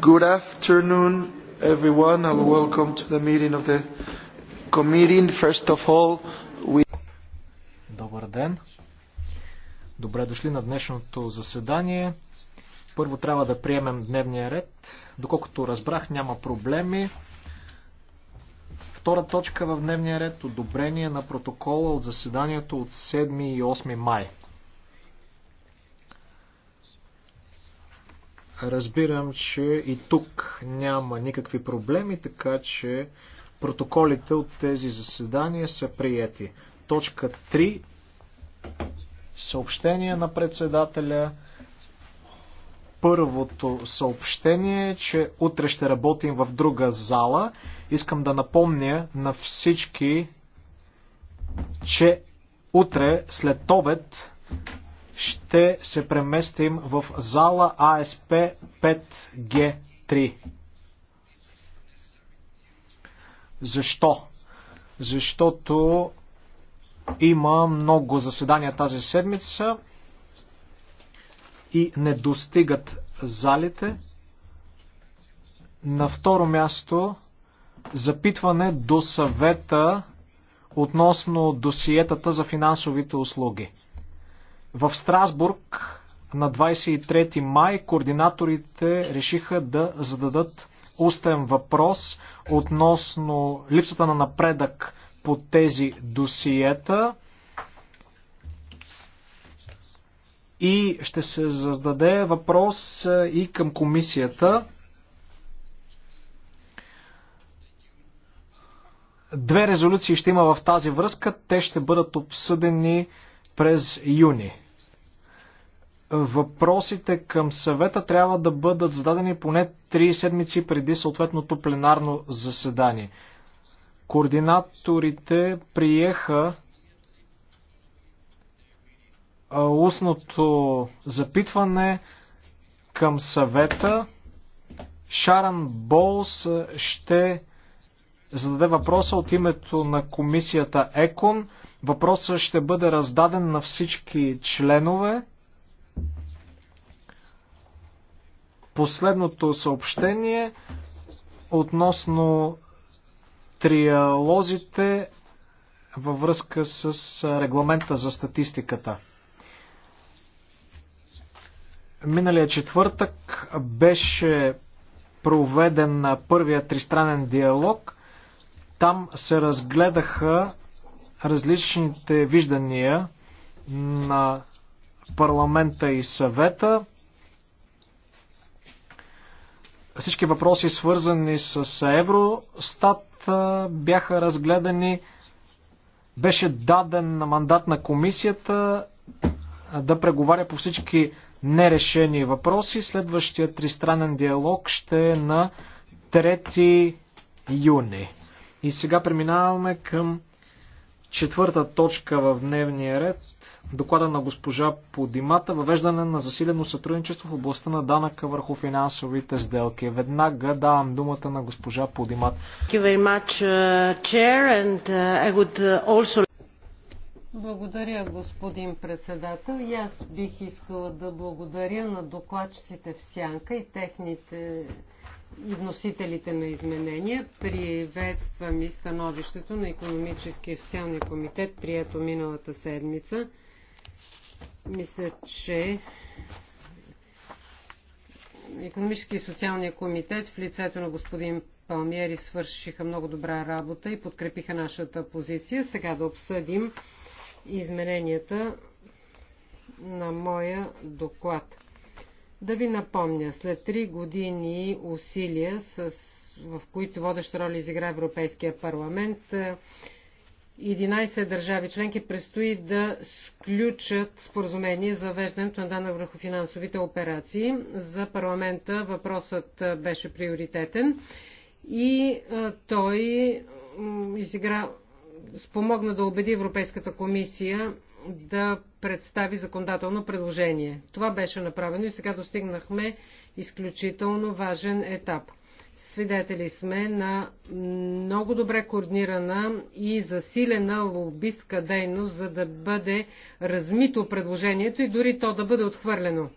Good afternoon, everyone, and welcome to the meeting of the committee. First of all, we... Добър ден! Добре дошли на днешното заседание. Първо трябва да приемем дневния ред. Доколкото разбрах, няма проблеми. Втора точка в дневния ред – одобрение на протокола от заседанието от 7 и 8 май. Разбирам, че и тук няма никакви проблеми, така че протоколите от тези заседания са приети. Точка 3. Съобщение на председателя. Първото съобщение е, че утре ще работим в друга зала. Искам да напомня на всички, че утре след обед ще се преместим в зала АСП 5G3. Защо? Защото има много заседания тази седмица и не достигат залите. На второ място запитване до съвета относно досиетата за финансовите услуги. В Страсбург на 23 май координаторите решиха да зададат устен въпрос относно липсата на напредък по тези досиета и ще се зададе въпрос и към комисията. Две резолюции ще има в тази връзка. Те ще бъдат обсъдени през юни. Въпросите към съвета трябва да бъдат зададени поне 3 седмици преди съответното пленарно заседание. Координаторите приеха устното запитване към съвета. Шаран Болс ще зададе въпроса от името на комисията ЕКОН. Въпросът ще бъде раздаден на всички членове. Последното съобщение относно триалозите във връзка с регламента за статистиката. Миналия четвъртък беше проведен първия тристранен диалог. Там се разгледаха различните виждания на парламента и съвета. Всички въпроси, свързани с Евростат, бяха разгледани. Беше даден мандат на комисията да преговаря по всички нерешени въпроси. Следващия тристранен диалог ще е на 3 юни. И сега преминаваме към Четвърта точка в дневния ред. Доклада на госпожа Подимата. Въвеждане на засилено сътрудничество в областта на данъка върху финансовите сделки. Веднага давам думата на госпожа Подимат. Uh, uh, uh, благодаря, господин председател. И аз бих искала да благодаря на докладчиците в Сянка и техните и вносителите на изменения. Приветствам и становището на Економическия и социалния комитет, прието миналата седмица. Мисля, че Економически и социалния комитет в лицето на господин Палмиери свършиха много добра работа и подкрепиха нашата позиция. Сега да обсъдим измененията на моя доклад. Да ви напомня, след три години усилия, с, в които водеща роля изигра Европейския парламент, 11 е, държави членки предстои да сключат споразумение за веждането на данък върху финансовите операции. За парламента въпросът е, беше приоритетен и е, той изигра, спомогна да убеди Европейската комисия да представи законодателно предложение. Това беше направено и сега достигнахме изключително важен етап. Свидетели сме на много добре координирана и засилена лобистка дейност, за да бъде размито предложението и дори то да бъде отхвърлено.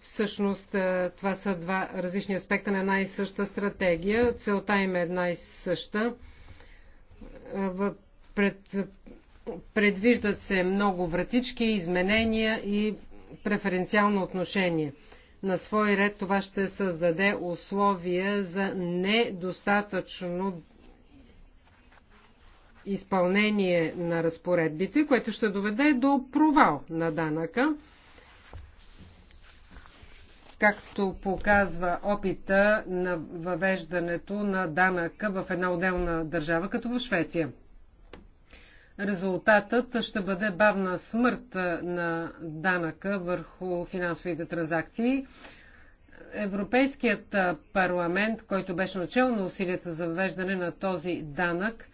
Всъщност е, това са два различни аспекта на една и съща стратегия. Целта им е една и съща. Е, пред Предвиждат се много вратички, изменения и преференциално отношение. На свой ред това ще създаде условия за недостатъчно изпълнение на разпоредбите, което ще доведе до провал на данъка. Както показва опита на въвеждането на данъка в една отделна държава, като в Швеция резултатът ще бъде бавна смърт на данъка върху финансовите транзакции. Европейският парламент, който беше начал на усилията за въвеждане на този данък,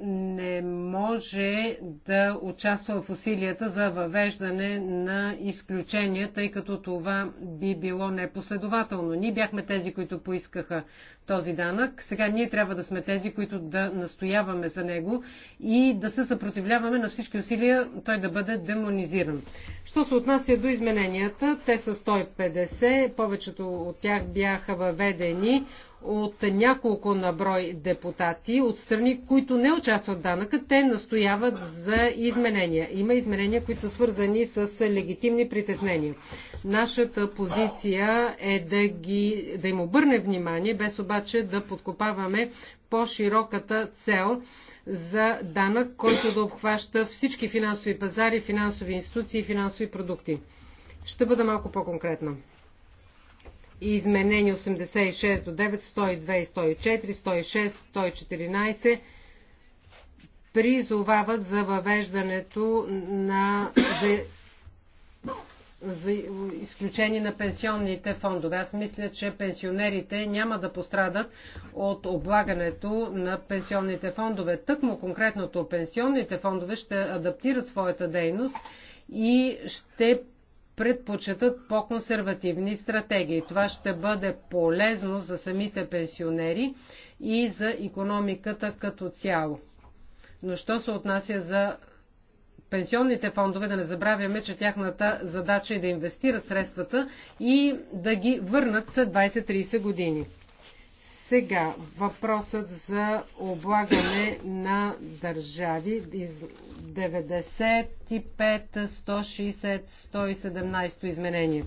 не може да участва в усилията за въвеждане на изключения, тъй като това би било непоследователно. Ние бяхме тези, които поискаха този данък. Сега ние трябва да сме тези, които да настояваме за него и да се съпротивляваме на всички усилия той да бъде демонизиран. Що се отнася до измененията, те са 150, повечето от тях бяха въведени от няколко наброй депутати от страни, които не участват в данъка, те настояват за изменения. Има изменения, които са свързани с легитимни притеснения. Нашата позиция е да, ги, да им обърне внимание, без обаче да подкопаваме по-широката цел за данък, който да обхваща всички финансови пазари, финансови институции и финансови продукти. Ще бъда малко по-конкретна изменени 86 до 9, 102 и 104, 106, 114 призовават за въвеждането на за, за изключение на пенсионните фондове. Аз мисля, че пенсионерите няма да пострадат от облагането на пенсионните фондове. Тъкмо конкретното пенсионните фондове ще адаптират своята дейност и ще предпочитат по-консервативни стратегии. Това ще бъде полезно за самите пенсионери и за економиката като цяло. Но що се отнася за пенсионните фондове, да не забравяме, че тяхната задача е да инвестират средствата и да ги върнат след 20-30 години. Сега въпросът за облагане на държави 95, 160, 117 изменение.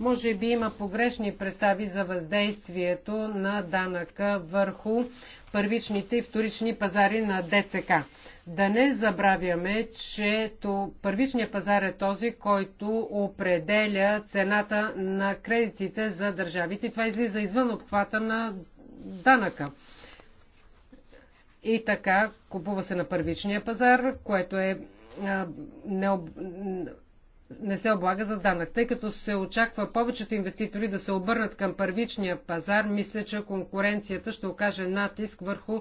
Може би има погрешни представи за въздействието на данъка върху първичните и вторични пазари на ДЦК. Да не забравяме, че първичният пазар е този, който определя цената на кредитите за държавите. Това излиза извън обхвата на данъка. И така, купува се на първичния пазар, което е не, об... не се облага за данък. Тъй като се очаква повечето инвеститори да се обърнат към първичния пазар, мисля, че конкуренцията ще окаже натиск върху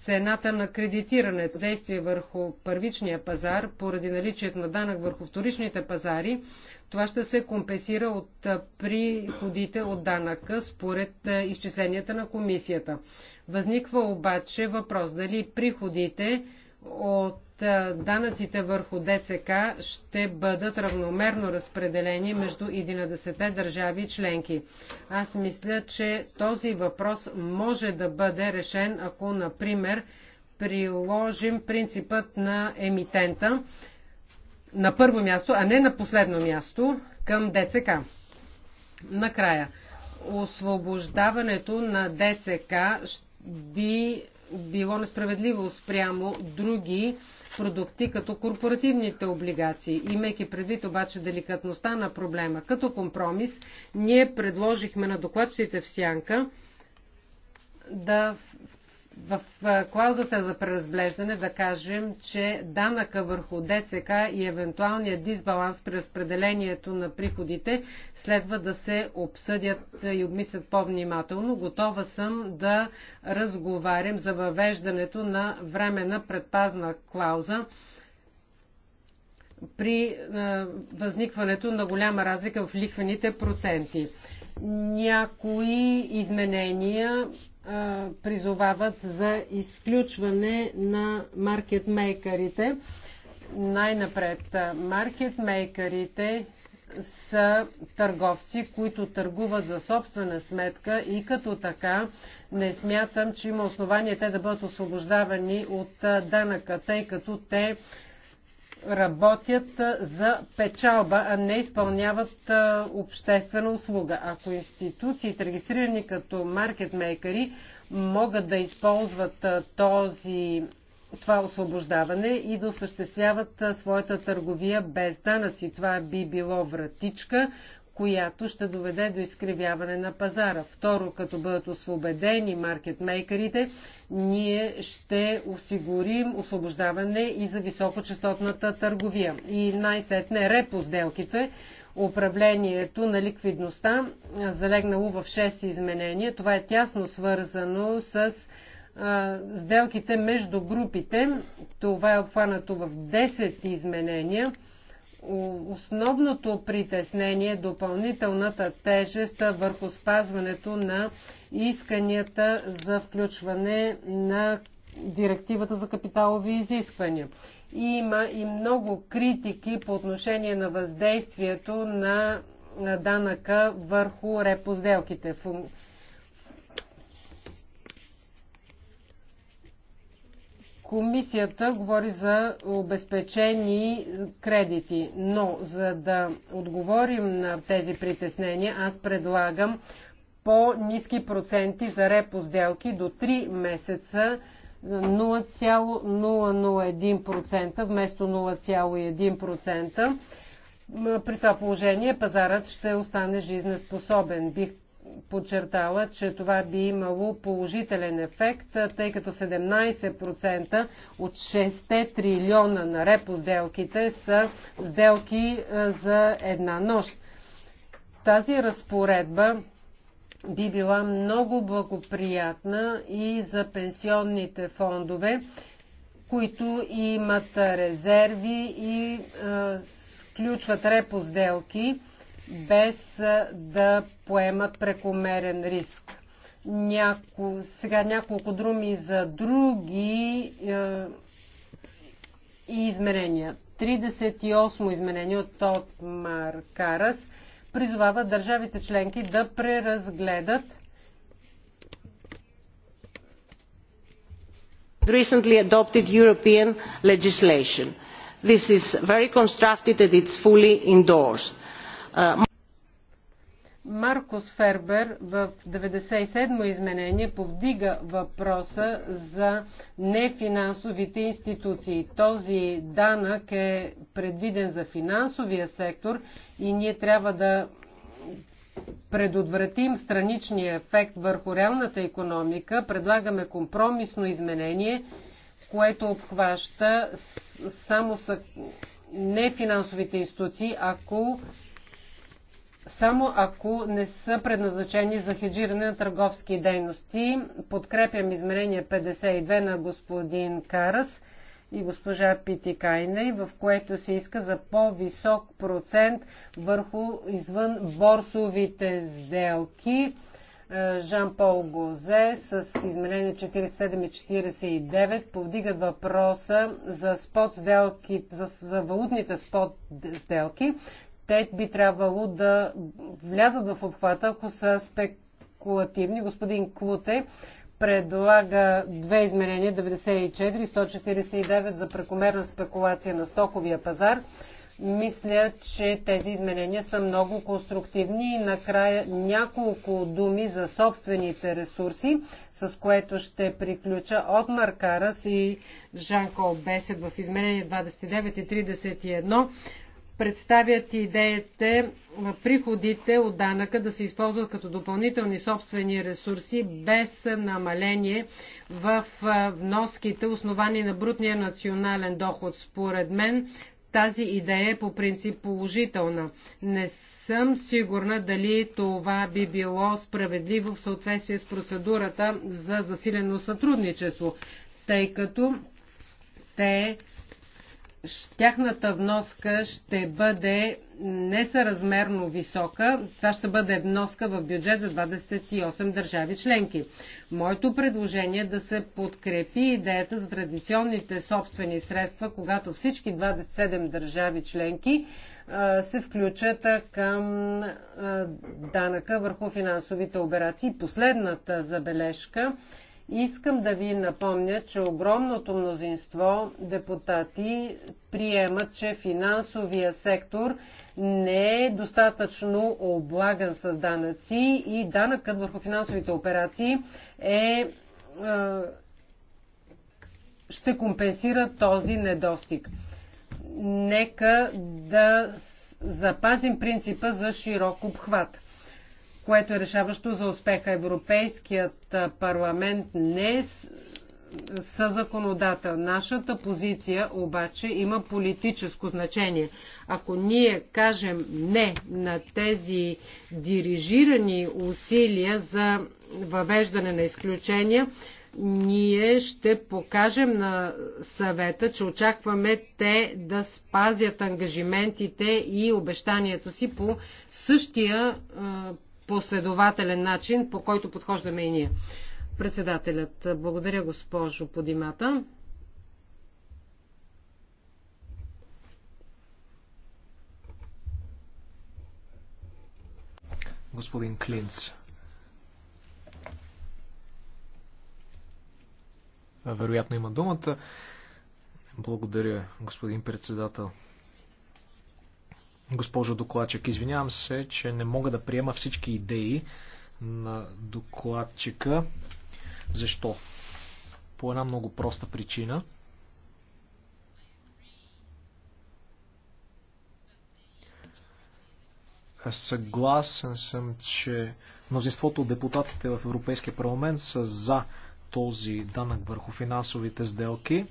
цената на кредитирането, действие върху първичния пазар поради наличието на данък върху вторичните пазари, това ще се компенсира от приходите от данъка според изчисленията на комисията. Възниква обаче въпрос дали приходите от данъците върху ДЦК ще бъдат равномерно разпределени между 11-те държави членки. Аз мисля, че този въпрос може да бъде решен, ако, например, приложим принципът на емитента на първо място, а не на последно място към ДЦК. Накрая, освобождаването на ДЦК би било несправедливо спрямо други продукти като корпоративните облигации. Имайки предвид обаче деликатността на проблема като компромис, ние предложихме на докладчите в Сянка да в клаузата за преразглеждане да кажем, че данъка върху ДЦК и евентуалния дисбаланс при разпределението на приходите следва да се обсъдят и обмислят по-внимателно. Готова съм да разговарям за въвеждането на времена предпазна клауза при възникването на голяма разлика в лихвените проценти. Някои изменения призовават за изключване на маркетмейкерите. Най-напред, маркетмейкерите са търговци, които търгуват за собствена сметка и като така не смятам, че има основание те да бъдат освобождавани от данъка, тъй като те работят за печалба, а не изпълняват обществена услуга. Ако институциите, регистрирани като маркетмейкери, могат да използват този, това освобождаване и да осъществяват своята търговия без данъци, това би било вратичка, която ще доведе до изкривяване на пазара. Второ, като бъдат освободени маркетмейкерите, ние ще осигурим освобождаване и за високочастотната търговия. И най-сетне репо сделките, управлението на ликвидността, залегнало в 6 изменения. Това е тясно свързано с сделките между групите. Това е обхванато в 10 изменения основното притеснение, допълнителната тежест върху спазването на исканията за включване на директивата за капиталови изисквания. И има и много критики по отношение на въздействието на данъка върху репозделките. Комисията говори за обезпечени кредити, но за да отговорим на тези притеснения, аз предлагам по-низки проценти за репо сделки до 3 месеца 0,001% вместо 0,1%. При това положение пазарът ще остане жизнеспособен. Бих подчертала, че това би имало положителен ефект, тъй като 17% от 6 трилиона на репо сделките са сделки за една нощ. Тази разпоредба би била много благоприятна и за пенсионните фондове, които имат резерви и а, сключват репо сделки без да поемат прекомерен риск. Няко, сега няколко думи за други е, изменения. 38 изменение от Тот Маркарас призовава държавите членки да преразгледат recently adopted European legislation. This is very constructed and it's fully endorsed Маркос Фербер в 97 мо изменение повдига въпроса за нефинансовите институции. Този данък е предвиден за финансовия сектор и ние трябва да предотвратим страничния ефект върху реалната економика. Предлагаме компромисно изменение, което обхваща само са нефинансовите институции, ако само ако не са предназначени за хеджиране на търговски дейности. Подкрепям изменение 52 на господин Карас и госпожа Пити Кайне, в което се иска за по-висок процент върху извън борсовите сделки. Е, Жан-Пол Гозе с изменение 47 и 49 повдигат въпроса за, спот сделки, за, за валутните спот сделки, те би трябвало да влязат в обхвата, ако са спекулативни. Господин Клуте предлага две измерения: 94 и 149 за прекомерна спекулация на стоковия пазар. Мисля, че тези изменения са много конструктивни и накрая няколко думи за собствените ресурси, с което ще приключа от Маркарас и Жан Кол Бесет в изменение 29 и 31 представят идеите приходите от данъка да се използват като допълнителни собствени ресурси без намаление в вноските, основани на брутния национален доход. Според мен тази идея е по принцип положителна. Не съм сигурна дали това би било справедливо в съответствие с процедурата за засилено сътрудничество, тъй като те тяхната вноска ще бъде несъразмерно висока. Това ще бъде вноска в бюджет за 28 държави членки. Моето предложение е да се подкрепи идеята за традиционните собствени средства, когато всички 27 държави членки се включат към данъка върху финансовите операции. Последната забележка Искам да ви напомня, че огромното мнозинство депутати приемат, че финансовия сектор не е достатъчно облаган с данъци и данъкът върху финансовите операции е, е ще компенсира този недостиг. Нека да запазим принципа за широк обхват което е решаващо за успеха. Европейският парламент не е съзаконодател. Нашата позиция обаче има политическо значение. Ако ние кажем не на тези дирижирани усилия за въвеждане на изключения, ние ще покажем на съвета, че очакваме те да спазят ангажиментите и обещанията си по същия последователен начин, по който подхождаме и ние. Председателят, благодаря госпожо Подимата. господин Клинц. Вероятно има думата. Благодаря, господин председател. Госпожо докладчик, извинявам се, че не мога да приема всички идеи на докладчика. Защо? По една много проста причина. Съгласен съм, че мнозинството от депутатите в Европейския парламент са за този данък върху финансовите сделки.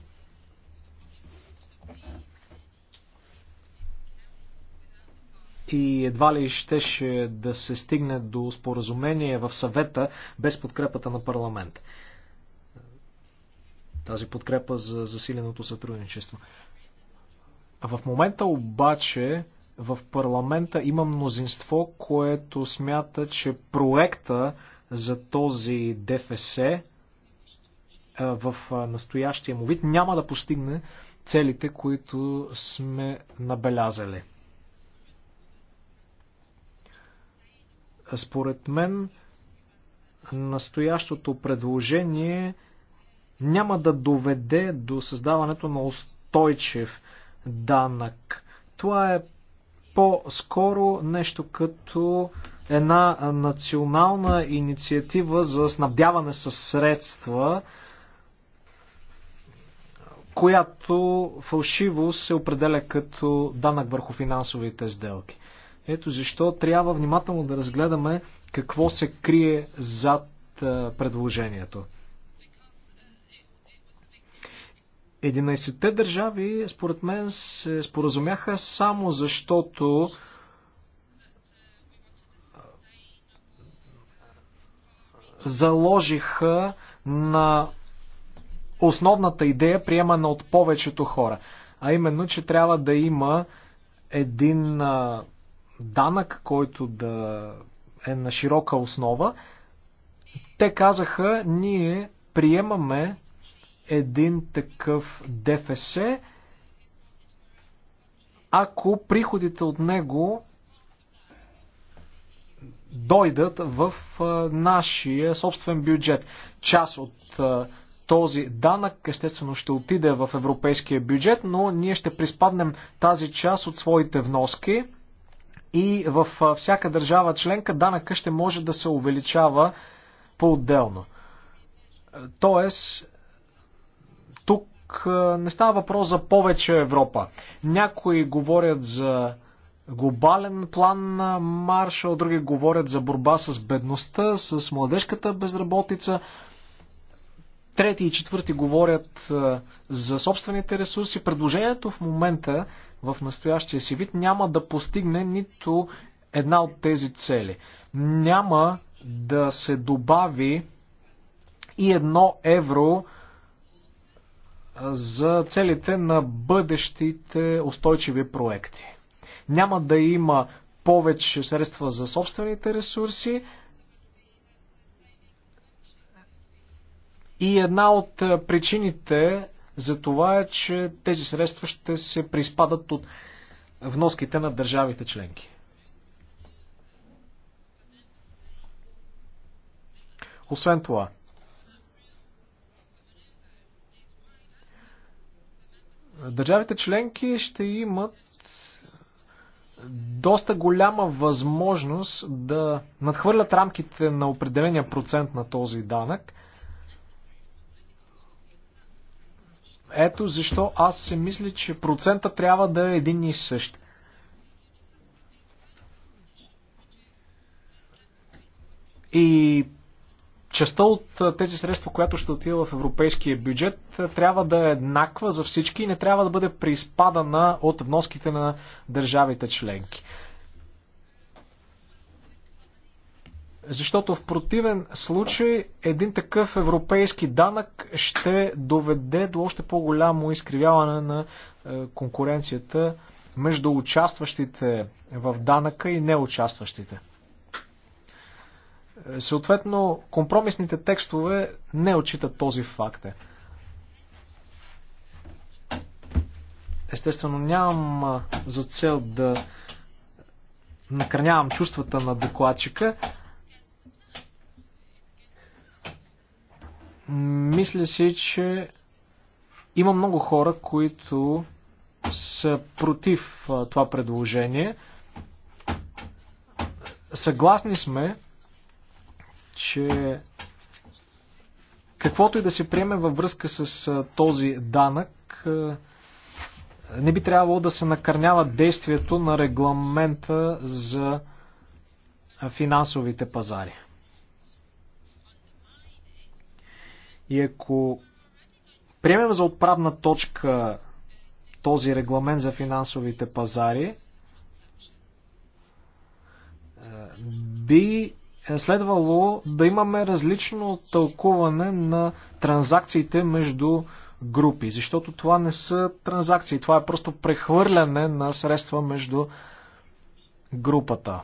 и едва ли щеше да се стигне до споразумение в съвета без подкрепата на парламент. Тази подкрепа за засиленото сътрудничество. в момента обаче в парламента има мнозинство, което смята, че проекта за този ДФС е, в е, настоящия му вид няма да постигне целите, които сме набелязали. Според мен, настоящото предложение няма да доведе до създаването на устойчив данък. Това е по-скоро нещо като една национална инициатива за снабдяване с средства, която фалшиво се определя като данък върху финансовите сделки. Ето защо трябва внимателно да разгледаме какво се крие зад е, предложението. 11-те държави, според мен, се споразумяха само защото е, заложиха на основната идея, приемана от повечето хора. А именно, че трябва да има един е, данък, който да е на широка основа, те казаха, ние приемаме един такъв ДФС, ако приходите от него дойдат в нашия собствен бюджет. Част от този данък естествено ще отиде в европейския бюджет, но ние ще приспаднем тази част от своите вноски – и във всяка държава членка данъка ще може да се увеличава по-отделно. Е, тоест, тук не става въпрос за повече Европа. Някои говорят за глобален план на Маршал, други говорят за борба с бедността, с младежката безработица трети и четвърти говорят е, за собствените ресурси. Предложението в момента, в настоящия си вид, няма да постигне нито една от тези цели. Няма да се добави и едно евро е, за целите на бъдещите устойчиви проекти. Няма да има повече средства за собствените ресурси, И една от причините за това е, че тези средства ще се приспадат от вноските на държавите членки. Освен това, държавите членки ще имат доста голяма възможност да надхвърлят рамките на определения процент на този данък – Ето защо аз се мисля, че процента трябва да е един и същ. И частта от тези средства, която ще отива в европейския бюджет, трябва да е еднаква за всички и не трябва да бъде преизпадана от вноските на държавите членки. Защото в противен случай един такъв европейски данък ще доведе до още по-голямо изкривяване на е, конкуренцията между участващите в данъка и неучастващите. Е, съответно, компромисните текстове не отчитат този факт. Естествено, нямам е, за цел да накърнявам чувствата на докладчика, Мисля си, че има много хора, които са против това предложение. Съгласни сме, че каквото и да се приеме във връзка с този данък, не би трябвало да се накърнява действието на регламента за финансовите пазари. И ако приемем за отправна точка този регламент за финансовите пазари, е, би следвало да имаме различно тълкуване на транзакциите между групи, защото това не са транзакции, това е просто прехвърляне на средства между групата.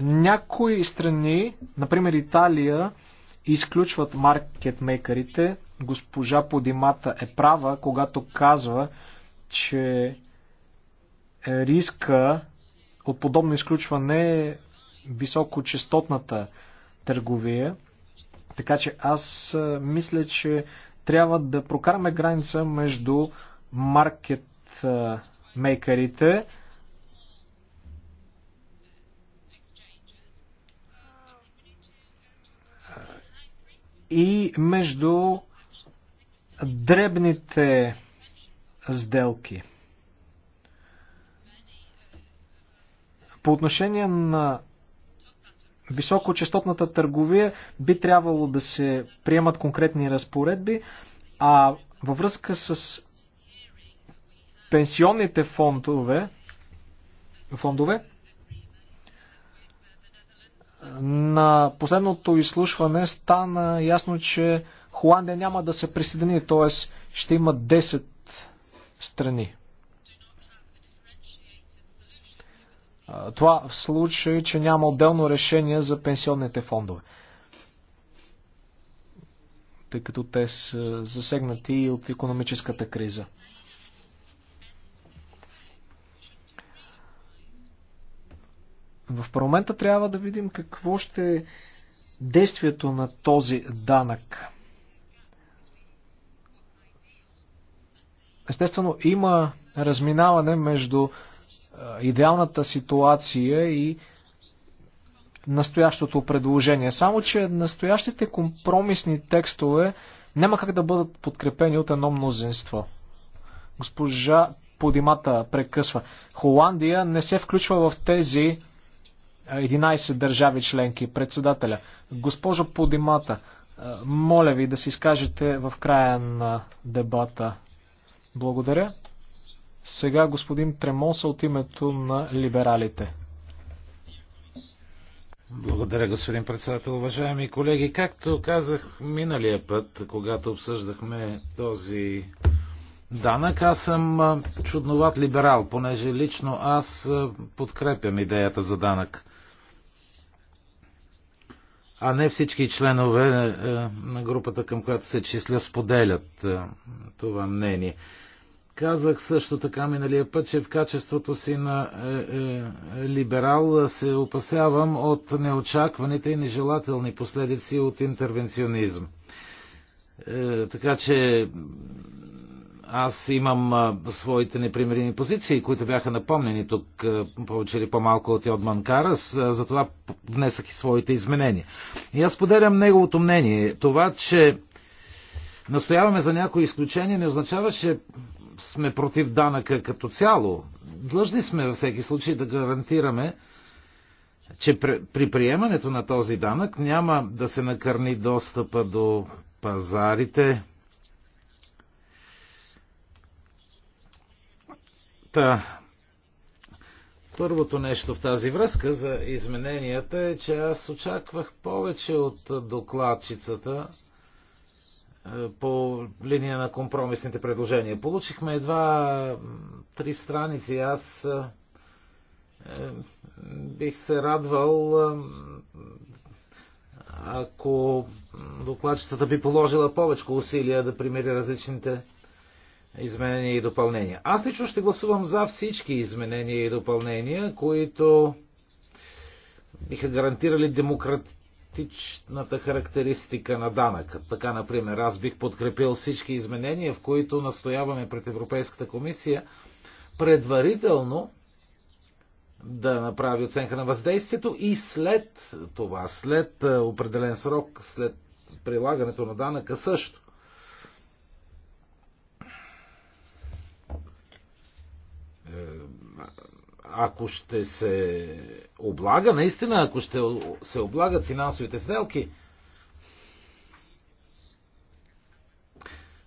Някои страни, например Италия, изключват маркетмейкерите. Госпожа Подимата е права, когато казва, че риска от подобно изключване е високочастотната търговия. Така че аз мисля, че трябва да прокараме граница между маркетмейкерите и между дребните сделки. По отношение на високочастотната търговия би трябвало да се приемат конкретни разпоредби, а във връзка с пенсионните фондове, фондове на последното изслушване стана ясно, че Холандия няма да се присъедини, т.е. ще има 10 страни. Това в случай, че няма отделно решение за пенсионните фондове. Тъй като те са засегнати и от економическата криза. В парламента трябва да видим какво ще е действието на този данък. Естествено, има разминаване между идеалната ситуация и настоящото предложение. Само, че настоящите компромисни текстове няма как да бъдат подкрепени от едно мнозинство. Госпожа Подимата прекъсва. Холандия не се включва в тези 11 държави членки, председателя. Госпожо Подимата, моля ви да се изкажете в края на дебата. Благодаря. Сега господин Тремоса от името на либералите. Благодаря, господин председател. Уважаеми колеги, както казах миналия път, когато обсъждахме този данък, аз съм чудноват либерал, понеже лично аз подкрепям идеята за данък а не всички членове е, е, на групата, към която се числя, споделят е, това мнение. Казах също така миналия път, че в качеството си на е, е, либерал се опасявам от неочакваните и нежелателни последици от интервенционизм. Е, така че аз имам своите непримирими позиции, които бяха напомнени тук повече или по-малко от Йодман Карас, затова внесах и своите изменения. И аз поделям неговото мнение. Това, че настояваме за някои изключения, не означава, че сме против данъка като цяло. Длъжни сме във всеки случай да гарантираме, че при приемането на този данък няма да се накърни достъпа до пазарите, Та, първото нещо в тази връзка за измененията е, че аз очаквах повече от докладчицата е, по линия на компромисните предложения. Получихме едва три страници. Аз е, е, бих се радвал, ако докладчицата би положила повече усилия да примери различните изменения и допълнения. Аз лично ще гласувам за всички изменения и допълнения, които биха гарантирали демократичната характеристика на данък. Така, например, аз бих подкрепил всички изменения, в които настояваме пред Европейската комисия предварително да направи оценка на въздействието и след това, след е, определен срок, след прилагането на данъка също. ако ще се облага, наистина, ако ще се облагат финансовите сделки,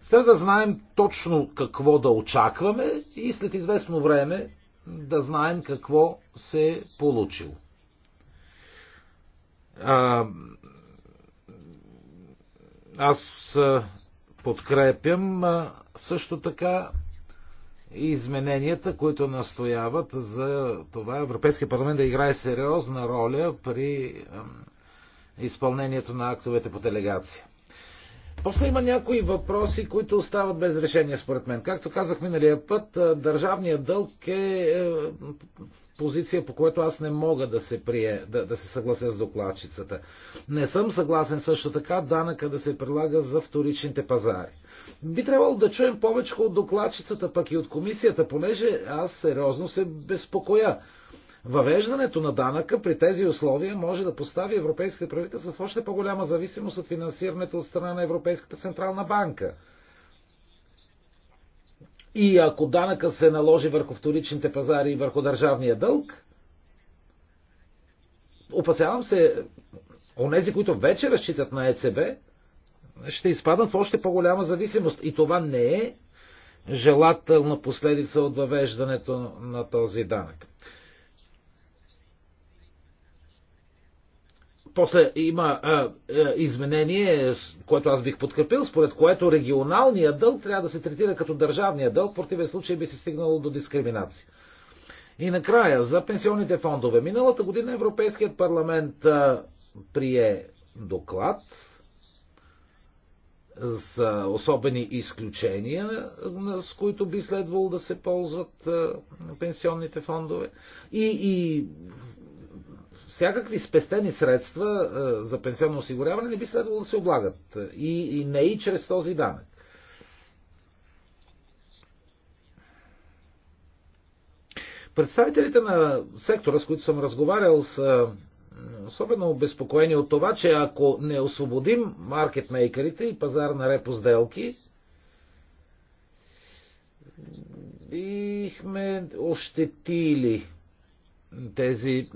след да знаем точно какво да очакваме и след известно време да знаем какво се е получило. А, аз подкрепям също така измененията, които настояват за това Европейския парламент да играе сериозна роля при изпълнението на актовете по делегация. После има някои въпроси, които остават без решение, според мен. Както казах миналия път, държавният дълг е, е позиция, по която аз не мога да се, прие, да, да се съглася с докладчицата. Не съм съгласен също така данъка да се прилага за вторичните пазари. Би трябвало да чуем повече от докладчицата, пък и от комисията, понеже аз сериозно се безпокоя. Въвеждането на данъка при тези условия може да постави европейските правителства в още по-голяма зависимост от финансирането от страна на Европейската централна банка. И ако данъка се наложи върху вторичните пазари и върху държавния дълг, опасявам се, онези, които вече разчитат на ЕЦБ, ще изпадат в още по-голяма зависимост. И това не е желателна последица от въвеждането на този данък. После има а, а, изменение, което аз бих подкрепил, според което регионалният дълг трябва да се третира като държавния дълг, в противен случай би се стигнало до дискриминация. И накрая, за пенсионните фондове. Миналата година Европейският парламент а, прие доклад с особени изключения, с които би следвало да се ползват пенсионните фондове. И, и всякакви спестени средства е, за пенсионно осигуряване не би следвало да се облагат. И, и не и чрез този данък. Представителите на сектора, с които съм разговарял, са особено обезпокоени от това, че ако не освободим маркетмейкерите и пазар на репо сделки, бихме ощетили тези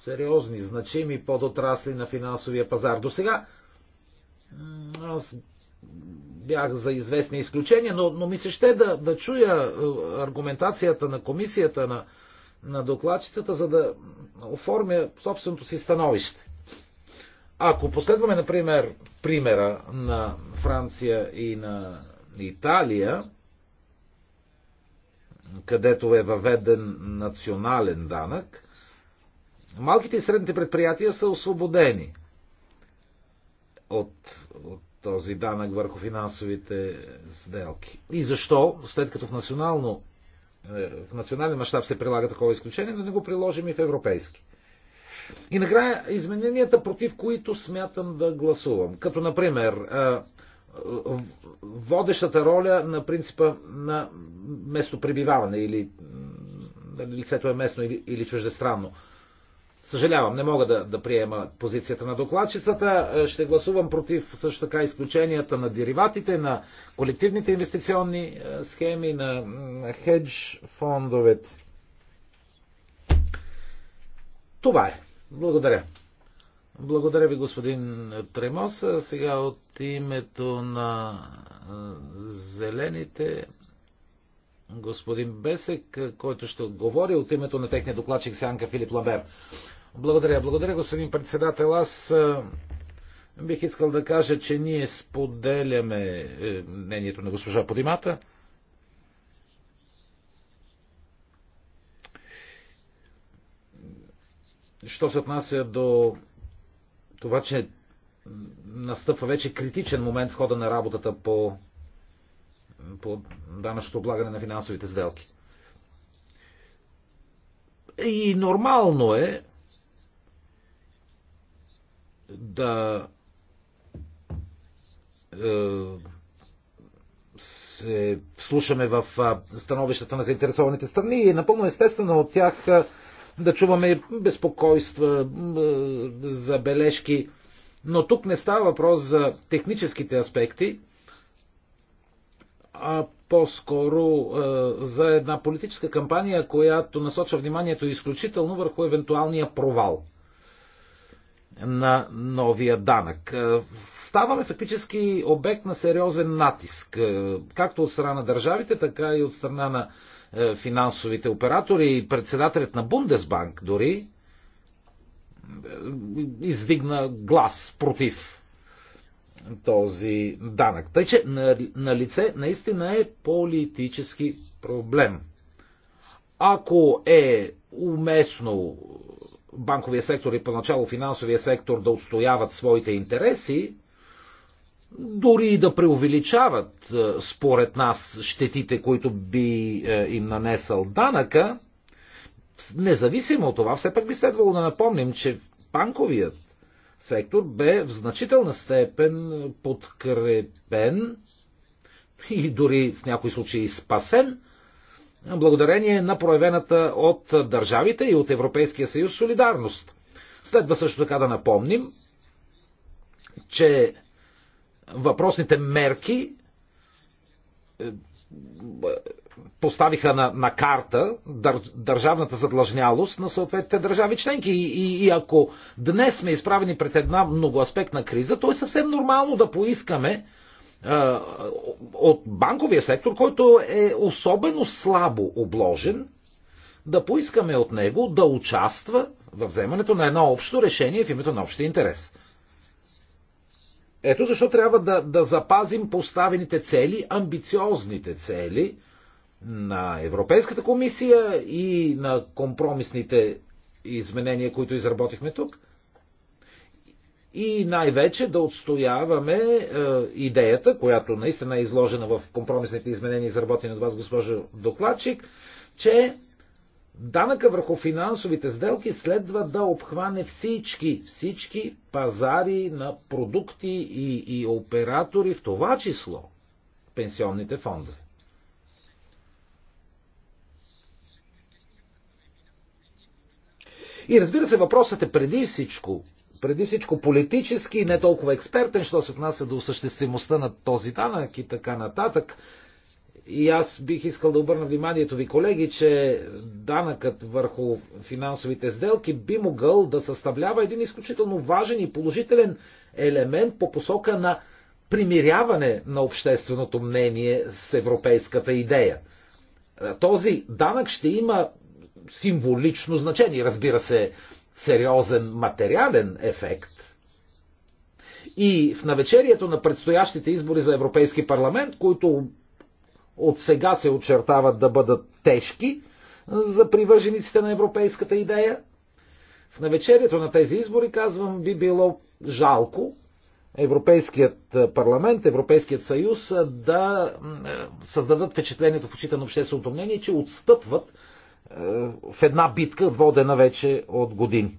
сериозни, значими подотрасли на финансовия пазар. До сега аз бях за известни изключения, но, но ми се ще да, да чуя е, аргументацията на комисията, на, на докладчицата, за да оформя собственото си становище. Ако последваме, например, примера на Франция и на Италия, където е въведен национален данък, малките и средните предприятия са освободени от, от този данък върху финансовите сделки. И защо, след като в, национално, е, в национален мащаб се прилага такова изключение, да не го приложим и в европейски? И накрая измененията, против които смятам да гласувам. Като, например, е, водещата роля на принципа на местопребиваване или дали лицето е местно или, или чуждестранно. Съжалявам, не мога да, да приема позицията на докладчицата. Е, ще гласувам против също така изключенията на дериватите, на колективните инвестиционни е, схеми, на хедж фондовете. Това е. Благодаря. Благодаря ви, господин Тремос. Сега от името на Зелените господин Бесек, който ще отговори от името на техния докладчик Сянка Филип Лабер. Благодаря, благодаря, господин председател. Аз бих искал да кажа, че ние споделяме е, мнението на госпожа Подимата. Що се отнася до това, че настъпва вече критичен момент в хода на работата по, по данъчното облагане на финансовите сделки. И нормално е да е, се вслушаме в становищата на заинтересованите страни и напълно естествено от тях да чуваме безпокойства, забележки. Но тук не става въпрос за техническите аспекти, а по-скоро е, за една политическа кампания, която насочва вниманието изключително върху евентуалния провал на новия данък. Е, ставаме фактически обект на сериозен натиск, е, както от страна на държавите, така и от страна на е, финансовите оператори и председателят на Бундесбанк дори е, издигна глас против този данък. Тъй, че на, на лице наистина е политически проблем. Ако е уместно банковия сектор и поначало финансовия сектор да отстояват своите интереси, дори и да преувеличават, е, според нас, щетите, които би е, им нанесъл данъка, независимо от това, все пак би следвало да напомним, че банковият сектор бе в значителна степен подкрепен и дори в някои случаи спасен, благодарение на проявената от държавите и от Европейския съюз солидарност. Следва също така да напомним, че въпросните мерки е, поставиха на, на карта дър, държавната задлъжнялост на съответните държави членки. И, и, и ако днес сме изправени пред една многоаспектна криза, то е съвсем нормално да поискаме е, от банковия сектор, който е особено слабо обложен, да поискаме от него да участва в вземането на едно общо решение в името на общия интерес. Ето защо трябва да, да запазим поставените цели, амбициозните цели на Европейската комисия и на компромисните изменения, които изработихме тук. И най-вече да отстояваме е, идеята, която наистина е изложена в компромисните изменения, изработени от вас, госпожо докладчик, че данъка върху финансовите сделки следва да обхване всички, всички пазари на продукти и, и оператори, в това число пенсионните фондове. И разбира се, въпросът е преди всичко, преди всичко политически, не толкова експертен, що се отнася до осъществимостта на този данък и така нататък. И аз бих искал да обърна вниманието ви, колеги, че данъкът върху финансовите сделки би могъл да съставлява един изключително важен и положителен елемент по посока на примиряване на общественото мнение с европейската идея. Е, този данък ще има символично значение, разбира се, сериозен материален ефект. И в навечерието на предстоящите избори за Европейски парламент, които от сега се очертават да бъдат тежки за привържениците на европейската идея. В навечерието на тези избори, казвам, би било жалко Европейският парламент, Европейският съюз да е, създадат впечатлението в очите на общественото мнение, че отстъпват е, в една битка, водена вече от години.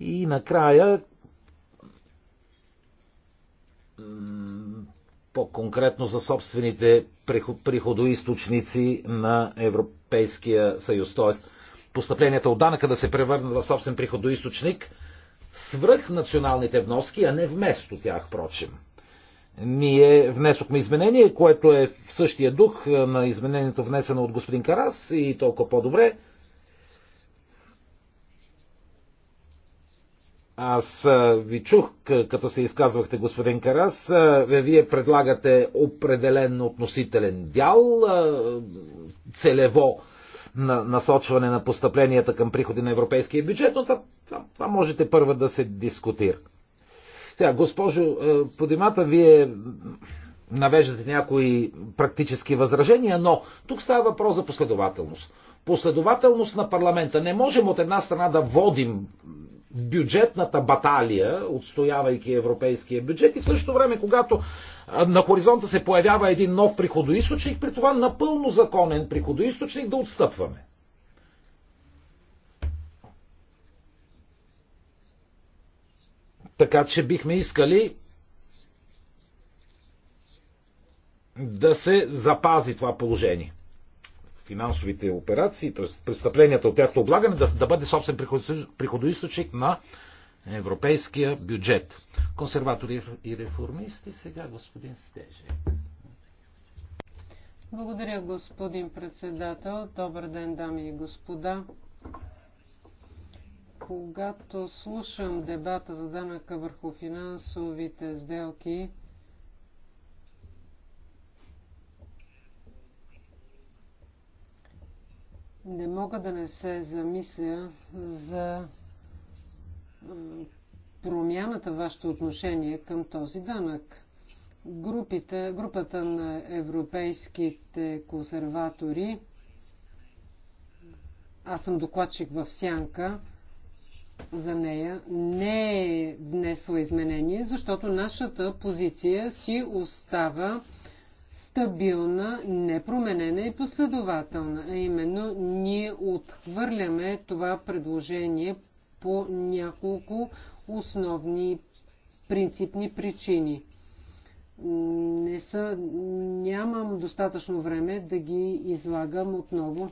И накрая по-конкретно за собствените приходоисточници на Европейския съюз, т.е. постъпленията от данъка да се превърнат в собствен приходоисточник свръх националните вноски, а не вместо тях, прочим. Ние внесохме изменение, което е в същия дух на изменението внесено от господин Карас и толкова по-добре. Аз ви чух, като се изказвахте, господин Карас, вие предлагате определен относителен дял, целево на насочване на постъпленията към приходи на европейския бюджет, но това, това, това можете първо да се дискутира. Сега, госпожо Подимата, вие навеждате някои практически възражения, но тук става въпрос за последователност. Последователност на парламента. Не можем от една страна да водим бюджетната баталия, отстоявайки европейския бюджет и в същото време, когато на хоризонта се появява един нов приходоисточник, при това напълно законен приходоисточник да отстъпваме. Така че бихме искали да се запази това положение финансовите операции, т.е. престъпленията от тяхното облагане, да, да бъде собствен приходоисточник на европейския бюджет. Консерватори и реформисти, сега господин Стеже. Благодаря, господин председател. Добър ден, дами и господа. Когато слушам дебата за данъка върху финансовите сделки, Не мога да не се замисля за промяната в вашето отношение към този данък. Групите, групата на европейските консерватори, аз съм докладчик в Сянка за нея, не е внесла изменение, защото нашата позиция си остава стабилна, непроменена и последователна. А именно, ние отхвърляме това предложение по няколко основни принципни причини. Не са, нямам достатъчно време да ги излагам отново.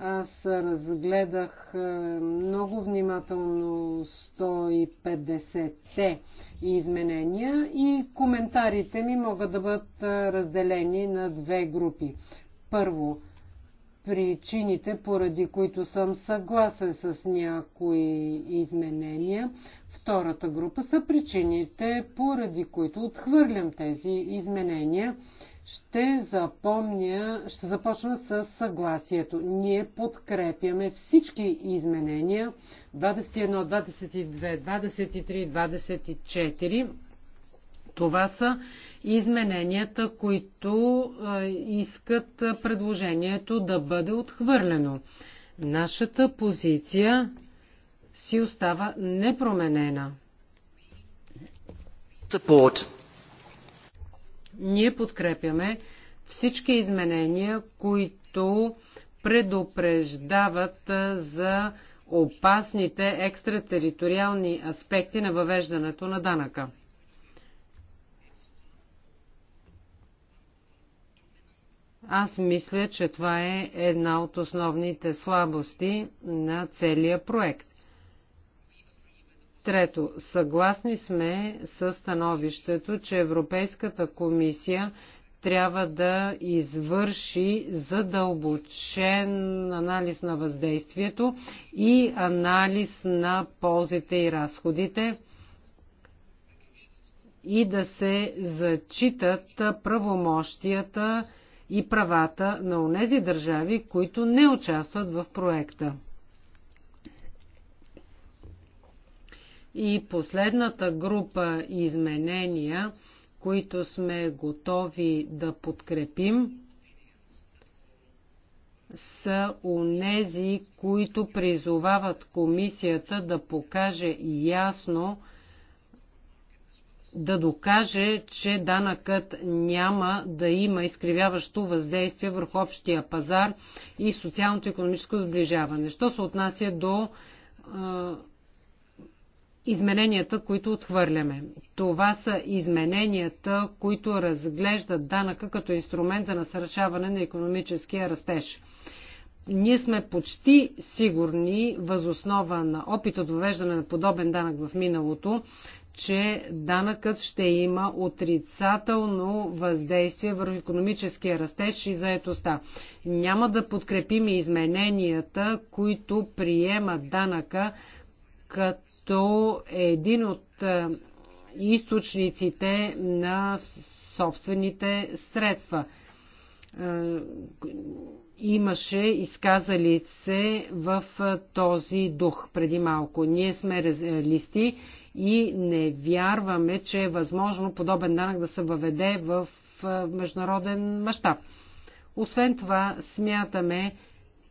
Аз разгледах е, много внимателно 150-те изменения и коментарите ми могат да бъдат е, разделени на две групи. Първо, причините, поради които съм съгласен с някои изменения. Втората група са причините, поради които отхвърлям тези изменения. Ще, запомня, ще започна с съгласието. Ние подкрепяме всички изменения 21, 22, 23, 24. Това са измененията, които искат предложението да бъде отхвърлено. Нашата позиция си остава непроменена. Support ние подкрепяме всички изменения, които предупреждават за опасните екстратериториални аспекти на въвеждането на данъка. Аз мисля, че това е една от основните слабости на целия проект. Трето, съгласни сме с становището, че Европейската комисия трябва да извърши задълбочен анализ на въздействието и анализ на ползите и разходите и да се зачитат правомощията и правата на онези държави, които не участват в проекта. И последната група изменения, които сме готови да подкрепим, са унези, които призовават комисията да покаже ясно, да докаже, че данъкът няма да има изкривяващо въздействие върху общия пазар и социалното-економическо сближаване. Що се отнася до измененията, които отхвърляме. Това са измененията, които разглеждат данъка като инструмент за насърчаване на економическия растеж. Ние сме почти сигурни, възоснова на опит от въвеждане на подобен данък в миналото, че данъкът ще има отрицателно въздействие върху економическия растеж и заетостта. Няма да подкрепим измененията, които приемат данъка като като е един от е, източниците на собствените средства. Е, имаше изказали се в този дух преди малко. Ние сме реалисти и не вярваме, че е възможно подобен данък да се въведе в международен мащаб. Освен това, смятаме,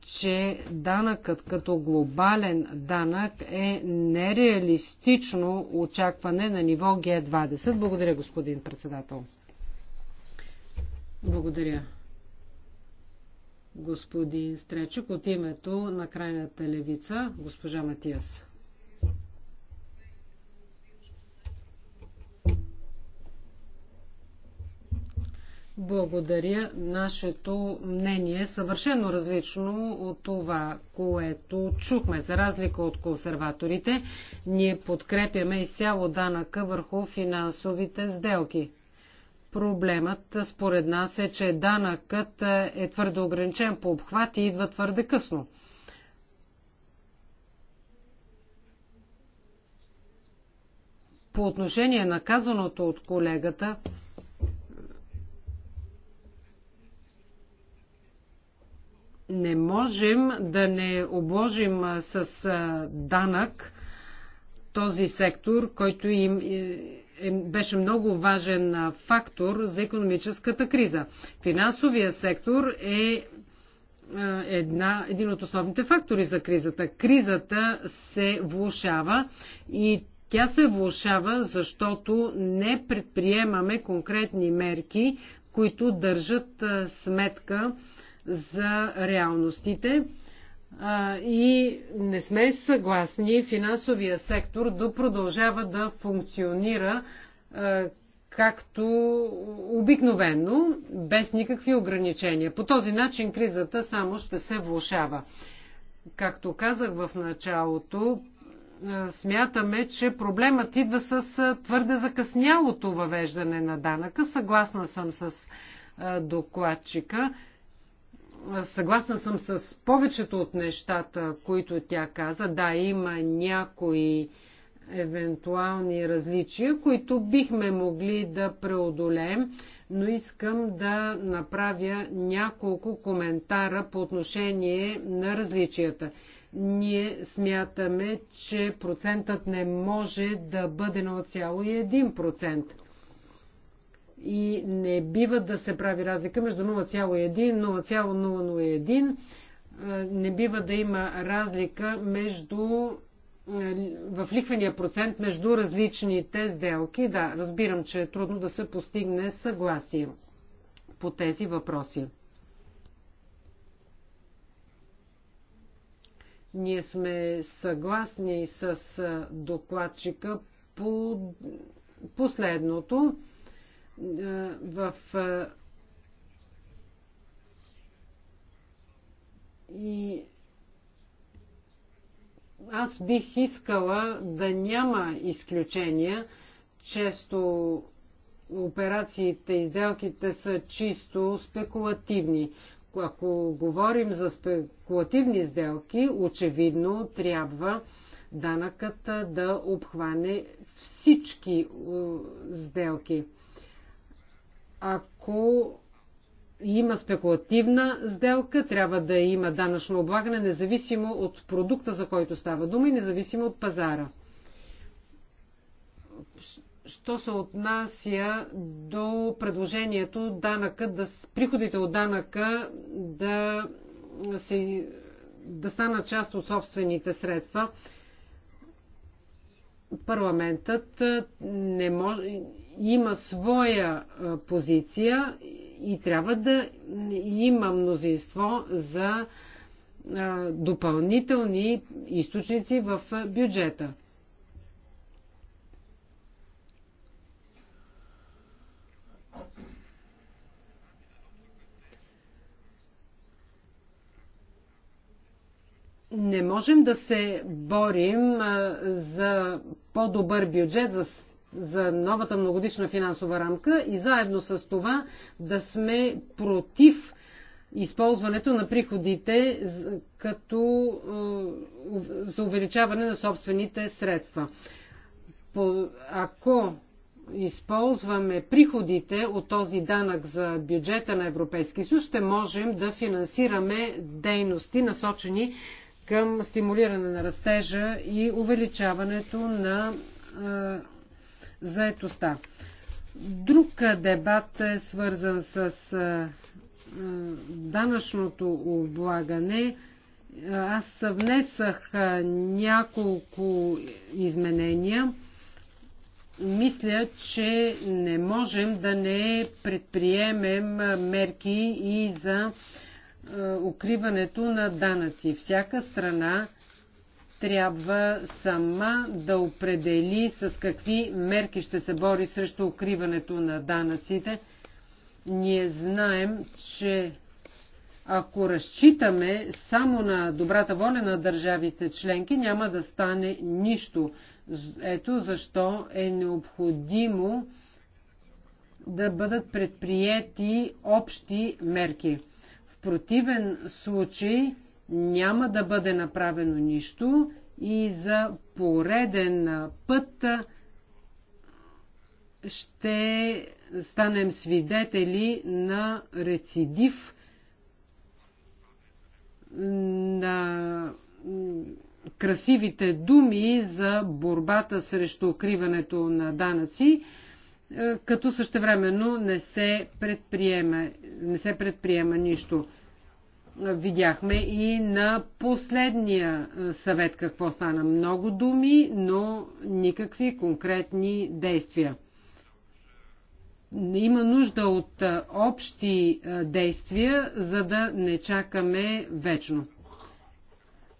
че данъкът като глобален данък е нереалистично очакване на ниво Г20. Благодаря, господин председател. Благодаря. Господин Стречек от името на крайната левица, госпожа Матиас. Благодаря. Нашето мнение е съвършено различно от това, което чухме. За разлика от консерваторите, ние подкрепяме изцяло данъка върху финансовите сделки. Проблемът според нас е, че данъкът е твърде ограничен по обхват и идва твърде късно. По отношение на казаното от колегата, не можем да не обложим с данък този сектор, който им е, е, беше много важен фактор за економическата криза. Финансовия сектор е една, един от основните фактори за кризата. Кризата се влушава и тя се влушава, защото не предприемаме конкретни мерки, които държат сметка за реалностите и не сме съгласни финансовия сектор да продължава да функционира както обикновено, без никакви ограничения. По този начин кризата само ще се влушава. Както казах в началото, смятаме, че проблемът идва с твърде закъснялото въвеждане на данъка. Съгласна съм с докладчика съгласна съм с повечето от нещата, които тя каза. Да, има някои евентуални различия, които бихме могли да преодолеем, но искам да направя няколко коментара по отношение на различията. Ние смятаме, че процентът не може да бъде 0,1% и не бива да се прави разлика между 0,1 0,001. Е, не бива да има разлика между е, в лихвения процент между различните сделки. Да, разбирам, че е трудно да се постигне съгласие по тези въпроси. Ние сме съгласни с е, докладчика по последното в и аз бих искала да няма изключения. Често операциите и сделките са чисто спекулативни. Ако говорим за спекулативни сделки, очевидно трябва данъкът да обхване всички сделки ако има спекулативна сделка, трябва да има данъчно облагане, независимо от продукта, за който става дума и независимо от пазара. Що се отнася до предложението данъка да, приходите от данъка да, се, да станат част от собствените средства, парламентът не може, има своя позиция и трябва да има мнозинство за допълнителни източници в бюджета. не можем да се борим за по-добър бюджет, за за новата многодишна финансова рамка и заедно с това да сме против използването на приходите като е, за увеличаване на собствените средства. Ако използваме приходите от този данък за бюджета на Европейски съюз, ще можем да финансираме дейности насочени към стимулиране на растежа и увеличаването на е, заетостта. Друг дебат е свързан с данъчното облагане. Аз внесах няколко изменения. Мисля, че не можем да не предприемем мерки и за укриването на данъци. Всяка страна трябва сама да определи с какви мерки ще се бори срещу укриването на данъците. Ние знаем, че ако разчитаме само на добрата воля на държавите членки, няма да стане нищо. Ето защо е необходимо да бъдат предприети общи мерки. В противен случай няма да бъде направено нищо и за пореден път ще станем свидетели на рецидив на красивите думи за борбата срещу укриването на данъци, е, като същевременно не се предприема, не се предприема нищо. Видяхме и на последния съвет какво стана. Много думи, но никакви конкретни действия. Има нужда от общи действия, за да не чакаме вечно.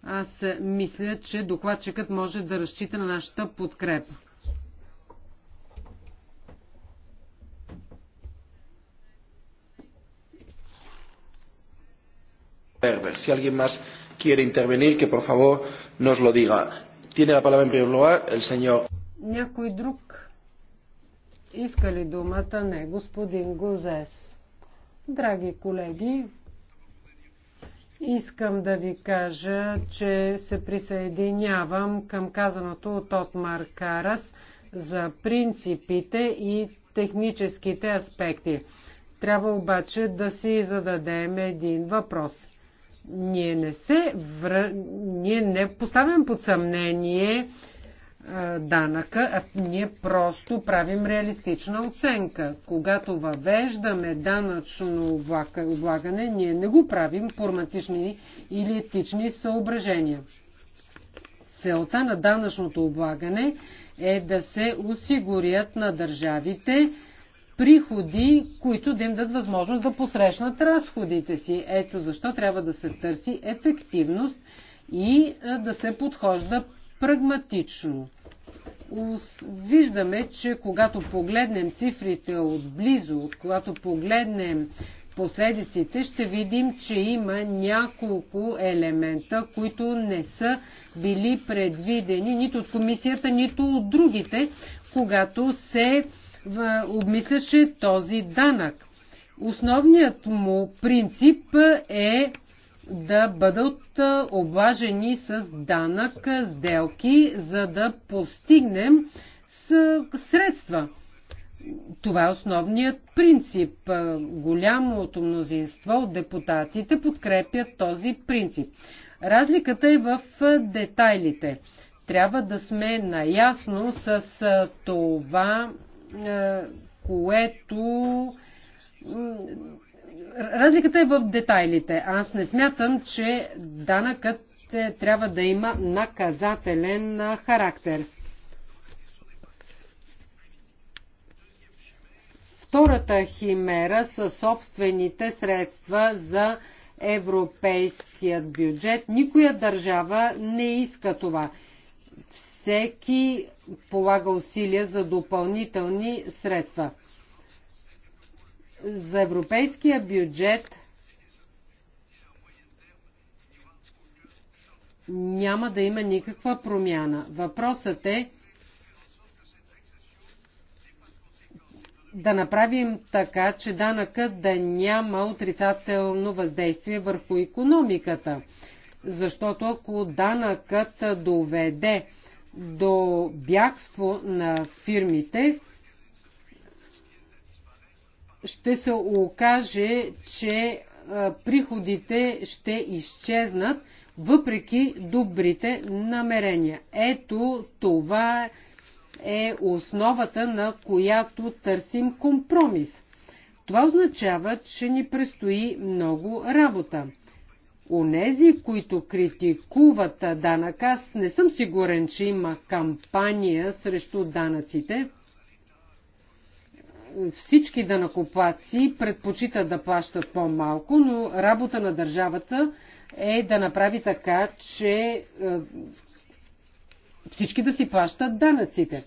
Аз мисля, че докладчикът може да разчита на нашата подкрепа. Ferber. Si alguien más quiere intervenir, que por favor nos lo diga. Tiene la palabra en primer lugar el señor. Някой друг иска ли думата? Не, господин Гозес. Драги колеги, искам да ви кажа, че се присъединявам към казаното от Отмар Карас за принципите и техническите аспекти. Трябва обаче да си зададем един въпрос – ние не, се вър... ние не поставяме под съмнение данъка, а ние просто правим реалистична оценка. Когато въвеждаме данъчно облагане, ние не го правим по романтични или етични съображения. Целта на данъчното облагане е да се осигурят на държавите приходи, които да им дадат възможност да посрещнат разходите си. Ето защо трябва да се търси ефективност и да се подхожда прагматично. Виждаме, че когато погледнем цифрите отблизо, когато погледнем последиците, ще видим, че има няколко елемента, които не са били предвидени нито от комисията, нито от другите, когато се обмисляше този данък. Основният му принцип е да бъдат облажени с данък сделки, за да постигнем с средства. Това е основният принцип. Голямото мнозинство от депутатите подкрепят този принцип. Разликата е в детайлите. Трябва да сме наясно с това е, което разликата е в детайлите. Аз не смятам, че данъкът е, трябва да има наказателен е, характер. Втората химера са собствените средства за европейският бюджет. Никоя държава не иска това. Всеки полага усилия за допълнителни средства. За европейския бюджет няма да има никаква промяна. Въпросът е да направим така, че данъкът да няма отрицателно въздействие върху економиката. Защото ако данъкът доведе до бягство на фирмите, ще се окаже, че приходите ще изчезнат, въпреки добрите намерения. Ето това е основата, на която търсим компромис. Това означава, че ни предстои много работа. Унези, които критикуват данък, аз не съм сигурен, че има кампания срещу данъците. Всички данакоплаци предпочитат да плащат по-малко, но работа на държавата е да направи така, че е, всички да си плащат данъците.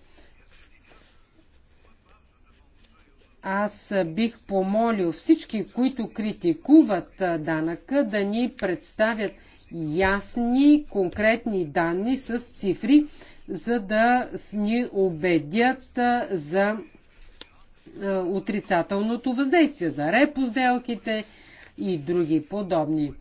аз бих помолил всички, които критикуват данъка, да ни представят ясни, конкретни данни с цифри, за да ни убедят за отрицателното въздействие, за репозделките и други подобни.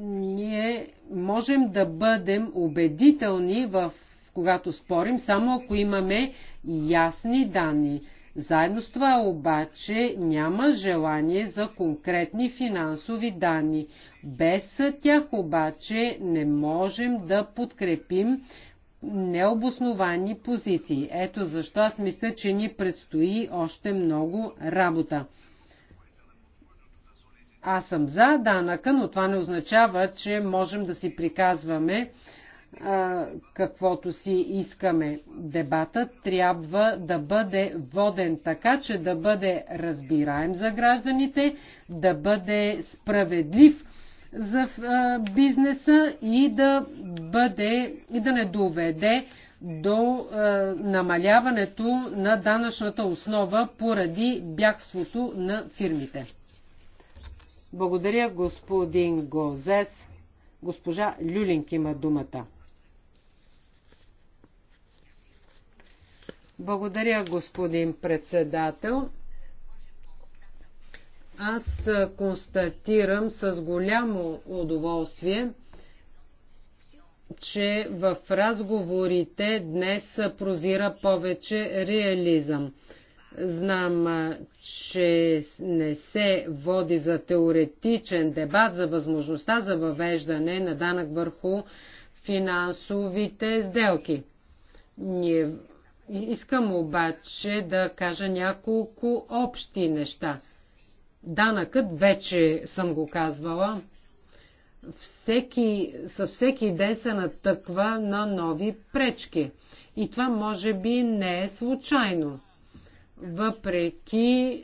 Ние можем да бъдем убедителни в когато спорим, само ако имаме ясни данни. Заедно с това обаче няма желание за конкретни финансови данни. Без тях обаче не можем да подкрепим необосновани позиции. Ето защо аз мисля, че ни предстои още много работа. Аз съм за данъка, но това не означава, че можем да си приказваме, каквото си искаме. Дебатът трябва да бъде воден така, че да бъде разбираем за гражданите, да бъде справедлив за бизнеса и да бъде и да не доведе до е, намаляването на данъчната основа поради бягството на фирмите. Благодаря господин Гозес. Госпожа Люлинг има думата. Благодаря, господин председател. Аз констатирам с голямо удоволствие, че в разговорите днес прозира повече реализъм. Знам, че не се води за теоретичен дебат за възможността за въвеждане на данък върху финансовите сделки. Ние Искам обаче да кажа няколко общи неща. Данъкът вече съм го казвала. Всеки, със всеки ден се натъква на нови пречки. И това може би не е случайно. Въпреки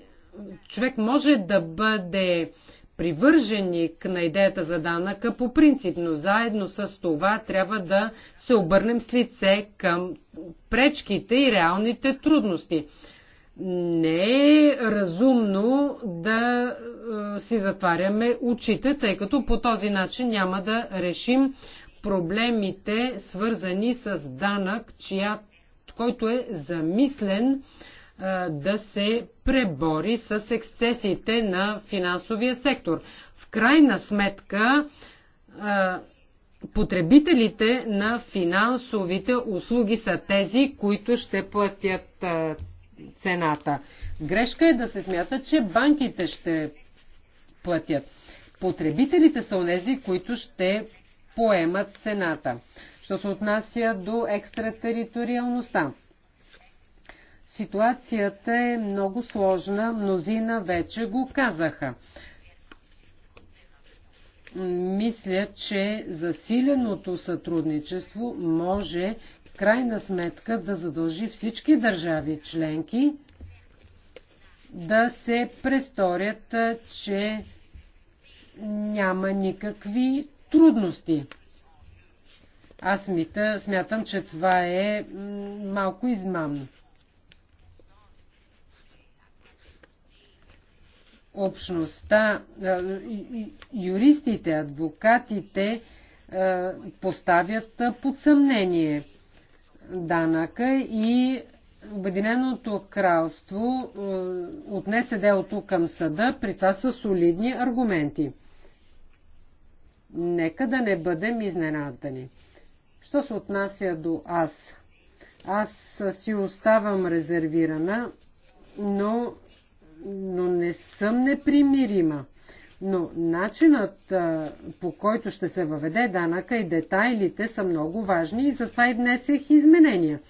човек може да бъде привърженик на идеята за данъка по принцип, но заедно с това трябва да се обърнем с лице към пречките и реалните трудности. Не е разумно да е, си затваряме очите, тъй като по този начин няма да решим проблемите, свързани с данък, чия, който е замислен да се пребори с ексцесиите на финансовия сектор. В крайна сметка, потребителите на финансовите услуги са тези, които ще платят цената. Грешка е да се смята, че банките ще платят. Потребителите са онези, които ще поемат цената. Що се отнася до екстратериториалността. Ситуацията е много сложна, мнозина вече го казаха. Мисля, че засиленото сътрудничество може в крайна сметка да задължи всички държави членки да се престорят, че няма никакви трудности. Аз смятам, че това е малко измамно. общността, юристите, адвокатите поставят под съмнение данъка и Обединеното кралство отнесе делото към съда, при това са солидни аргументи. Нека да не бъдем изненадани. Що се отнася до аз? Аз си оставам резервирана, но но не съм непримирима. Но начинът по който ще се въведе данъка и детайлите са много важни и затова и внесех изменения.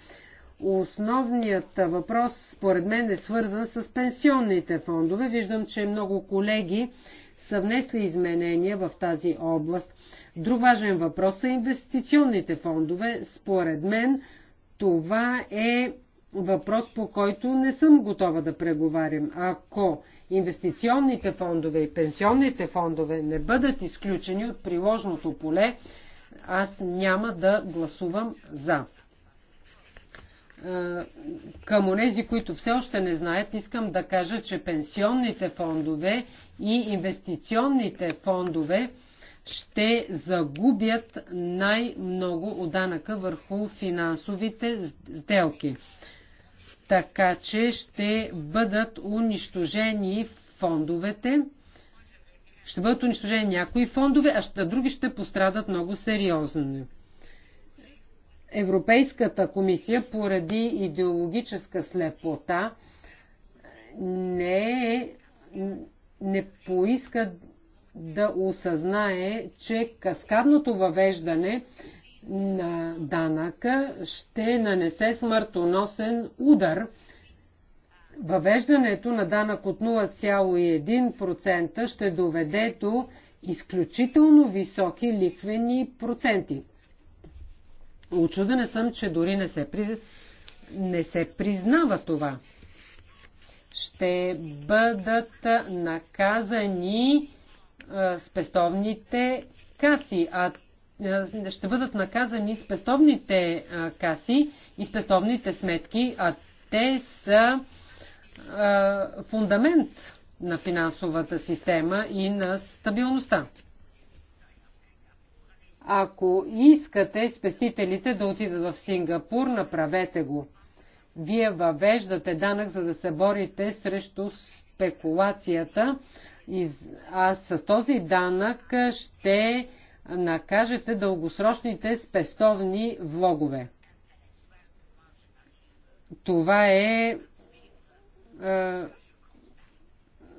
Основният въпрос, според мен, е свързан с пенсионните фондове. Виждам, че много колеги са внесли изменения в тази област. Друг важен въпрос са инвестиционните фондове. Според мен това е въпрос, по който не съм готова да преговарям. Ако инвестиционните фондове и пенсионните фондове не бъдат изключени от приложното поле, аз няма да гласувам за. Към онези, които все още не знаят, искам да кажа, че пенсионните фондове и инвестиционните фондове ще загубят най-много от данъка върху финансовите сделки така че ще бъдат унищожени фондовете. Ще бъдат унищожени някои фондове, а, ще, други ще пострадат много сериозно. Европейската комисия поради идеологическа слепота не, е- не поиска да осъзнае, че каскадното въвеждане на данъка ще нанесе смъртоносен удар. Въвеждането на данък от 0,1% ще доведе до изключително високи ликвени проценти. Очуден съм, че дори не се, приз... не се признава това. Ще бъдат наказани спестовните каси, а е, ще бъдат наказани спестовните е, каси и спестовните сметки, а те са е, фундамент на финансовата система и на стабилността. Ако искате спестителите да отидат в Сингапур, направете го. Вие въвеждате данък, за да се борите срещу спекулацията. И аз с този данък ще накажете дългосрочните спестовни влогове. Това е, е.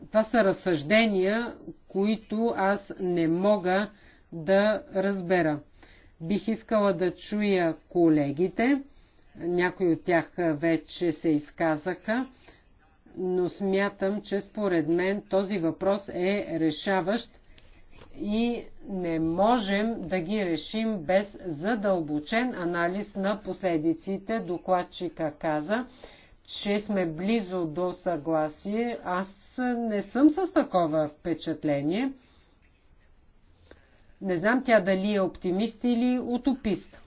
Това са разсъждения, които аз не мога да разбера. Бих искала да чуя колегите. Някои от тях вече се изказаха, но смятам, че според мен този въпрос е решаващ и не можем да ги решим без задълбочен анализ на последиците. Докладчика каза, че сме близо до съгласие. Аз не съм с такова впечатление. Не знам тя дали е оптимист или утопист.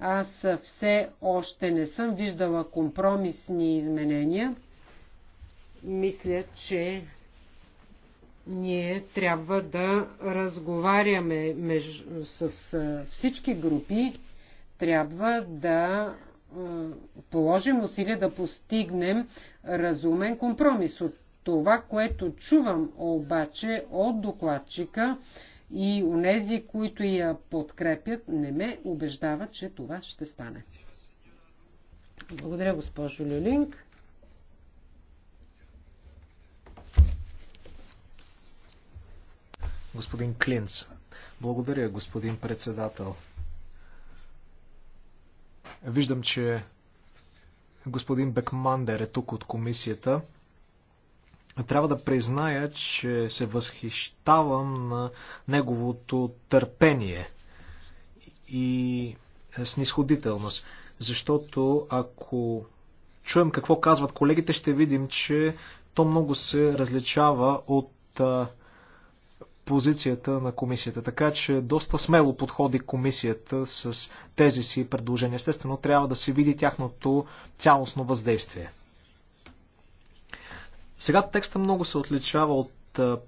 Аз все още не съм виждала компромисни изменения. Мисля, че ние трябва да разговаряме меж... с всички групи, трябва да положим усилия да постигнем разумен компромис. От това, което чувам обаче от докладчика и нези, които я подкрепят, не ме убеждава, че това ще стане. Благодаря, госпожо Люлинг. Господин Клинц. Благодаря, господин председател. Виждам, че господин Бекмандер е тук от комисията. Трябва да призная, че се възхищавам на неговото търпение и снисходителност. Защото ако чуем какво казват колегите, ще видим, че то много се различава от позицията на комисията. Така че доста смело подходи комисията с тези си предложения. Естествено, трябва да се види тяхното цялостно въздействие. Сега текста много се отличава от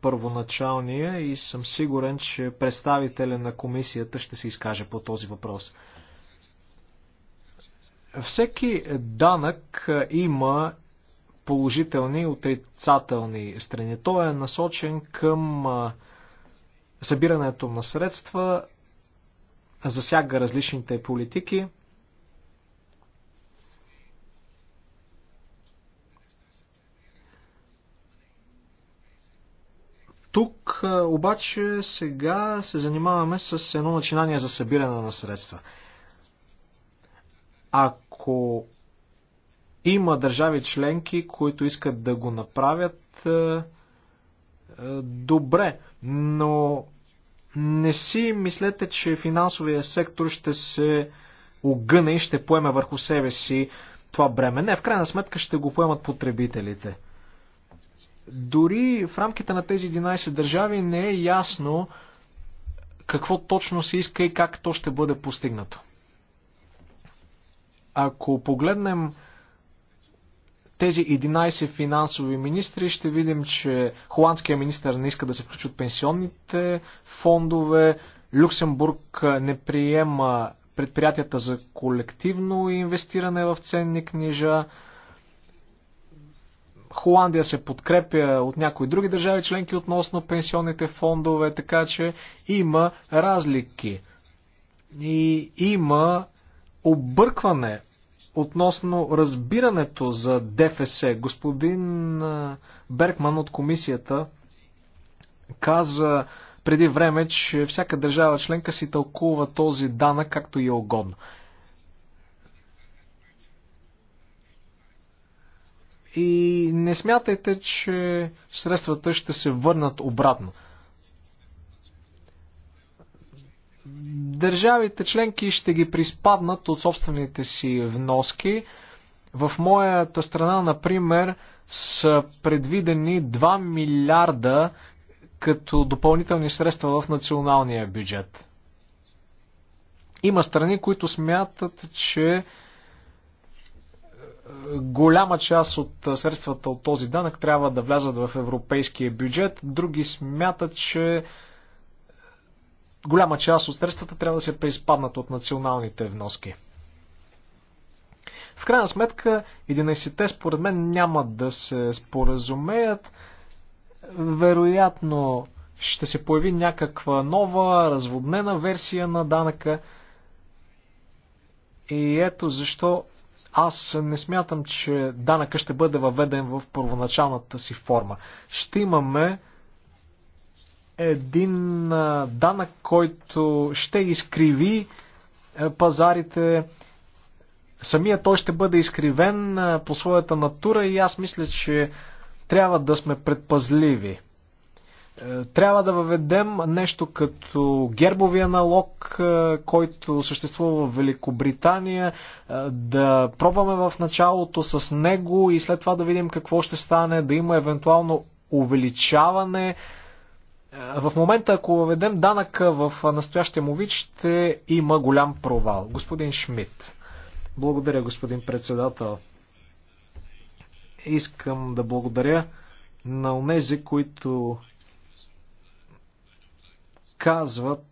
първоначалния и съм сигурен, че представителя на комисията ще се изкаже по този въпрос. Всеки данък има положителни и отрицателни страни. Той е насочен към събирането на средства засяга различните политики. Тук обаче сега се занимаваме с едно начинание за събиране на средства. Ако има държави членки, които искат да го направят, е, добре, но не си мислете, че финансовия сектор ще се огъне и ще поеме върху себе си това бреме. Не, в крайна сметка ще го поемат потребителите. Дори в рамките на тези 11 държави не е ясно какво точно се иска и как то ще бъде постигнато. Ако погледнем тези 11 финансови министри ще видим, че холандския министр не иска да се включат пенсионните фондове, Люксембург не приема предприятията за колективно инвестиране в ценни книжа, Холандия се подкрепя от някои други държави членки относно пенсионните фондове, така че има разлики. И има объркване относно разбирането за ДФС. Господин Беркман от комисията каза преди време, че всяка държава членка си тълкува този данък както и е угодно. И не смятайте, че средствата ще се върнат обратно. държавите членки ще ги приспаднат от собствените си вноски. В моята страна, например, са предвидени 2 милиарда като допълнителни средства в националния бюджет. Има страни, които смятат, че е, голяма част от средствата от този данък трябва да влязат в европейския бюджет. Други смятат, че голяма част от средствата трябва да се преизпаднат от националните вноски. В крайна сметка, 11-те според мен няма да се споразумеят. Вероятно ще се появи някаква нова, разводнена версия на данъка. И ето защо аз не смятам, че данъка ще бъде въведен в първоначалната си форма. Ще имаме един данък, който ще изкриви пазарите. Самия той ще бъде изкривен по своята натура и аз мисля, че трябва да сме предпазливи. Е, трябва да въведем нещо като гербовия налог, е, който съществува в Великобритания, е, да пробваме в началото с него и след това да видим какво ще стане, да има евентуално увеличаване в момента, ако въведем данъка в настоящия му вид, ще има голям провал. Господин Шмидт. Благодаря, господин председател. Искам да благодаря на онези, които казват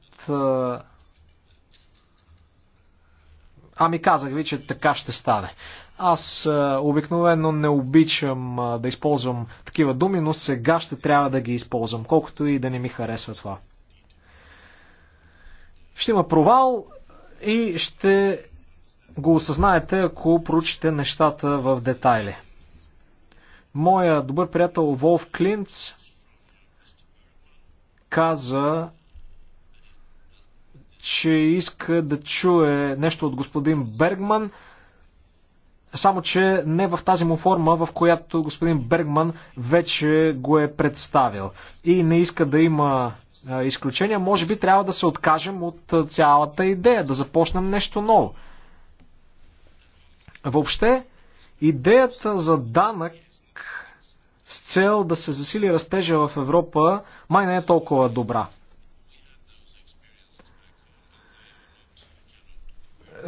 Ами казах ви, че така ще стане. Аз е, обикновено не обичам е, да използвам такива думи, но сега ще трябва да ги използвам, колкото и да не ми харесва това. Ще има провал и ще го осъзнаете, ако проучите нещата в детайли. Моя добър приятел Волф Клинц каза, че иска да чуе нещо от господин Бергман – само че не в тази му форма, в която господин Бергман вече го е представил. И не иска да има изключения. Може би трябва да се откажем от цялата идея, да започнем нещо ново. Въобще, идеята за данък с цел да се засили растежа в Европа май не е толкова добра.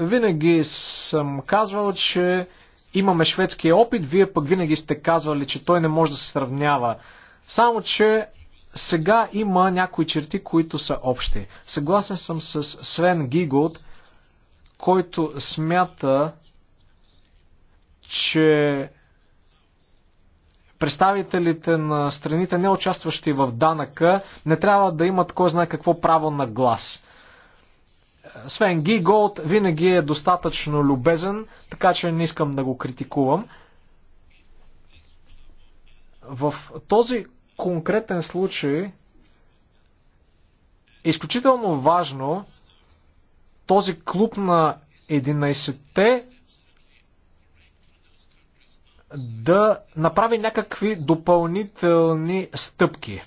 Винаги съм казвал, че имаме шведския опит, вие пък винаги сте казвали, че той не може да се сравнява. Само, че сега има някои черти, които са общи. Съгласен съм с Свен Гигот, който смята, че представителите на страните, не участващи в данъка, не трябва да имат кой знае какво право на глас. Свен Гиголд винаги е достатъчно любезен, така че не искам да го критикувам. В този конкретен случай е изключително важно този клуб на 11-те да направи някакви допълнителни стъпки.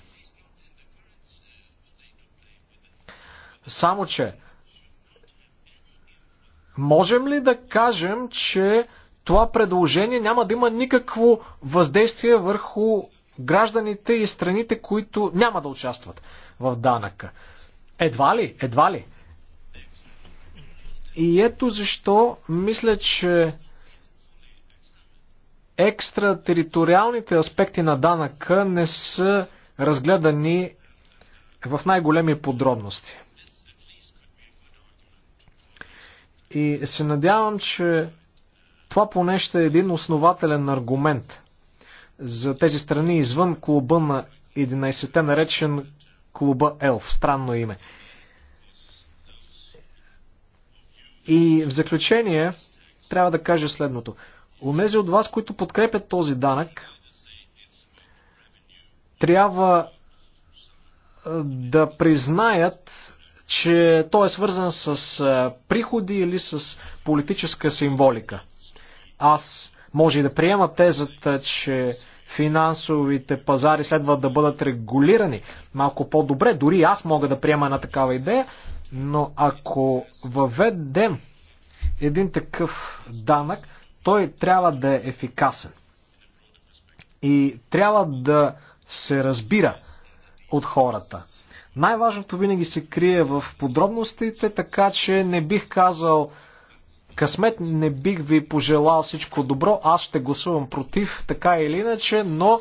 Само, че Можем ли да кажем, че това предложение няма да има никакво въздействие върху гражданите и страните, които няма да участват в данъка? Едва ли, едва ли. И ето защо мисля, че екстратериториалните аспекти на данъка не са разгледани в най-големи подробности. И се надявам, че това поне ще е един основателен аргумент за тези страни извън клуба на 11-те, наречен клуба Елф. Странно име. И в заключение трябва да кажа следното. Унези от вас, които подкрепят този данък, трябва да признаят, че той е свързан с приходи или с политическа символика. Аз може и да приема тезата, че финансовите пазари следва да бъдат регулирани малко по-добре. Дори аз мога да приема една такава идея, но ако въведем един такъв данък, той трябва да е ефикасен. И трябва да се разбира от хората. Най-важното винаги се крие в подробностите, така че не бих казал късмет, не бих ви пожелал всичко добро, аз ще гласувам против, така или иначе, но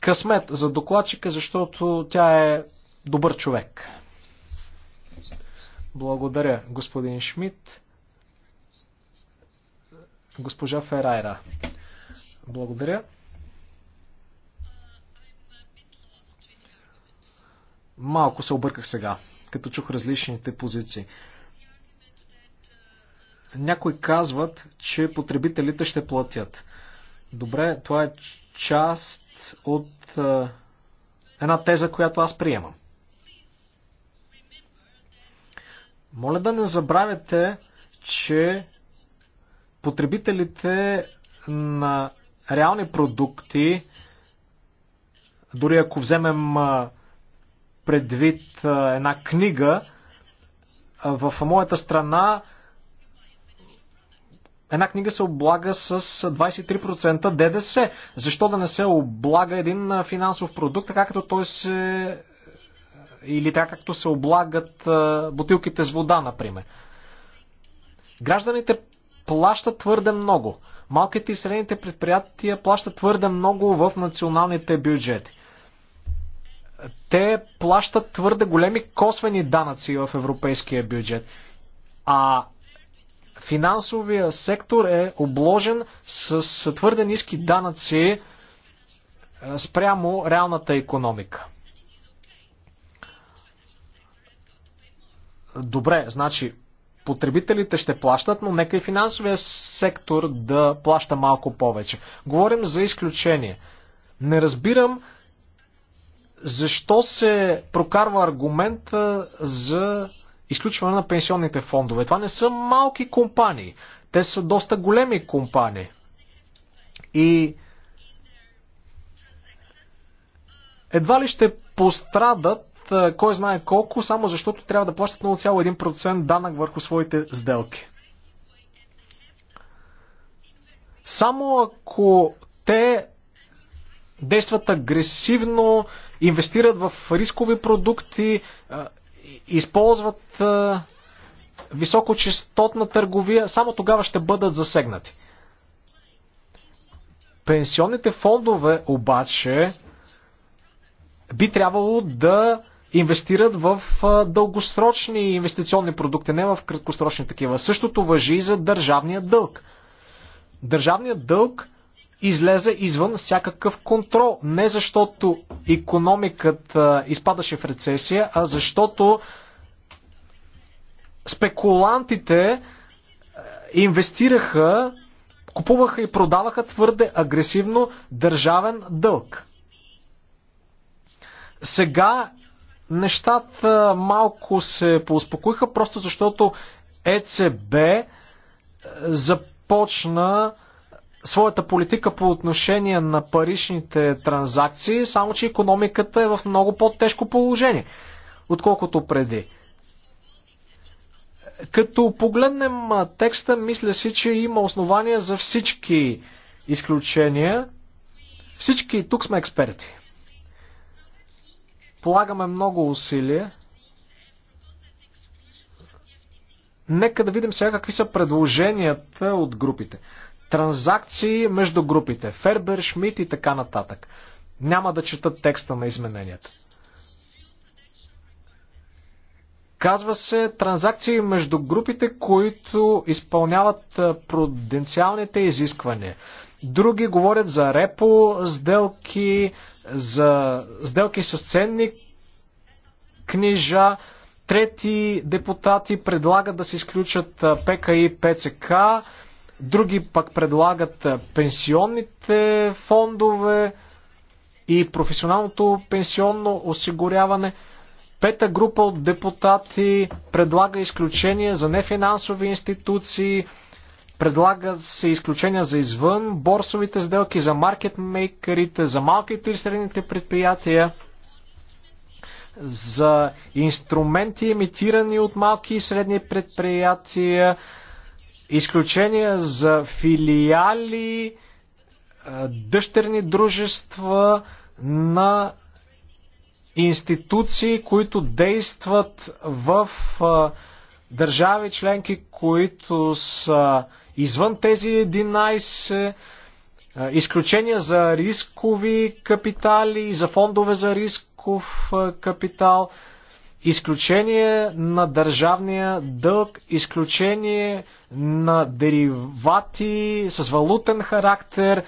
късмет за докладчика, защото тя е добър човек. Благодаря, господин Шмидт. Госпожа Ферайра. Благодаря. Малко се обърках сега, като чух различните позиции. Някои казват, че потребителите ще платят. Добре, това е част от е, една теза, която аз приемам. Моля да не забравяте, че потребителите на реални продукти, дори ако вземем предвид една книга. В моята страна една книга се облага с 23% ДДС. Защо да не се облага един финансов продукт, така като той се или така както се облагат бутилките с вода, например. Гражданите плащат твърде много. Малките и средните предприятия плащат твърде много в националните бюджети те плащат твърде големи косвени данъци в европейския бюджет. А финансовия сектор е обложен с твърде ниски данъци е, спрямо реалната економика. Добре, значи потребителите ще плащат, но нека и финансовия сектор да плаща малко повече. Говорим за изключение. Не разбирам защо се прокарва аргумента за изключване на пенсионните фондове. Това не са малки компании. Те са доста големи компании. И едва ли ще пострадат кой знае колко, само защото трябва да плащат 0,1% данък върху своите сделки. Само ако те действат агресивно, инвестират в рискови продукти, е, използват е, високочастотна търговия, само тогава ще бъдат засегнати. Пенсионните фондове обаче би трябвало да инвестират в е, дългосрочни инвестиционни продукти, не в краткосрочни такива. Същото въжи и за държавния дълг. Държавният дълг излезе извън всякакъв контрол. Не защото економиката изпадаше в рецесия, а защото спекулантите инвестираха, купуваха и продаваха твърде агресивно държавен дълг. Сега нещата малко се поуспокоиха, просто защото ЕЦБ започна своята политика по отношение на паричните транзакции, само че економиката е в много по-тежко положение, отколкото преди. Като погледнем текста, мисля си, че има основания за всички изключения. Всички тук сме експерти. Полагаме много усилия. Нека да видим сега какви са предложенията от групите транзакции между групите. Фербер, Шмидт и така нататък. Няма да четат текста на измененията. Казва се транзакции между групите, които изпълняват пруденциалните изисквания. Други говорят за репо сделки, за сделки с ценни книжа. Трети депутати предлагат да се изключат ПК и ПЦК. Други пък предлагат е, пенсионните фондове и професионалното пенсионно осигуряване. Пета група от депутати предлага изключения за нефинансови институции, предлагат се изключения за извън борсовите сделки, за маркетмейкерите, за малките и средните предприятия, за инструменти имитирани от малки и средни предприятия, изключения за филиали, дъщерни дружества на институции, които действат в държави членки, които са извън тези 11 изключения за рискови капитали и за фондове за рисков капитал – изключение на държавния дълг, изключение на деривати с валутен характер,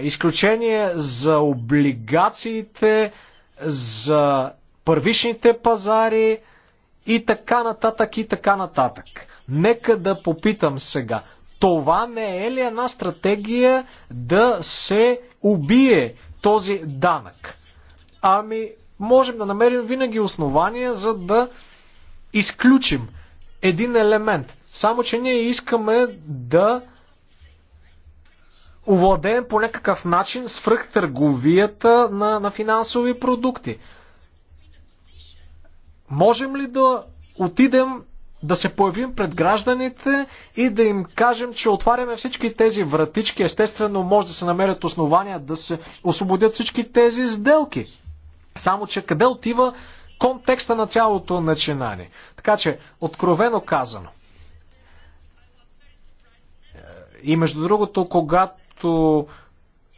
изключение за облигациите, за първичните пазари и така нататък и така нататък. Нека да попитам сега. Това не е ли една стратегия да се убие този данък? Ами, можем да намерим винаги основания, за да изключим един елемент. Само, че ние искаме да овладеем по някакъв начин свръхтърговията на, на финансови продукти. Можем ли да отидем да се появим пред гражданите и да им кажем, че отваряме всички тези вратички. Естествено, може да се намерят основания да се освободят всички тези сделки. Само, че къде отива контекста на цялото начинание? Така че, откровено казано. И между другото, когато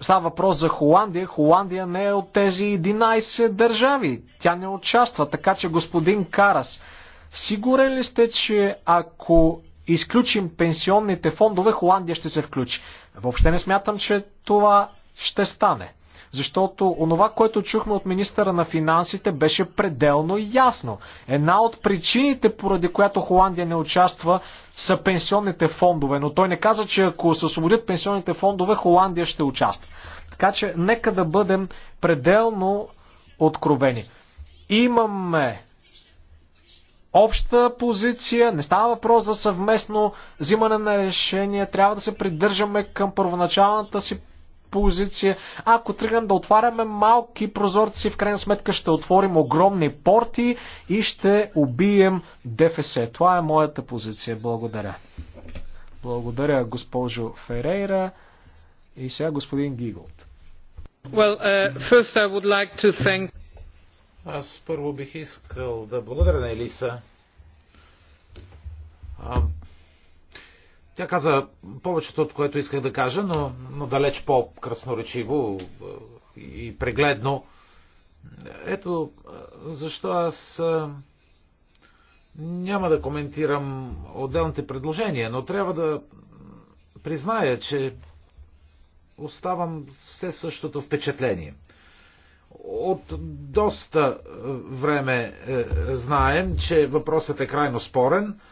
става въпрос за Холандия, Холандия не е от тези 11 държави. Тя не участва. Така че, господин Карас, сигурен ли сте, че ако изключим пенсионните фондове, Холандия ще се включи? Въобще не смятам, че това ще стане. Защото онова, което чухме от министъра на финансите, беше пределно ясно. Една от причините, поради която Холандия не участва, са пенсионните фондове. Но той не каза, че ако се освободят пенсионните фондове, Холандия ще участва. Така че нека да бъдем пределно откровени. Имаме обща позиция, не става въпрос за съвместно взимане на решения, трябва да се придържаме към първоначалната си позиция. Ако тръгнем да отваряме малки прозорци, в крайна сметка ще отворим огромни порти и ще убием ДФС. Това е моята позиция. Благодаря. Благодаря, госпожо Ферейра. И сега господин Гиголд. Well, uh, first I would like to thank... Аз първо бих искал да благодаря на Елиса тя каза повечето от което исках да кажа, но, но далеч по-красноречиво е, и прегледно. Ето е, защо аз е, няма да коментирам отделните предложения, но трябва да призная, че оставам все същото впечатление. От доста време знаем, че въпросът е крайно спорен –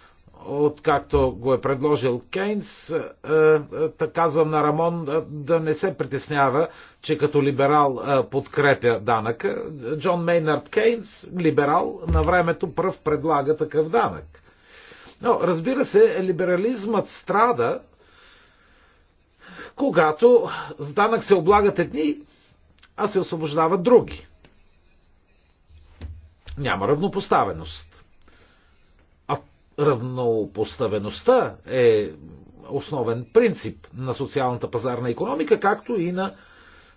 откакто го е предложил Кейнс, е, е, казвам на Рамон е, да не се притеснява, че като либерал подкрепя данъка. Джон Мейнард Кейнс, либерал, на времето пръв предлага такъв данък. Но, разбира се, либерализмът страда, когато с данък се облагат едни, а се освобождават други. Няма равнопоставеност равнопоставеността е основен принцип на социалната пазарна економика, както и на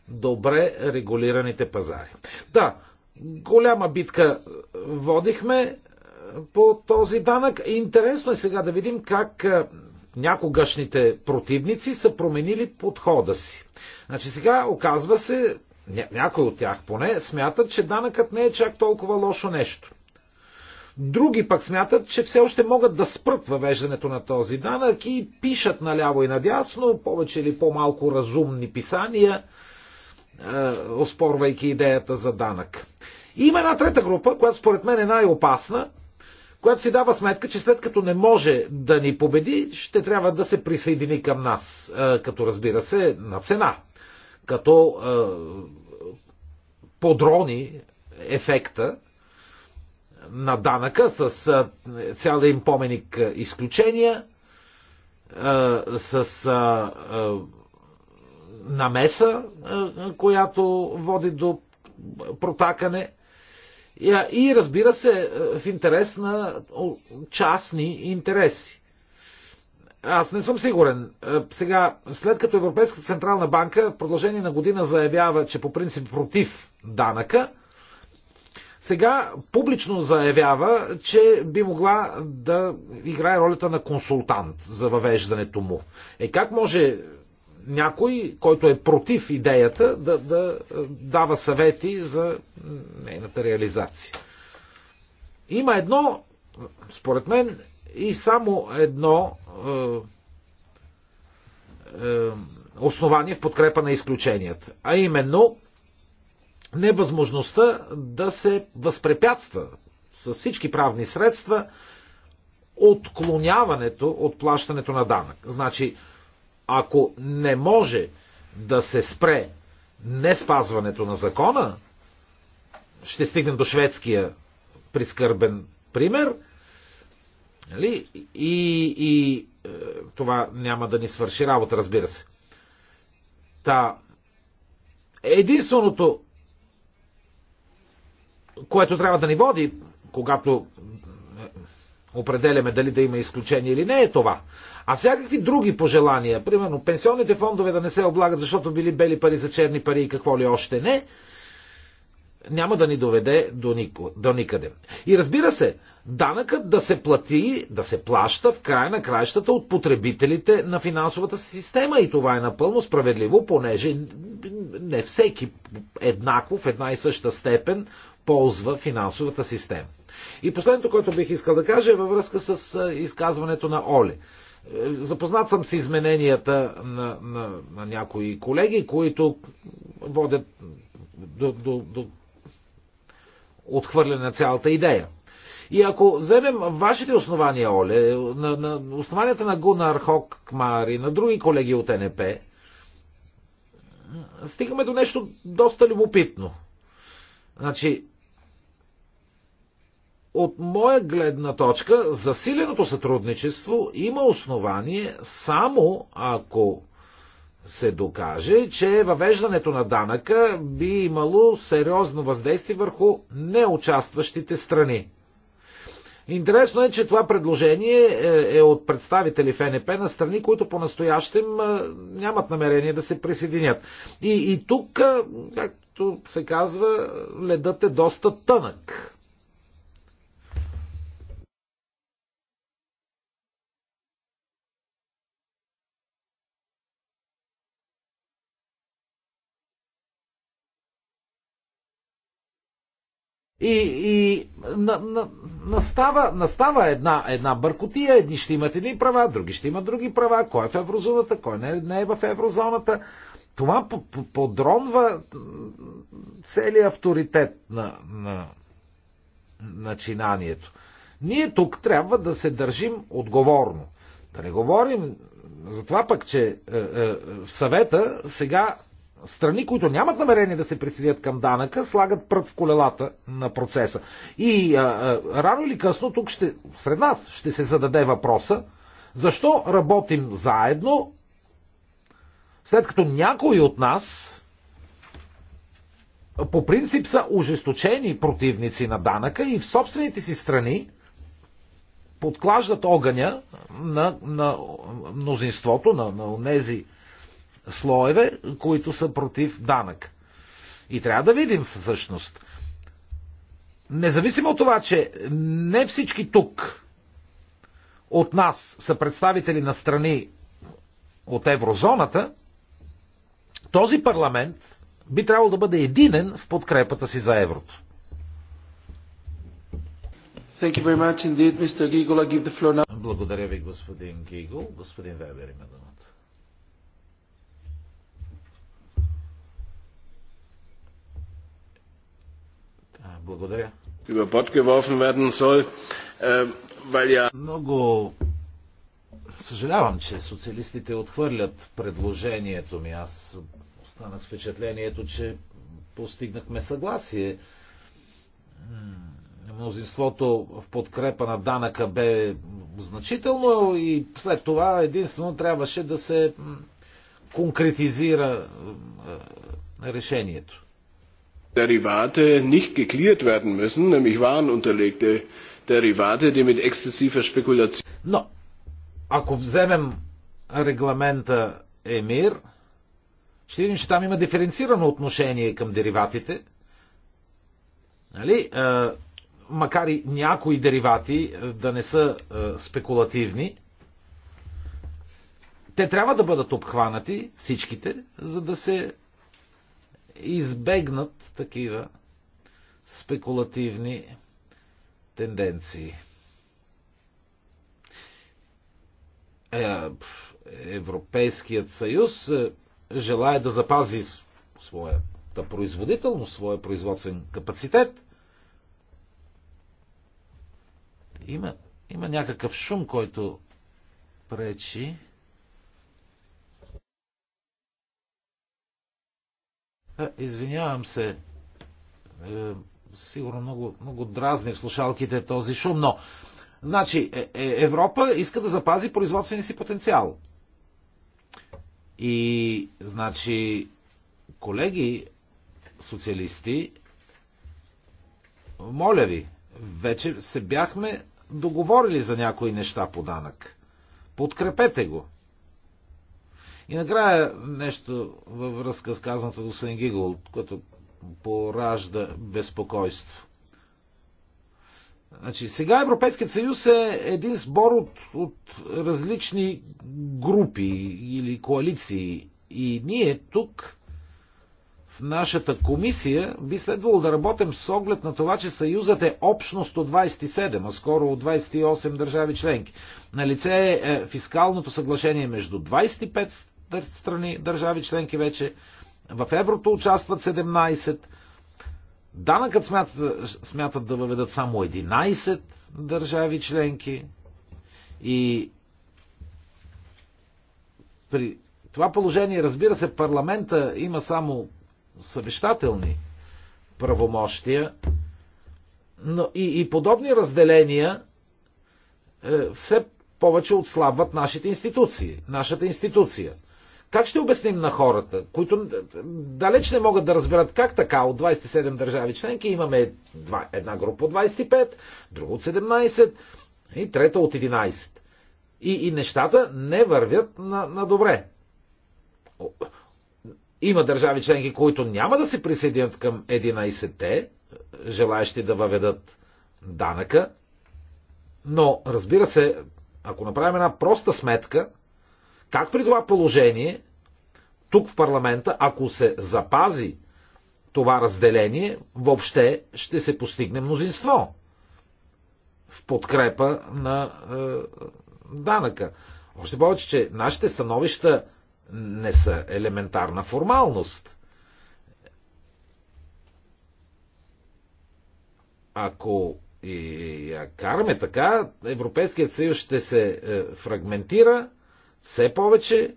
добре регулираните пазари. Да, голяма битка водихме е, по този данък. Интересно е сега да видим как е, някогашните противници са променили подхода си. Значи сега оказва се, някой от тях поне, смятат, че данъкът не е чак толкова лошо нещо. Други пък смятат, че все още могат да спрат въвеждането на този данък и пишат наляво и надясно, повече или по-малко разумни писания, е, оспорвайки идеята за данък. И има една трета група, която според мен е най-опасна, която си дава сметка, че след като не може да ни победи, ще трябва да се присъедини към нас, е, като разбира се, на цена, като е, подрони ефекта на данъка с цял един поменик изключения, с намеса, която води до протакане. И разбира се, в интерес на частни интереси. Аз не съм сигурен. Сега, след като Европейската централна банка в продължение на година заявява, че по принцип е против данъка, сега публично заявява, че би могла да играе ролята на консултант за въвеждането му. Е как може някой, който е против идеята, да, да е, дава съвети за нейната реализация? Има едно, според мен, и само едно е, е, основание в подкрепа на изключенията, а именно невъзможността да се възпрепятства с всички правни средства отклоняването от плащането на данък. Значи, ако не може да се спре не спазването на закона, ще стигнем до шведския прискърбен пример, нали? и, и, и е, това няма да ни свърши работа, разбира се. Та, единственото което трябва да ни води, когато определяме дали да има изключение или не е това. А всякакви други пожелания, примерно пенсионните фондове да не се облагат, защото били бели пари за черни пари и какво ли още не, няма да ни доведе до, нико, до никъде. И разбира се, данъкът да се плати, да се плаща в края на краищата от потребителите на финансовата система. И това е напълно справедливо, понеже не всеки еднакво в една и съща степен ползва финансовата система. И последното, което бих искал да кажа е във връзка с изказването на Оле. Запознат съм с измененията на, на, на някои колеги, които водят до, до, до отхвърляне на цялата идея. И ако вземем вашите основания, Оле, на, на основанията на Гунар Хокмар и на други колеги от НП, стигаме до нещо доста любопитно. Значи, от моя гледна точка, засиленото сътрудничество има основание само ако се докаже, че въвеждането на данъка би имало сериозно въздействие върху неучастващите страни. Интересно е, че това предложение е, е от представители в НП на страни, които по-настоящем е, нямат намерение да се присъединят. И, и тук, е, както се казва, ледът е доста тънък. И, и на, на, настава, настава една, една бъркотия, едни ще имат едни права, други ще имат други права, кой е в еврозоната, кой не, не е в еврозоната. Това подронва целият авторитет на, на начинанието. Ние тук трябва да се държим отговорно. Да не говорим за това пък, че е, е, в съвета сега страни, които нямат намерение да се присъединят към данъка, слагат прът в колелата на процеса. И а, а, рано или късно тук ще, сред нас ще се зададе въпроса, защо работим заедно, след като някои от нас по принцип са ожесточени противници на данъка и в собствените си страни подклаждат огъня на, на мнозинството, на, на тези слоеве, които са против данък. И трябва да видим всъщност. Независимо от това, че не всички тук от нас са представители на страни от еврозоната, този парламент би трябвало да бъде единен в подкрепата си за еврото. Indeed, Благодаря ви, господин Гигол. Господин Вебер има думата. Благодаря. Über Bord geworfen werden soll, э, weil ja... Много съжалявам, че социалистите отхвърлят предложението ми. Аз останах с впечатлението, че постигнахме съгласие. Мнозинството в подкрепа на данъка бе значително и след това единствено трябваше да се конкретизира решението. Derivate nicht geklärt werden müssen, nämlich warenunterlegte Derivate, die mit exzessiver Spekulation. No, ako vzemem регламента ЕМИР, ще видим, че там има диференцирано отношение към дериватите. Нали? А, е, макар и някои деривати е, да не са а, е, спекулативни, те трябва да бъдат обхванати, всичките, за да се избегнат такива спекулативни тенденции. Е, Европейският съюз е, желая да запази своята производителност, своя производствен капацитет. Има, има някакъв шум, който пречи. Е, извинявам се. Е, сигурно много, много дразни в слушалките този шум, но... Значи, е, Европа иска да запази производствения си потенциал. И, значи, колеги социалисти, моля ви, вече се бяхме договорили за някои неща по данък. Подкрепете го. И накрая нещо във връзка с казаното господин Гигол, което поражда безпокойство. Значи, сега Европейският съюз е един сбор от, от различни групи или коалиции. И ние тук, в нашата комисия, би следвало да работим с оглед на това, че съюзът е общност от 27, а скоро от 28 държави членки. На лице е, е фискалното съглашение между 25 страни, държави членки вече. В еврото участват 17. Данъкът смятат, смятат да въведат само 11 държави членки. И при това положение, разбира се, парламента има само съвещателни правомощия, но и, и подобни разделения е, все повече отслабват нашите институции, нашата институция. Как ще обясним на хората, които далеч не могат да разберат как така от 27 държави членки имаме една група от 25, друга от 17 и трета от 11. И, и нещата не вървят на, на добре. Има държави членки, които няма да се присъединят към 11-те, желаящи да въведат данъка, но разбира се, ако направим една проста сметка, как при това положение, тук в парламента, ако се запази това разделение, въобще ще се постигне мнозинство в подкрепа на е, данъка. Още повече, че нашите становища не са елементарна формалност. Ако я караме така, Европейският съюз ще се е, фрагментира все повече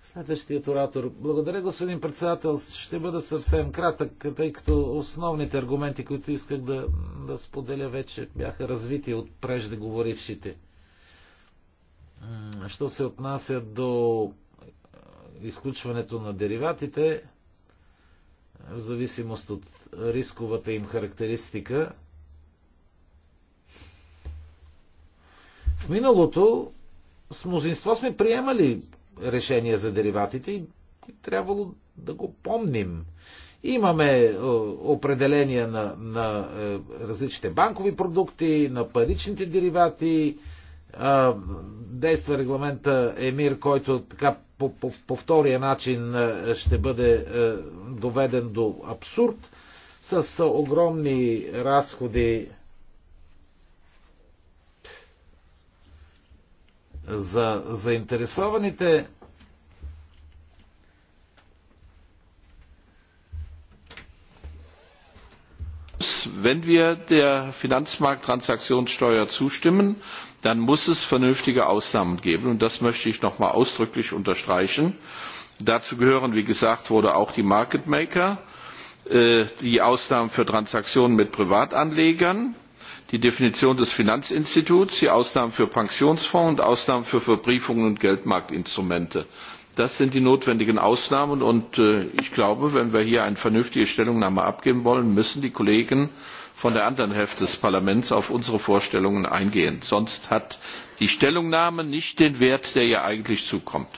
Следващият оратор. Благодаря, господин председател. Ще бъда съвсем кратък, тъй като основните аргументи, които исках да, да споделя, вече бяха развити от преждеговорившите. Що се отнася до е, изключването на дериватите, е, в зависимост от рисковата им характеристика, в миналото с мнозинство сме приемали решение за дериватите и трябвало да го помним. Имаме е, определения на, на различните банкови продукти, на паричните деривати, а, действа регламента ЕМИР, който така по, по, по втория начин ще бъде а, доведен до абсурд с огромни разходи за заинтересованите. Wenn wir der Finanzmarkttransaktionssteuer zustimmen, dann muss es vernünftige Ausnahmen geben. Und das möchte ich nochmal ausdrücklich unterstreichen. Dazu gehören, wie gesagt wurde, auch die Market Maker, die Ausnahmen für Transaktionen mit Privatanlegern, die Definition des Finanzinstituts, die Ausnahmen für Pensionsfonds und Ausnahmen für Verbriefungen und Geldmarktinstrumente. Das sind die notwendigen Ausnahmen und ich glaube, wenn wir hier eine vernünftige Stellungnahme abgeben wollen, müssen die Kollegen von der anderen Hälfte des Parlaments auf unsere Vorstellungen eingehen. Sonst hat die Stellungnahme nicht den Wert, der ihr eigentlich zukommt.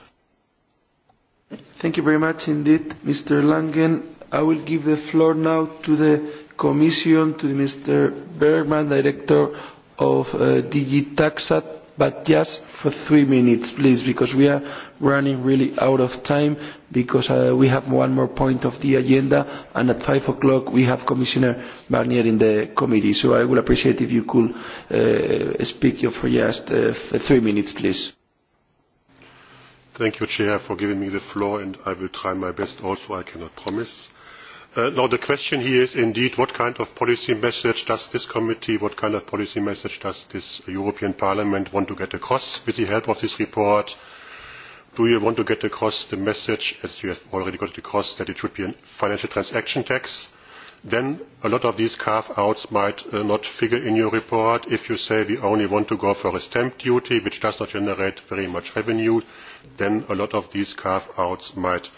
Thank you very much indeed, Mr. Langen. I will give the floor now to the Commission, to Mr. Bergman, Director of uh, DG Taxat, but just for three minutes, please, because we are running really out of time, because uh, we have one more point of the agenda, and at five o'clock we have Commissioner Barnier in the committee. So I would appreciate if you could uh, speak for just uh, for three minutes, please. Thank you, Chair, for giving me the floor, and I will try my best also. I cannot promise now the question here is indeed what kind of policy message does this committee, what kind of policy message does this European Parliament want to get across with the help of this report? Do you want to get across the message, as you have already got across, that it should be a financial transaction tax? Then a lot of these carve-outs might not figure in your report. If you say we only want to go for a stamp duty, which does not generate very much revenue, then a lot of these carve-outs might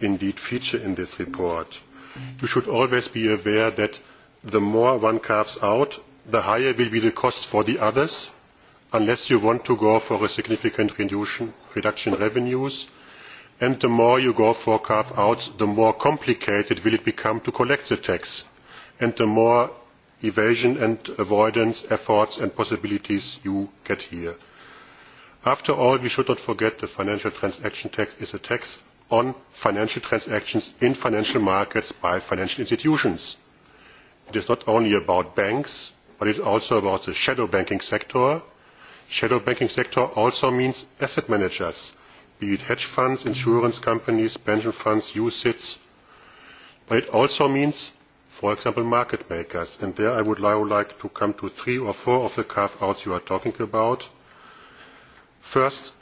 indeed feature in this report you should always be aware that the more one carves out, the higher will be the cost for the others, unless you want to go for a significant reduction in revenues. And the more you go for carve-outs, the more complicated will it become to collect the tax, and the more evasion and avoidance efforts and possibilities you get here. After all, we should not forget the financial transaction tax is a tax on financial transactions in financial markets by financial institutions. It is not only about banks, but it is also about the shadow banking sector. Shadow banking sector also means asset managers, be it hedge funds, insurance companies, pension funds, UCITS. But it also means, for example, market makers. And there I would now like to come to three or four of the carve-outs you are talking about. First,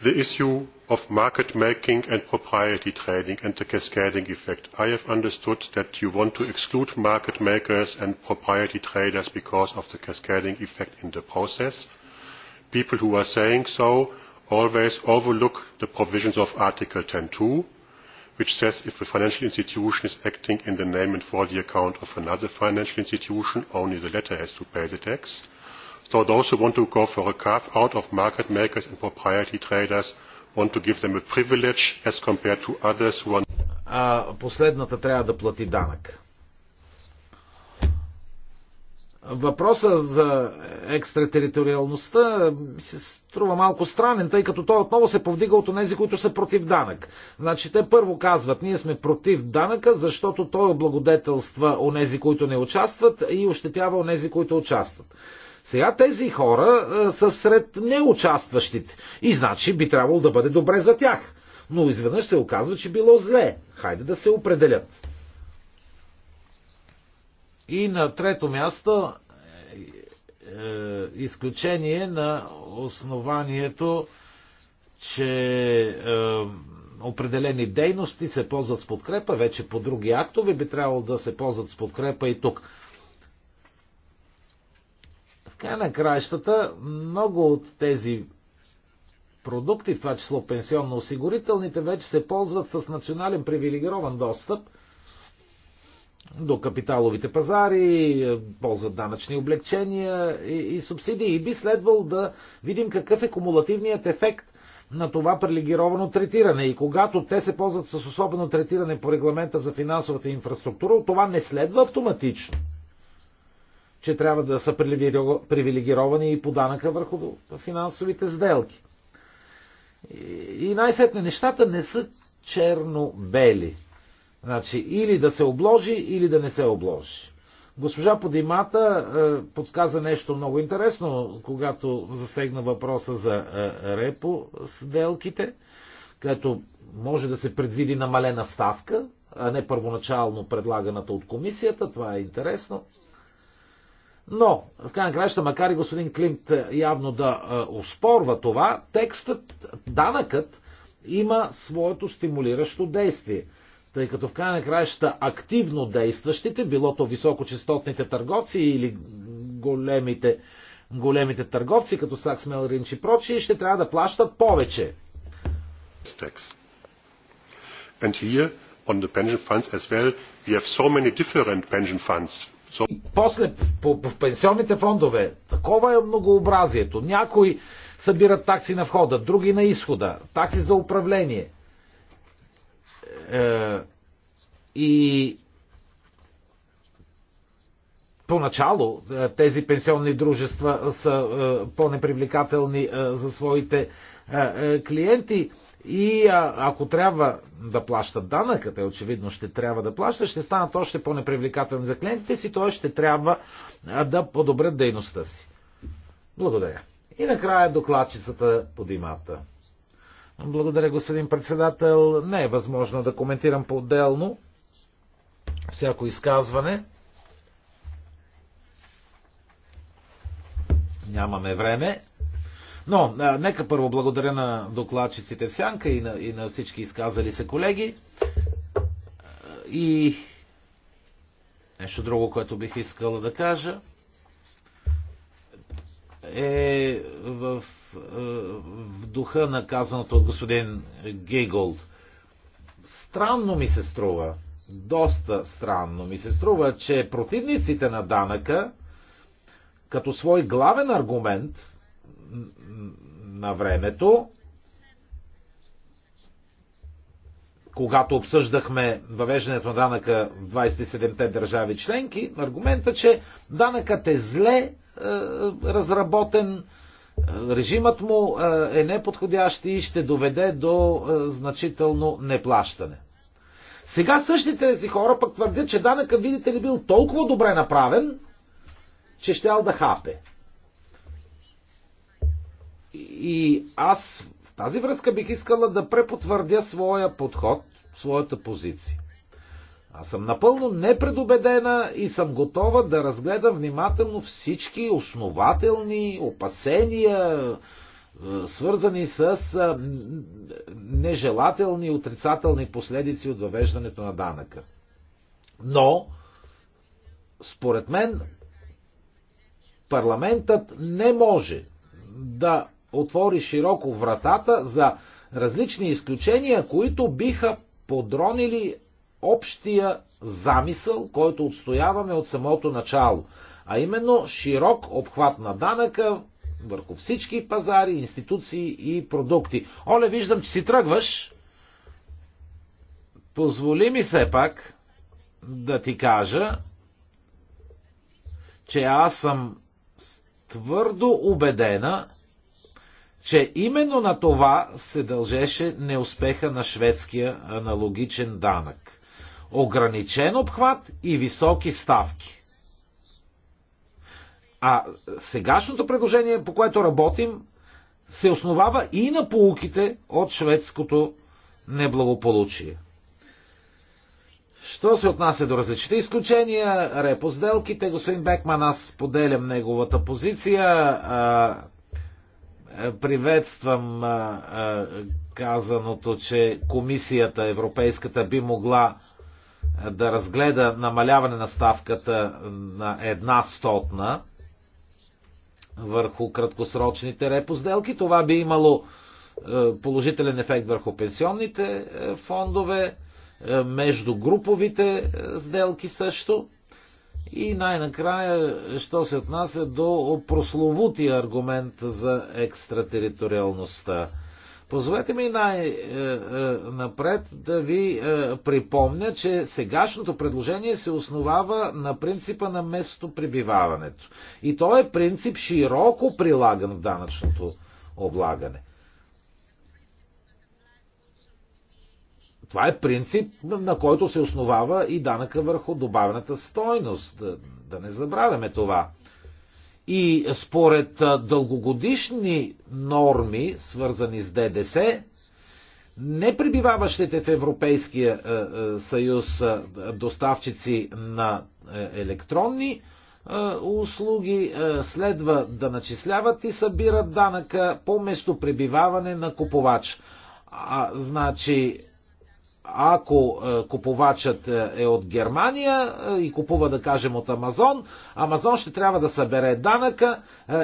the issue of market making and propriety trading and the cascading effect. I have understood that you want to exclude market makers and propriety traders because of the cascading effect in the process. People who are saying so always overlook the provisions of Article two, which says if a financial institution is acting in the name and for the account of another financial institution, only the latter has to pay the tax so those who want to go for a carve out of market makers and proprietary traders want to give them a privilege as compared to others who are а последната трябва да плати данък. Въпроса за екстратериториалността се струва малко странен, тъй като той отново се повдига от тези, които са против данък. Значи те първо казват, ние сме против данъка, защото той облагодетелства онези, които не участват и ощетява онези, които участват. Сега тези хора а, са сред неучастващите и значи би трябвало да бъде добре за тях. Но изведнъж се оказва, че било зле. Хайде да се определят. И на трето място е, е, изключение на основанието, че е, определени дейности се ползват с подкрепа, вече по други актове би трябвало да се ползват с подкрепа и тук. Така на краищата, много от тези продукти, в това число пенсионно-осигурителните, вече се ползват с национален привилегирован достъп до капиталовите пазари, ползват данъчни облегчения и, и субсидии. И би следвало да видим какъв е кумулативният ефект на това привилегировано третиране. И когато те се ползват с особено третиране по регламента за финансовата инфраструктура, това не следва автоматично че трябва да са привилегировани и по данъка върху финансовите сделки. И най-сетне нещата не са черно-бели. Значи, или да се обложи, или да не се обложи. Госпожа Подимата е, подсказа нещо много интересно, когато засегна въпроса за е, репо сделките, където може да се предвиди намалена ставка, а не първоначално предлаганата от комисията. Това е интересно. Но, в крайна краща, макар и господин Климт е, явно да е, оспорва това, текстът, данъкът има своето стимулиращо действие. Тъй като в крайна краща активно действащите, било то високочастотните търговци или големите, големите търговци, като Сакс Мелринч и прочие, ще трябва да плащат повече. And here on the pension funds as well, we have so many different pension funds после по, по, в пенсионните фондове такова е многообразието. Някои събират такси на входа, други на изхода, такси за управление. Е, и поначало е, тези пенсионни дружества са е, по-непривлекателни е, за своите клиенти и а, ако трябва да плащат данъка, те очевидно ще трябва да плащат, ще станат още по-непривлекателни за клиентите си, т.е. ще трябва а, да подобрят дейността си. Благодаря. И накрая докладчицата по димата. Благодаря, господин председател. Не е възможно да коментирам по-отделно всяко изказване. Нямаме време. Но, а, нека първо благодаря на докладчиците в Сянка и на, и на всички изказали се колеги. И нещо друго, което бих искал да кажа е в, в духа на казаното от господин Гейголд. Странно ми се струва, доста странно ми се струва, че противниците на данъка, като свой главен аргумент, на времето, когато обсъждахме въвеждането на данъка в 27-те държави членки, аргумента, че данъкът е зле е, разработен, е, режимът му е, е неподходящ и ще доведе до е, значително неплащане. Сега същите тези хора пък твърдят, че данъка, видите ли, бил толкова добре направен, че щял да хапе. И аз в тази връзка бих искала да препотвърдя своя подход, своята позиция. Аз съм напълно непредобедена и съм готова да разгледам внимателно всички основателни опасения, е, свързани с е, нежелателни и отрицателни последици от въвеждането на данъка. Но, според мен, парламентът не може да отвори широко вратата за различни изключения, които биха подронили общия замисъл, който отстояваме от самото начало. А именно широк обхват на данъка върху всички пазари, институции и продукти. Оле, виждам, че си тръгваш. Позволи ми все пак да ти кажа, че аз съм твърдо убедена, че именно на това се дължеше неуспеха на шведския аналогичен данък. Ограничен обхват и високи ставки. А сегашното предложение, по което работим, се основава и на полуките от шведското неблагополучие. Що се отнася до различните изключения, репо сделките, господин Бекман, аз поделям неговата позиция. Приветствам казаното, че комисията европейската би могла да разгледа намаляване на ставката на една стотна върху краткосрочните репозделки. Това би имало положителен ефект върху пенсионните фондове, между груповите сделки също. И най-накрая, що се отнася до прословутия аргумент за екстратериториалността. Позволете ми най-напред да ви е, припомня, че сегашното предложение се основава на принципа на прибиваването. И то е принцип широко прилаган в данъчното облагане. Това е принцип, на който се основава и данъка върху добавената стойност. Да, да не забравяме това. И според дългогодишни норми, свързани с ДДС, непребиваващите в Европейския съюз доставчици на електронни услуги следва да начисляват и събират данъка по местопребиваване на купувач. А, значи, ако е, купувачът е, е от Германия е, и купува, да кажем, от Амазон, Амазон ще трябва да събере данъка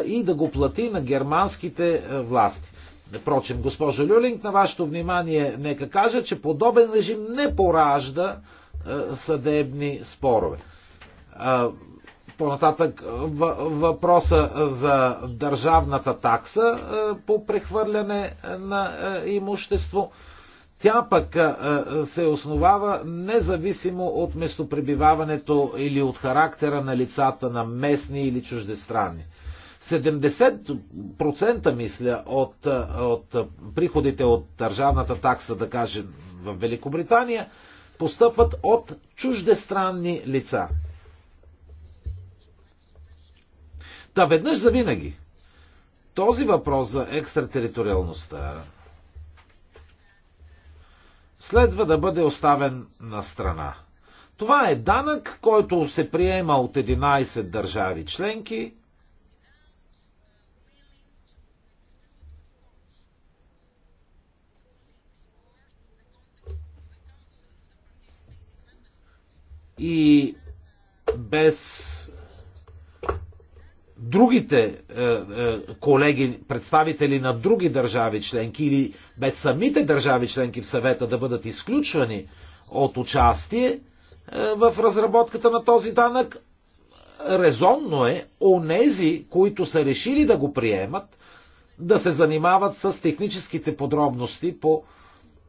и да го плати на германските власти. Впрочем, госпожо Люлинг, на вашето внимание нека кажа, че подобен режим не поражда съдебни спорове. По-нататък въпроса за държавната такса по прехвърляне на имущество – тя пък се основава независимо от местопребиваването или от характера на лицата на местни или чуждестранни. 70% мисля от, от приходите от държавната такса, да кажем, в Великобритания, постъпват от чуждестранни лица. Та веднъж за винаги. Този въпрос за екстратериториалността следва да бъде оставен на страна. Това е данък, който се приема от 11 държави членки. И без другите е, е, колеги, представители на други държави членки или без самите държави членки в съвета да бъдат изключвани от участие е, в разработката на този данък, резонно е онези, които са решили да го приемат, да се занимават с техническите подробности по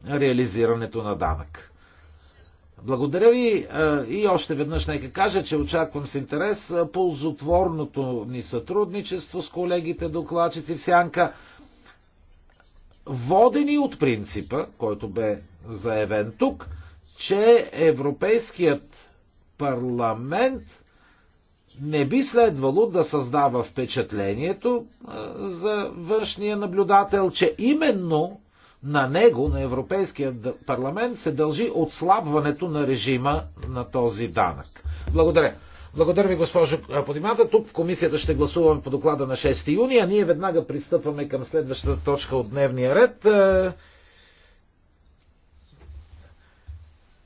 реализирането на данък. Благодаря ви и още веднъж нека кажа, че очаквам с интерес ползотворното ни сътрудничество с колегите докладчици в Сянка, водени от принципа, който бе заявен тук, че Европейският парламент не би следвало да създава впечатлението за външния наблюдател, че именно на него, на Европейския парламент, се дължи отслабването на режима на този данък. Благодаря. Благодаря ви, госпожо Подимата. Тук в комисията ще гласуваме по доклада на 6 юни, а ние веднага пристъпваме към следващата точка от дневния ред. Е,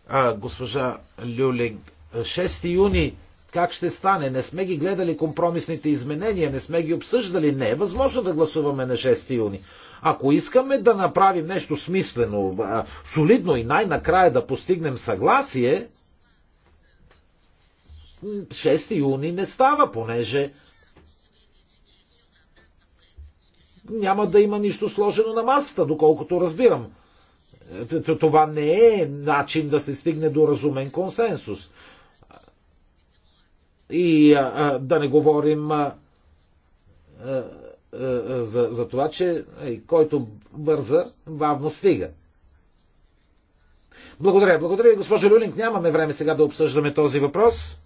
а, госпожа Люлинг, 6 юни как ще стане? Не сме ги гледали компромисните изменения, не сме ги обсъждали. Не е възможно да гласуваме на 6 юни. Ако искаме да направим нещо смислено, солидно и най-накрая да постигнем съгласие, 6 юни не става, понеже няма да има нищо сложено на масата, доколкото разбирам. Това не е начин да се стигне до разумен консенсус. И а, да не говорим а, е, е, за, за това, че който бърза, бавно стига. Благодаря, благодаря госпожо Люлинг. Нямаме време сега да обсъждаме този въпрос.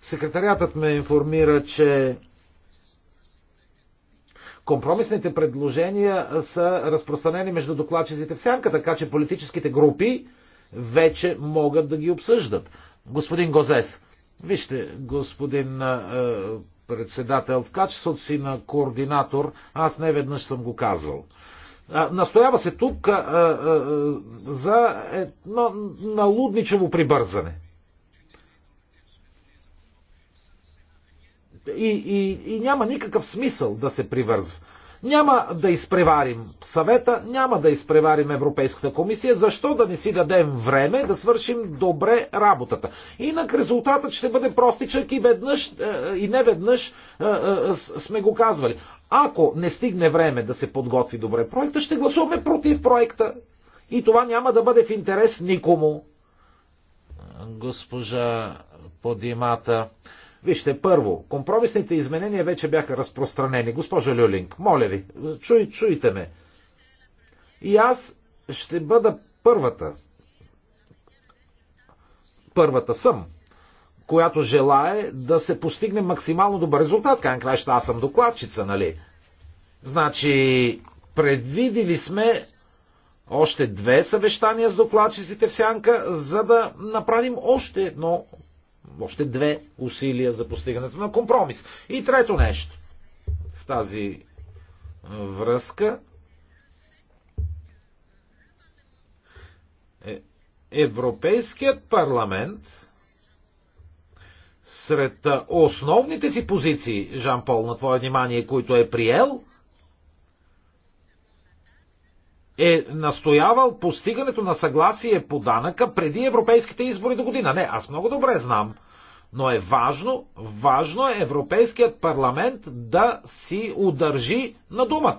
Секретариатът ме информира, че компромисните предложения са разпространени между докладчиците в сянка, така че политическите групи вече могат да ги обсъждат. Господин Гозес, вижте, господин е, председател. В качеството си на координатор, аз не веднъж съм го казвал. Настоява се тук а, а, за едно налудничево прибързане. И, и, и няма никакъв смисъл да се привързва. Няма да изпреварим съвета, няма да изпреварим Европейската комисия. Защо да не си дадем време да свършим добре работата? Инак резултатът ще бъде простичък и веднъж е, и не веднъж е, е, сме го казвали. Ако не стигне време да се подготви добре проекта, ще гласуваме против проекта. И това няма да бъде в интерес никому. Госпожа Подимата. Вижте, първо, компромисните изменения вече бяха разпространени. Госпожа Люлинг, моля ви, чуй, чуйте ме. И аз ще бъда първата. Първата съм, която желае да се постигне максимално добър резултат. Край краща, аз съм докладчица, нали? Значи, предвидили сме още две съвещания с докладчиците в сянка, за да направим още едно още две усилия за постигането на компромис. И трето нещо в тази е, връзка е Европейският парламент сред основните си позиции, Жан-Пол, на твое внимание, които е приел, е настоявал постигането на съгласие по данъка преди европейските избори до година. Не, аз много добре знам. Но е важно, важно е Европейският парламент да си удържи на думата.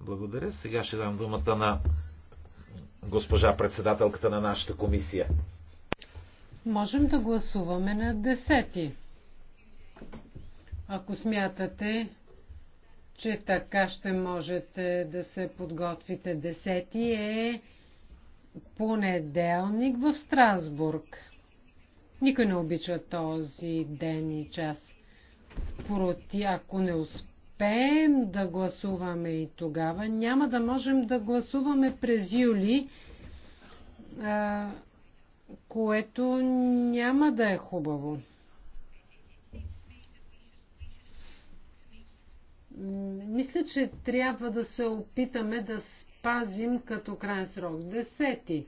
Благодаря. Сега ще дам думата на госпожа председателката на нашата комисия. Можем да гласуваме на десети. Ако смятате, че така ще можете да се подготвите. Десети е понеделник в Страсбург. Никой не обича този ден и час. Проти, ако не успеем да гласуваме и тогава, няма да можем да гласуваме през юли, което няма да е хубаво. Мисля, че трябва да се опитаме да спазим като крайен срок. Десети.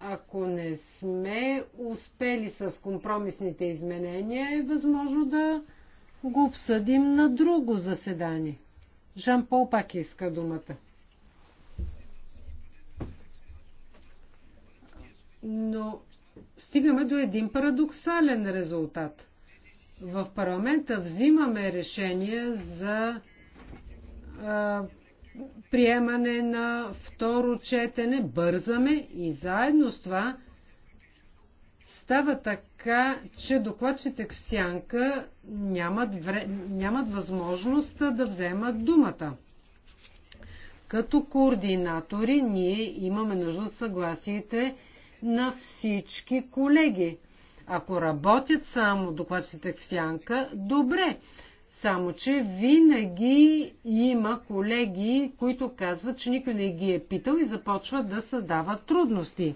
Ако не сме успели с компромисните изменения, е възможно да го обсъдим на друго заседание. Жан Пол пак иска думата. Но стигаме до един парадоксален резултат в парламента взимаме решение за а, приемане на второ четене, бързаме и заедно с това става така, че докладчите в сянка нямат, вре... нямат възможност да вземат думата. Като координатори ние имаме нужда от съгласиите на всички колеги. Ако работят само докладчите в сянка, добре. Само, че винаги има колеги, които казват, че никой не ги е питал и започват да създават трудности. Е,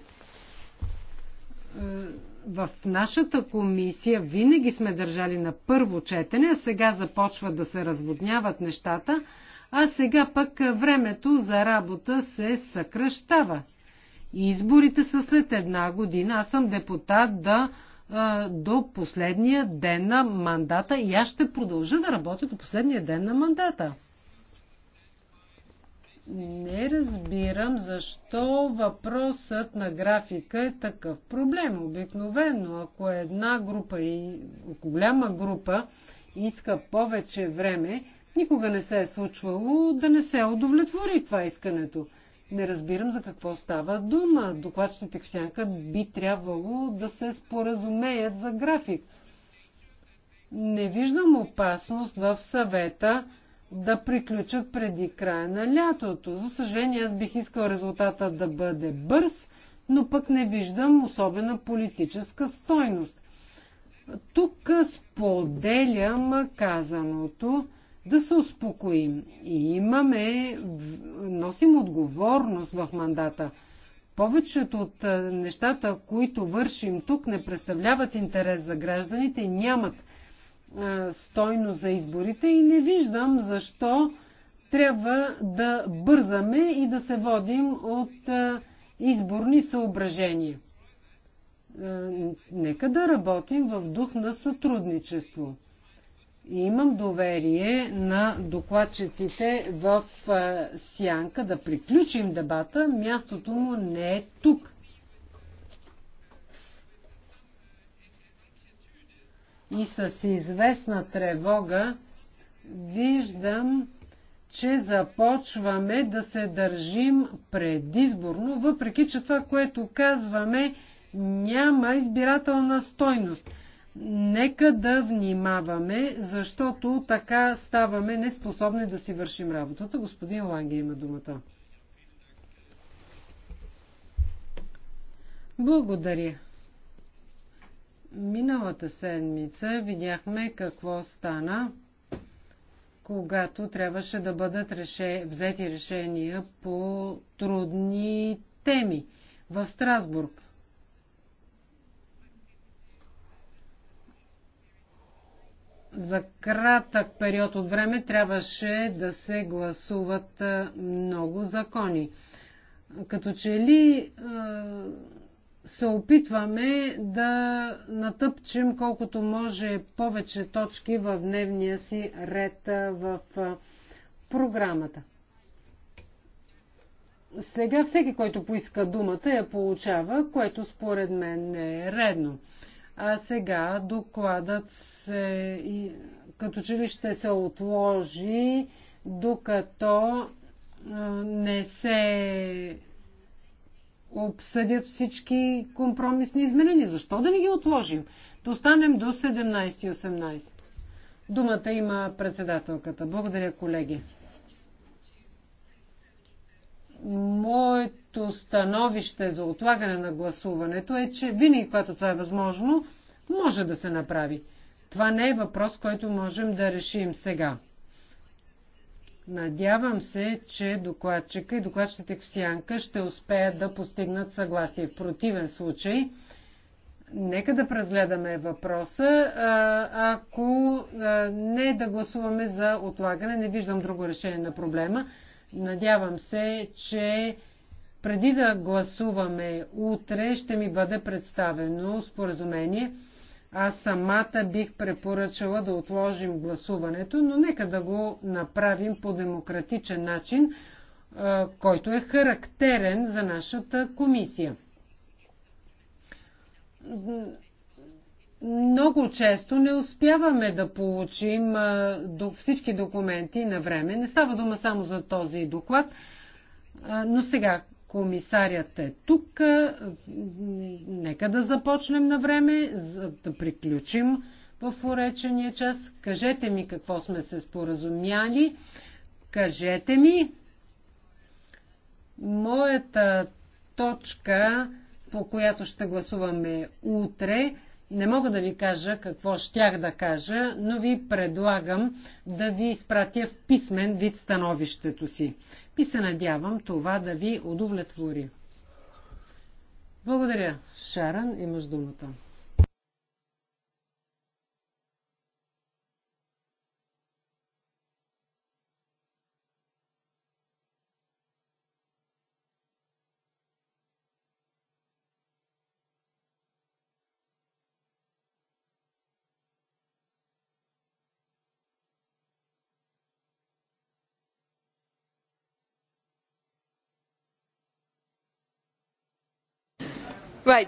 в нашата комисия винаги сме държали на първо четене, а сега започват да се разводняват нещата, а сега пък времето за работа се съкръщава. Изборите са след една година. Аз съм депутат да до последния ден на мандата и аз ще продължа да работя до последния ден на мандата. Не разбирам защо въпросът на графика е такъв проблем. Обикновено, ако една група и ако голяма група иска повече време, никога не се е случвало да не се удовлетвори това искането. Не разбирам за какво става дума. Докладчиците в сянка би трябвало да се споразумеят за график. Не виждам опасност в съвета да приключат преди края на лятото. За съжаление, аз бих искал резултата да бъде бърз, но пък не виждам особена политическа стойност. Тук споделям казаното да се успокоим. И имаме, носим отговорност в мандата. Повечето от нещата, които вършим тук, не представляват интерес за гражданите, нямат стойно за изборите и не виждам защо трябва да бързаме и да се водим от изборни съображения. Нека да работим в дух на сътрудничество. И имам доверие на докладчиците в Сянка да приключим дебата. Мястото му не е тук. И с известна тревога виждам, че започваме да се държим предизборно, въпреки че това, което казваме, няма избирателна стойност. Нека да внимаваме, защото така ставаме неспособни да си вършим работата. Господин Ланге има думата. Благодаря. Миналата седмица видяхме какво стана, когато трябваше да бъдат реше... взети решения по трудни теми в Страсбург. за кратък период от време трябваше да се гласуват много закони. Като че ли се опитваме да натъпчем колкото може повече точки в дневния си ред в програмата. Сега всеки, който поиска думата, я получава, което според мен не е редно. А сега докладът се, като че ли ще се отложи, докато не се обсъдят всички компромисни изменения. Защо да не ги отложим? Достанем до 17 и 18. Думата има председателката. Благодаря, колеги. Моето становище за отлагане на гласуването е, че винаги, когато това е възможно, може да се направи. Това не е въпрос, който можем да решим сега. Надявам се, че докладчика и докладчите в Сянка ще успеят да постигнат съгласие. В противен случай, нека да прегледаме въпроса. Ако не да гласуваме за отлагане, не виждам друго решение на проблема. Надявам се, че преди да гласуваме утре, ще ми бъде представено споразумение. Аз самата бих препоръчала да отложим гласуването, но нека да го направим по демократичен начин, който е характерен за нашата комисия много често не успяваме да получим всички документи на време. Не става дума само за този доклад, но сега комисарят е тук. Нека да започнем на време, за да приключим в уречения час. Кажете ми какво сме се споразумяли. Кажете ми. Моята точка, по която ще гласуваме утре, не мога да ви кажа какво щях да кажа, но ви предлагам да ви изпратя в писмен вид становището си. И се надявам това да ви удовлетвори. Благодаря, Шаран, имаш думата. Um, uh,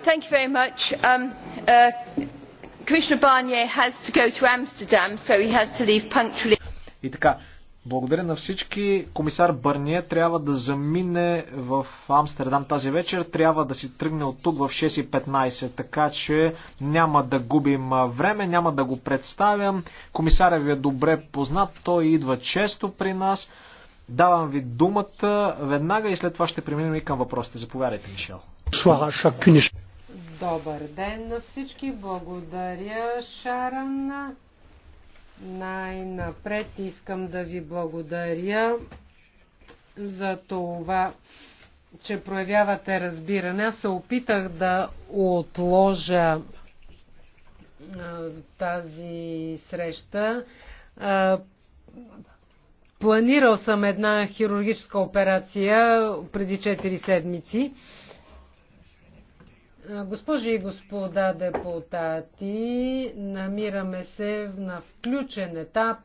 Commissioner Barnier has to go to Amsterdam, so he has to leave punctually. И така, благодаря на всички. Комисар Бърние трябва да замине в Амстердам тази вечер. Трябва да си тръгне от тук в 6.15, така че няма да губим време, няма да го представям. Комисаря ви е добре познат, той идва често при нас. Давам ви думата веднага и след това ще преминем и към въпросите. Заповядайте, Мишел. Добър ден на всички. Благодаря, Шаран. Най-напред искам да ви благодаря за това, че проявявате разбиране. Аз се опитах да отложа тази среща. Планирал съм една хирургическа операция преди 4 седмици. Госпожи и господа депутати, намираме се на включен етап.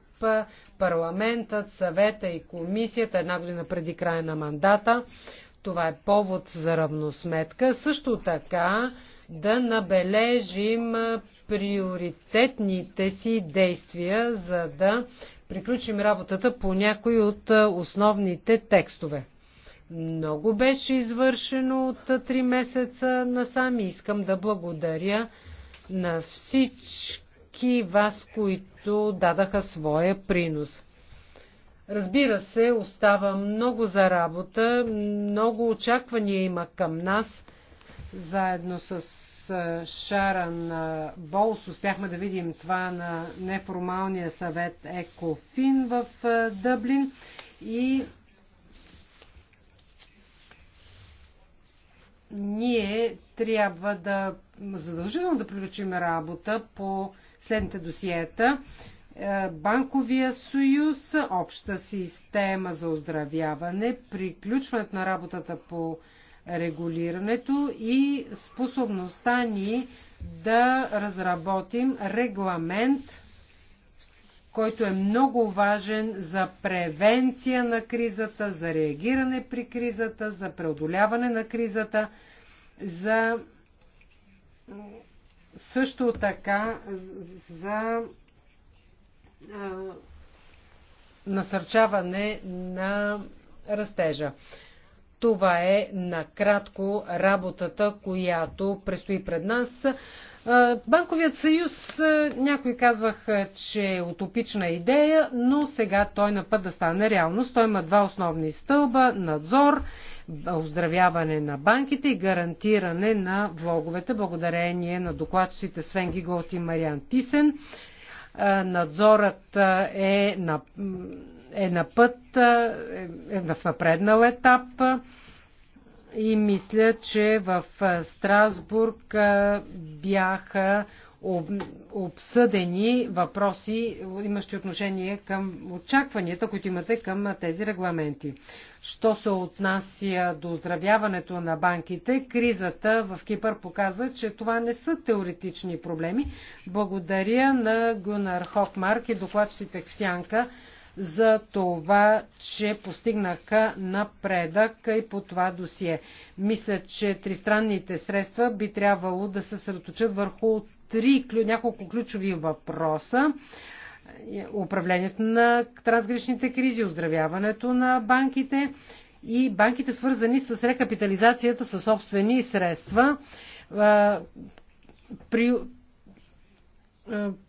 Парламентът, съвета и комисията една година преди края на мандата. Това е повод за равносметка. Също така да набележим приоритетните си действия, за да приключим работата по някои от основните текстове. Много беше извършено от три месеца насам и искам да благодаря на всички вас, които дадаха своя принос. Разбира се, остава много за работа, много очаквания има към нас. Заедно с Шаран Болс успяхме да видим това на неформалния съвет Екофин в Дъблин и ние трябва да задължително да приключим работа по следните досиета. Е, Банковия съюз, обща система за оздравяване, приключването на работата по регулирането и способността ни да разработим регламент който е много важен за превенция на кризата, за реагиране при кризата, за преодоляване на кризата, за също така за насърчаване на растежа. Това е накратко работата, която предстои пред нас. Банковият съюз, някои казваха, че е утопична идея, но сега той на път да стане реалност. Той има два основни стълба – надзор, оздравяване на банките и гарантиране на влоговете, благодарение на докладчиците Свен Гиголт и Мариан Тисен. Надзорът е на, е на път, е, е в напреднал етап и мисля, че в Страсбург бяха обсъдени въпроси, имащи отношение към очакванията, които имате към тези регламенти. Що се отнася до оздравяването на банките, кризата в Кипър показа, че това не са теоретични проблеми. Благодаря на Гунар Хокмарк и докладчите в Сянка за това, че постигнаха напредък и по това досие. Мисля, че тристранните средства би трябвало да се съсредоточат върху три, няколко ключови въпроса управлението на трансграничните кризи, оздравяването на банките и банките свързани с рекапитализацията със собствени средства. При,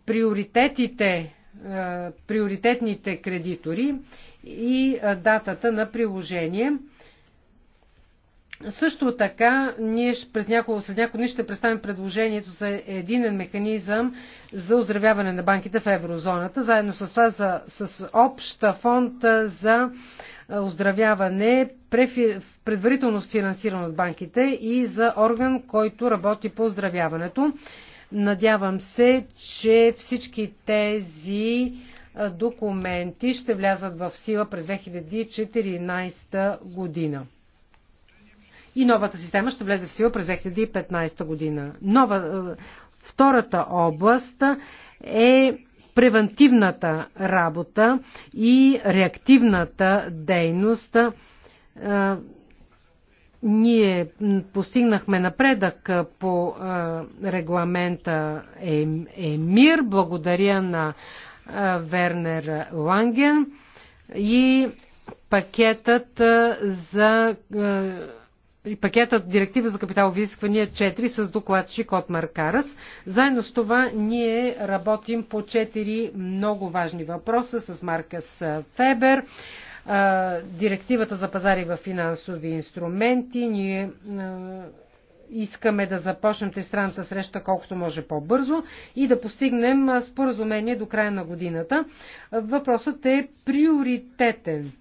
приоритетите е, приоритетните кредитори и е, датата на приложение. Също така, ние през няколко, след няколко дни ще представим предложението за единен механизъм за оздравяване на банките в еврозоната, заедно с това за, с обща фонд е, за оздравяване, предварително финансиран от банките и за орган, който работи по оздравяването. Надявам се, че всички тези документи ще влязат в сила през 2014 година. И новата система ще влезе в сила през 2015 година. Нова, втората област е превентивната работа и реактивната дейност ние постигнахме напредък по регламента ЕМИР, благодаря на Вернер Ланген и пакетът за и пакетът Директива за капиталови изисквания 4 с докладчик от Маркарас. Заедно с това ние работим по 4 много важни въпроса с Маркас Фебер, директивата за пазари в финансови инструменти. Ние искаме да започнем тристранната среща колкото може по-бързо и да постигнем споразумение до края на годината. Въпросът е приоритетен.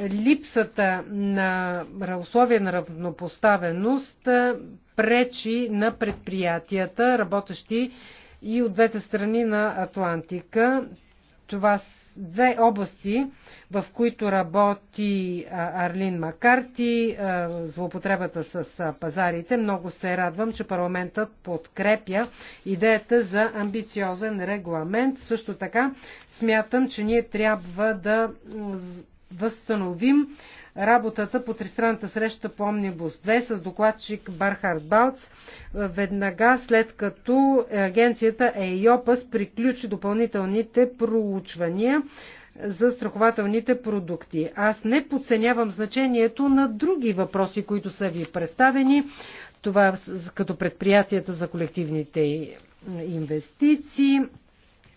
Липсата на условия на равнопоставеност пречи на предприятията, работещи и от двете страни на Атлантика. Това са две области, в които работи Арлин Макарти, злоупотребата с пазарите. Много се радвам, че парламентът подкрепя идеята за амбициозен регламент. Също така смятам, че ние трябва да възстановим работата по тристранната среща по Омнибус 2 с докладчик Бархард Балц, веднага след като агенцията ЕИОПАС приключи допълнителните проучвания за страхователните продукти. Аз не подценявам значението на други въпроси, които са ви представени, това като предприятията за колективните инвестиции,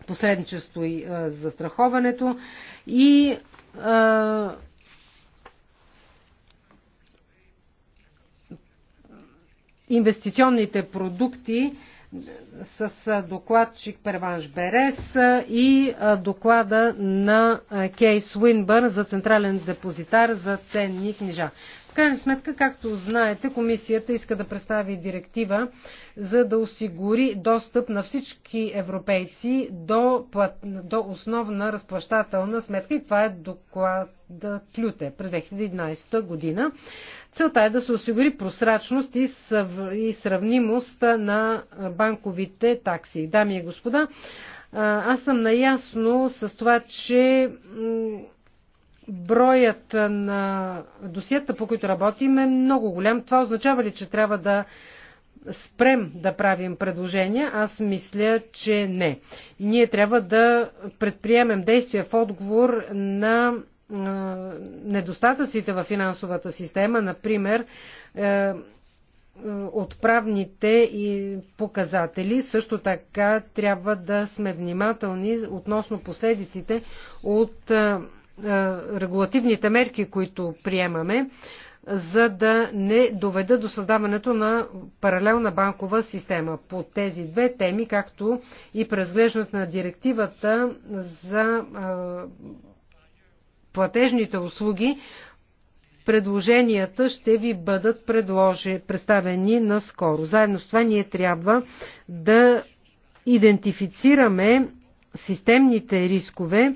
посредничество и за страховането и инвестиционните продукти с докладчик Перванш Берес и доклада на Кейс Уинбър за Централен депозитар за ценни книжа крайна сметка, както знаете, комисията иска да представи директива, за да осигури достъп на всички европейци до, плат... до основна разплащателна сметка и това е доклад Клюте през 2011 година. Целта е да се осигури просрачност и, съв... и сравнимост на банковите такси. Дами и господа, аз съм наясно с това, че броят на досията, по които работим, е много голям. Това означава ли, че трябва да спрем да правим предложения? Аз мисля, че не. Ние трябва да предприемем действия в отговор на недостатъците в финансовата система, например, е, отправните и показатели. Също така трябва да сме внимателни относно последиците от е, регулативните мерки, които приемаме, за да не доведа до създаването на паралелна банкова система. По тези две теми, както и презглеждането на директивата за е, платежните услуги, предложенията ще ви бъдат предложи, представени наскоро. Заедно с това ние трябва да идентифицираме системните рискове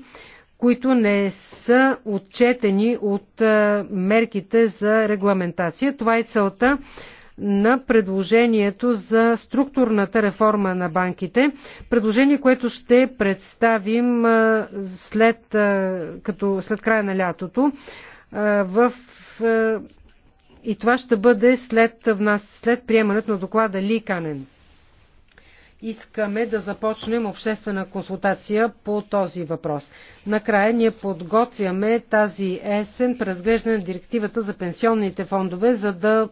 които не са отчетени от мерките за регламентация. Това е целта на предложението за структурната реформа на банките. Предложение, което ще представим след, като, след края на лятото. В, и това ще бъде след, след приемането на доклада Ли Канен искаме да започнем обществена консултация по този въпрос. Накрая ние подготвяме тази есен преразглеждане на директивата за пенсионните фондове, за да,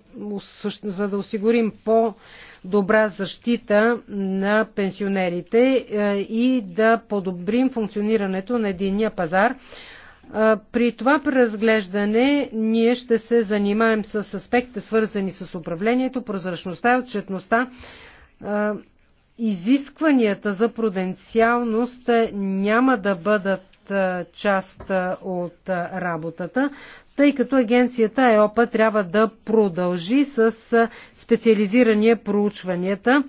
за да осигурим по-добра защита на пенсионерите е, и да подобрим функционирането на единния пазар. Е, при това преразглеждане ние ще се занимаем с аспекти, свързани с управлението, прозрачността и отчетността е, изискванията за пруденциалност е, няма да бъдат е, част е, от работата, тъй като агенцията ЕОПА трябва да продължи с специализирания проучванията.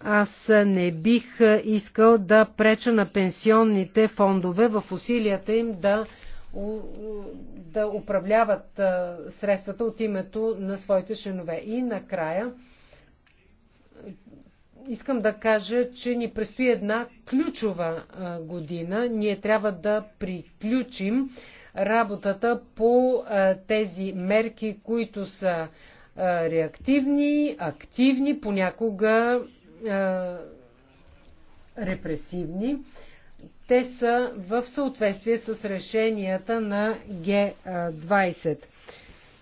Аз не бих искал да преча на пенсионните фондове в усилията им да, да управляват средствата от името на своите членове. И накрая искам да кажа, че ни предстои една ключова година. Ние трябва да приключим работата по тези мерки, които са реактивни, активни, понякога репресивни. Те са в съответствие с решенията на Г20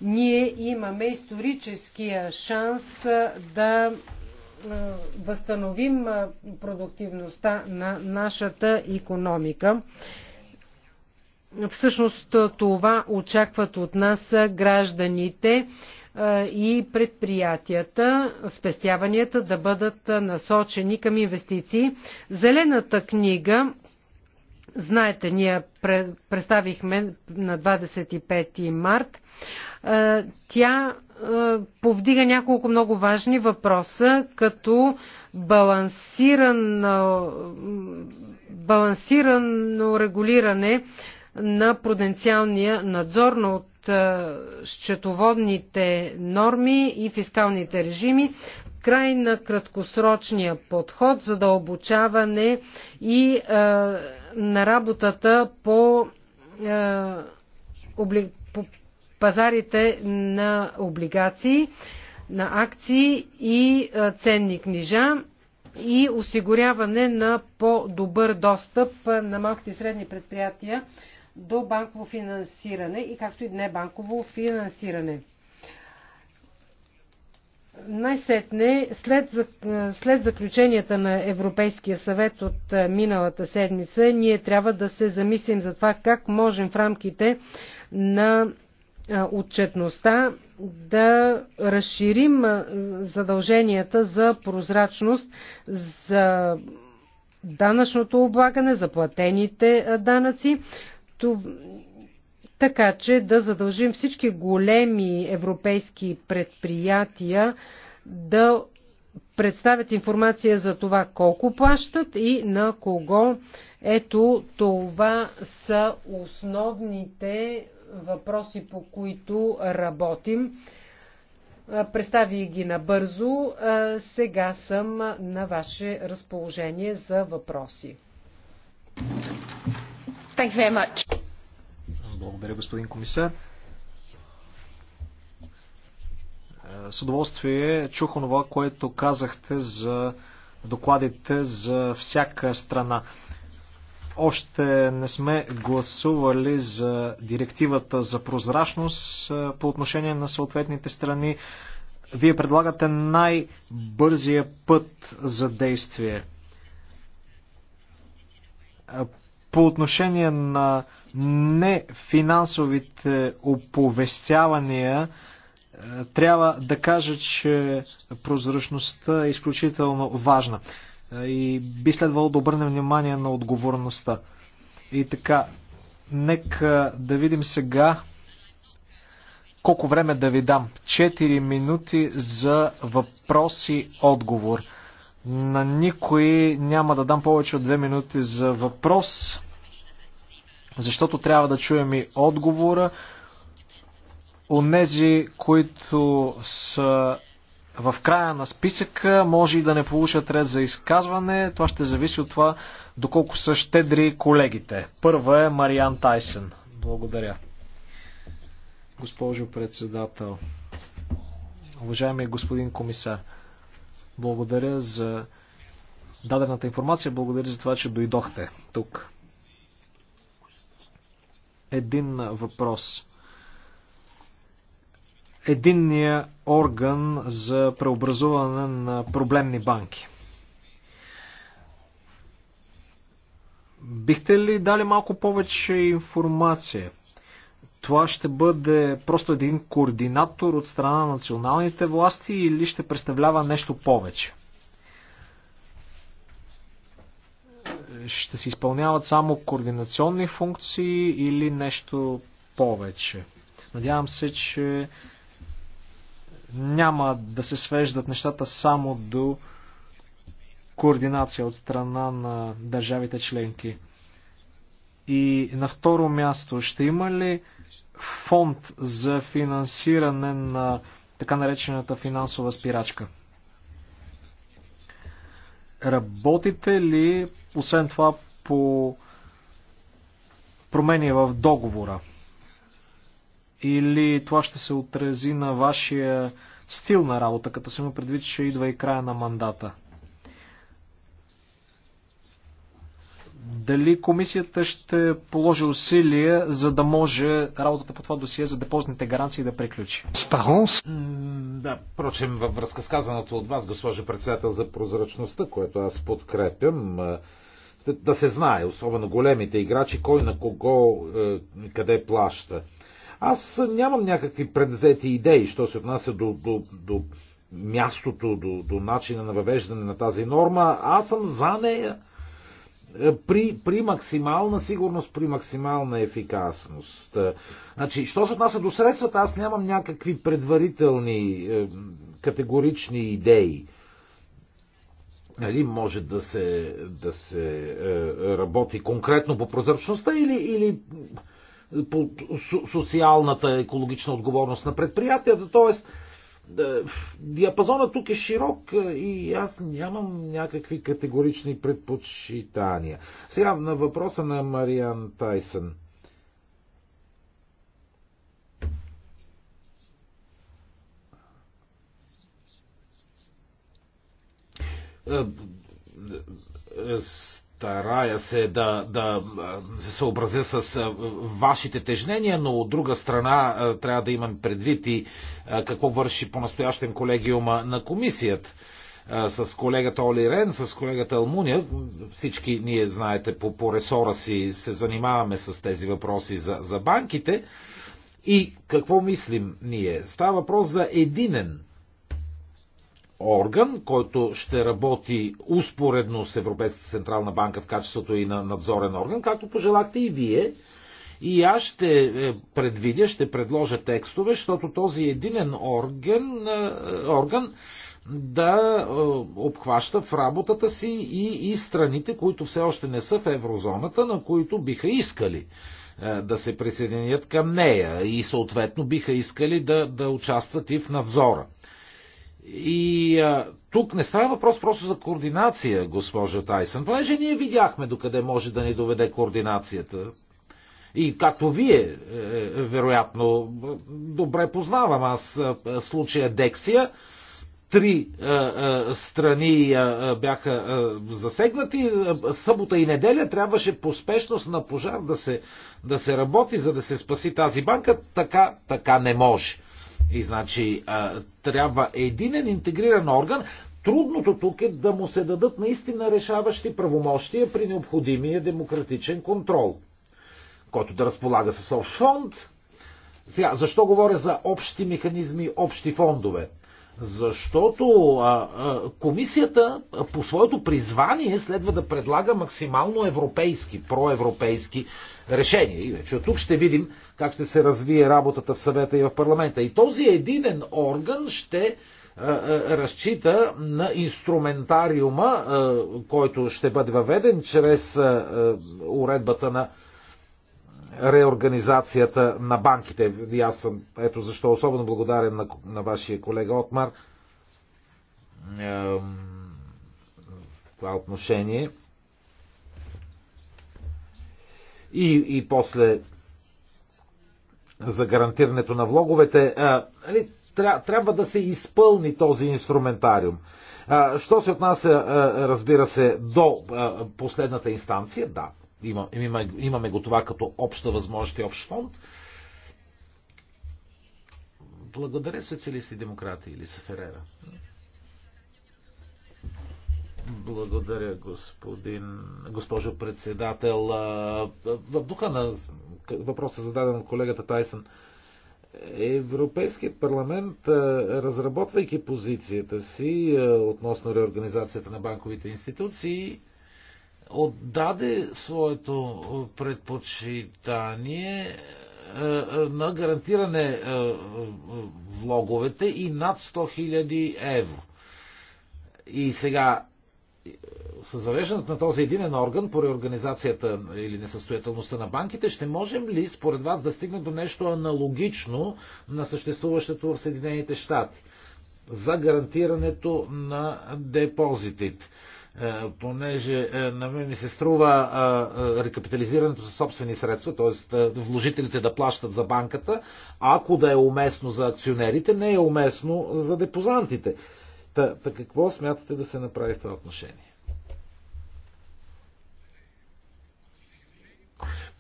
ние имаме историческия шанс да е, възстановим е, продуктивността на нашата економика. Всъщност е, това очакват от нас гражданите и предприятията, спестяванията да бъдат насочени към инвестиции. Зелената книга, знаете, ние представихме на 25 март, тя повдига няколко много важни въпроса, като балансирано, балансирано регулиране на пруденциалния надзор на от счетоводните норми и фискалните режими, край на краткосрочния подход, задълбочаване и е, на работата по е, пазарите на облигации, на акции и ценни книжа и осигуряване на по-добър достъп на малките и средни предприятия до банково финансиране и както и небанково финансиране. Най-сетне, след, след заключенията на Европейския съвет от миналата седмица, ние трябва да се замислим за това как можем в рамките на отчетността, да разширим задълженията за прозрачност, за данъчното облагане, за платените данъци, така че да задължим всички големи европейски предприятия да представят информация за това колко плащат и на кого. Ето това са основните въпроси, по които работим. Представи ги набързо. Сега съм на ваше разположение за въпроси. Благодаря, господин комисар. С удоволствие чух онова, което казахте за докладите за всяка страна. Още не сме гласували за директивата за прозрачност по отношение на съответните страни. Вие предлагате най-бързия път за действие. По отношение на нефинансовите оповестявания, трябва да кажа, че прозрачността е изключително важна и би следвало да обърнем внимание на отговорността. И така, нека да видим сега колко време да ви дам. 4 минути за въпроси-отговор. На никой няма да дам повече от 2 минути за въпрос, защото трябва да чуем и отговора. Онези, които са в края на списъка, може и да не получат ред за изказване. Това ще зависи от това доколко са щедри колегите. Първа е Мариан Тайсен. Благодаря. Госпожо председател, уважаеми господин комисар, благодаря за дадената информация, благодаря за това, че дойдохте тук. Един въпрос единния орган за преобразуване на проблемни банки. Бихте ли дали малко повече информация? Това ще бъде просто един координатор от страна на националните власти или ще представлява нещо повече? Ще се изпълняват само координационни функции или нещо повече? Надявам се, че няма да се свеждат нещата само до координация от страна на държавите членки. И на второ място, ще има ли фонд за финансиране на така наречената финансова спирачка? Работите ли, освен това, по промени в договора? или това ще се отрази на вашия стил на работа, като се има предвид, че идва и края на мандата? Дали комисията ще положи усилия, за да може работата по това досие за депозните гаранции да приключи? Спаронс? Да, впрочем, във връзка с казаното от вас, госпожо председател, за прозрачността, което аз подкрепям, да се знае, особено големите играчи, кой на кого е, къде плаща. Аз нямам някакви предвзети идеи, що се отнася до, до, до мястото, до, до начина на въвеждане на тази норма. Аз съм за нея е, при, при максимална сигурност, при максимална ефикасност. Е, значи, що се отнася до средствата, аз нямам някакви предварителни е, категорични идеи. Нали, може да се, да се работи конкретно по прозрачността или, или по социалната екологична отговорност на предприятията. Тоест, е, диапазона тук е широк е, и аз нямам някакви категорични предпочитания. Сега на въпроса на Мариан Тайсън. uh, старая се е да, да се съобразя с вашите тежнения, но от друга страна трябва да имам предвид и какво върши по-настоящен колегиума на комисията. С колегата Оли Рен, с колегата Алмуния, всички ние, знаете, по, по ресора си се занимаваме с тези въпроси за, за банките. И какво мислим ние? Става въпрос за единен орган, който ще работи успоредно с Европейската централна банка в качеството и на надзорен орган, както пожелахте и вие. И аз ще е, предвидя, ще предложа текстове, защото този единен орган, е, орган да е, обхваща в работата си и, и страните, които все още не са в еврозоната, на които биха искали да се присъединят към нея и съответно биха искали да, да участват и в надзора. И а, тук не става въпрос просто за координация, госпожо Тайсън, понеже ние видяхме докъде може да ни доведе координацията. И както вие, е, е вероятно, добре познавам аз е, случая Дексия, три е, е, страни е, е бяха е, засегнати. Събота и неделя трябваше по спешност на пожар да се, да се работи, за да се спаси тази банка. Така, така не може. И значи а, трябва единен интегриран орган. Трудното тук е да му се дадат наистина решаващи правомощия при необходимия демократичен контрол, който да разполага с общ фонд. Сега, защо говоря за общи механизми, общи фондове? Защото а, а, комисията а, по своето призвание следва да предлага максимално европейски, проевропейски решения. И вече тук ще видим как ще се развие работата в съвета и в парламента. И този единен орган ще разчита на инструментариума, който ще бъде въведен чрез уредбата на реорганизацията на банките. И аз съм, ето защо, особено благодарен на, на вашия колега Отмар в това отношение. И, и после за гарантирането на влоговете, а, нали, тря, трябва да се изпълни този инструментариум. А, що се отнася, а, разбира се, до а, последната инстанция, да, имаме, имаме го това като обща възможност и общ фонд. Благодаря социалисти, демократи или Саферера. Благодаря, господин, госпожо председател. В духа на въпроса зададен от колегата Тайсън, Европейският парламент, разработвайки позицията си относно реорганизацията на банковите институции, отдаде своето предпочитание на гарантиране влоговете и над 100 000 евро. И сега с завеждането на този единен орган по реорганизацията или несъстоятелността на банките, ще можем ли според вас да стигне до нещо аналогично на съществуващото в Съединените щати за гарантирането на депозитите? Е, понеже е, на мен ми се струва е, рекапитализирането със собствени средства, т.е. вложителите да плащат за банката, ако да е уместно за акционерите, не е уместно за депозантите. Та, та какво смятате да се направи в това отношение?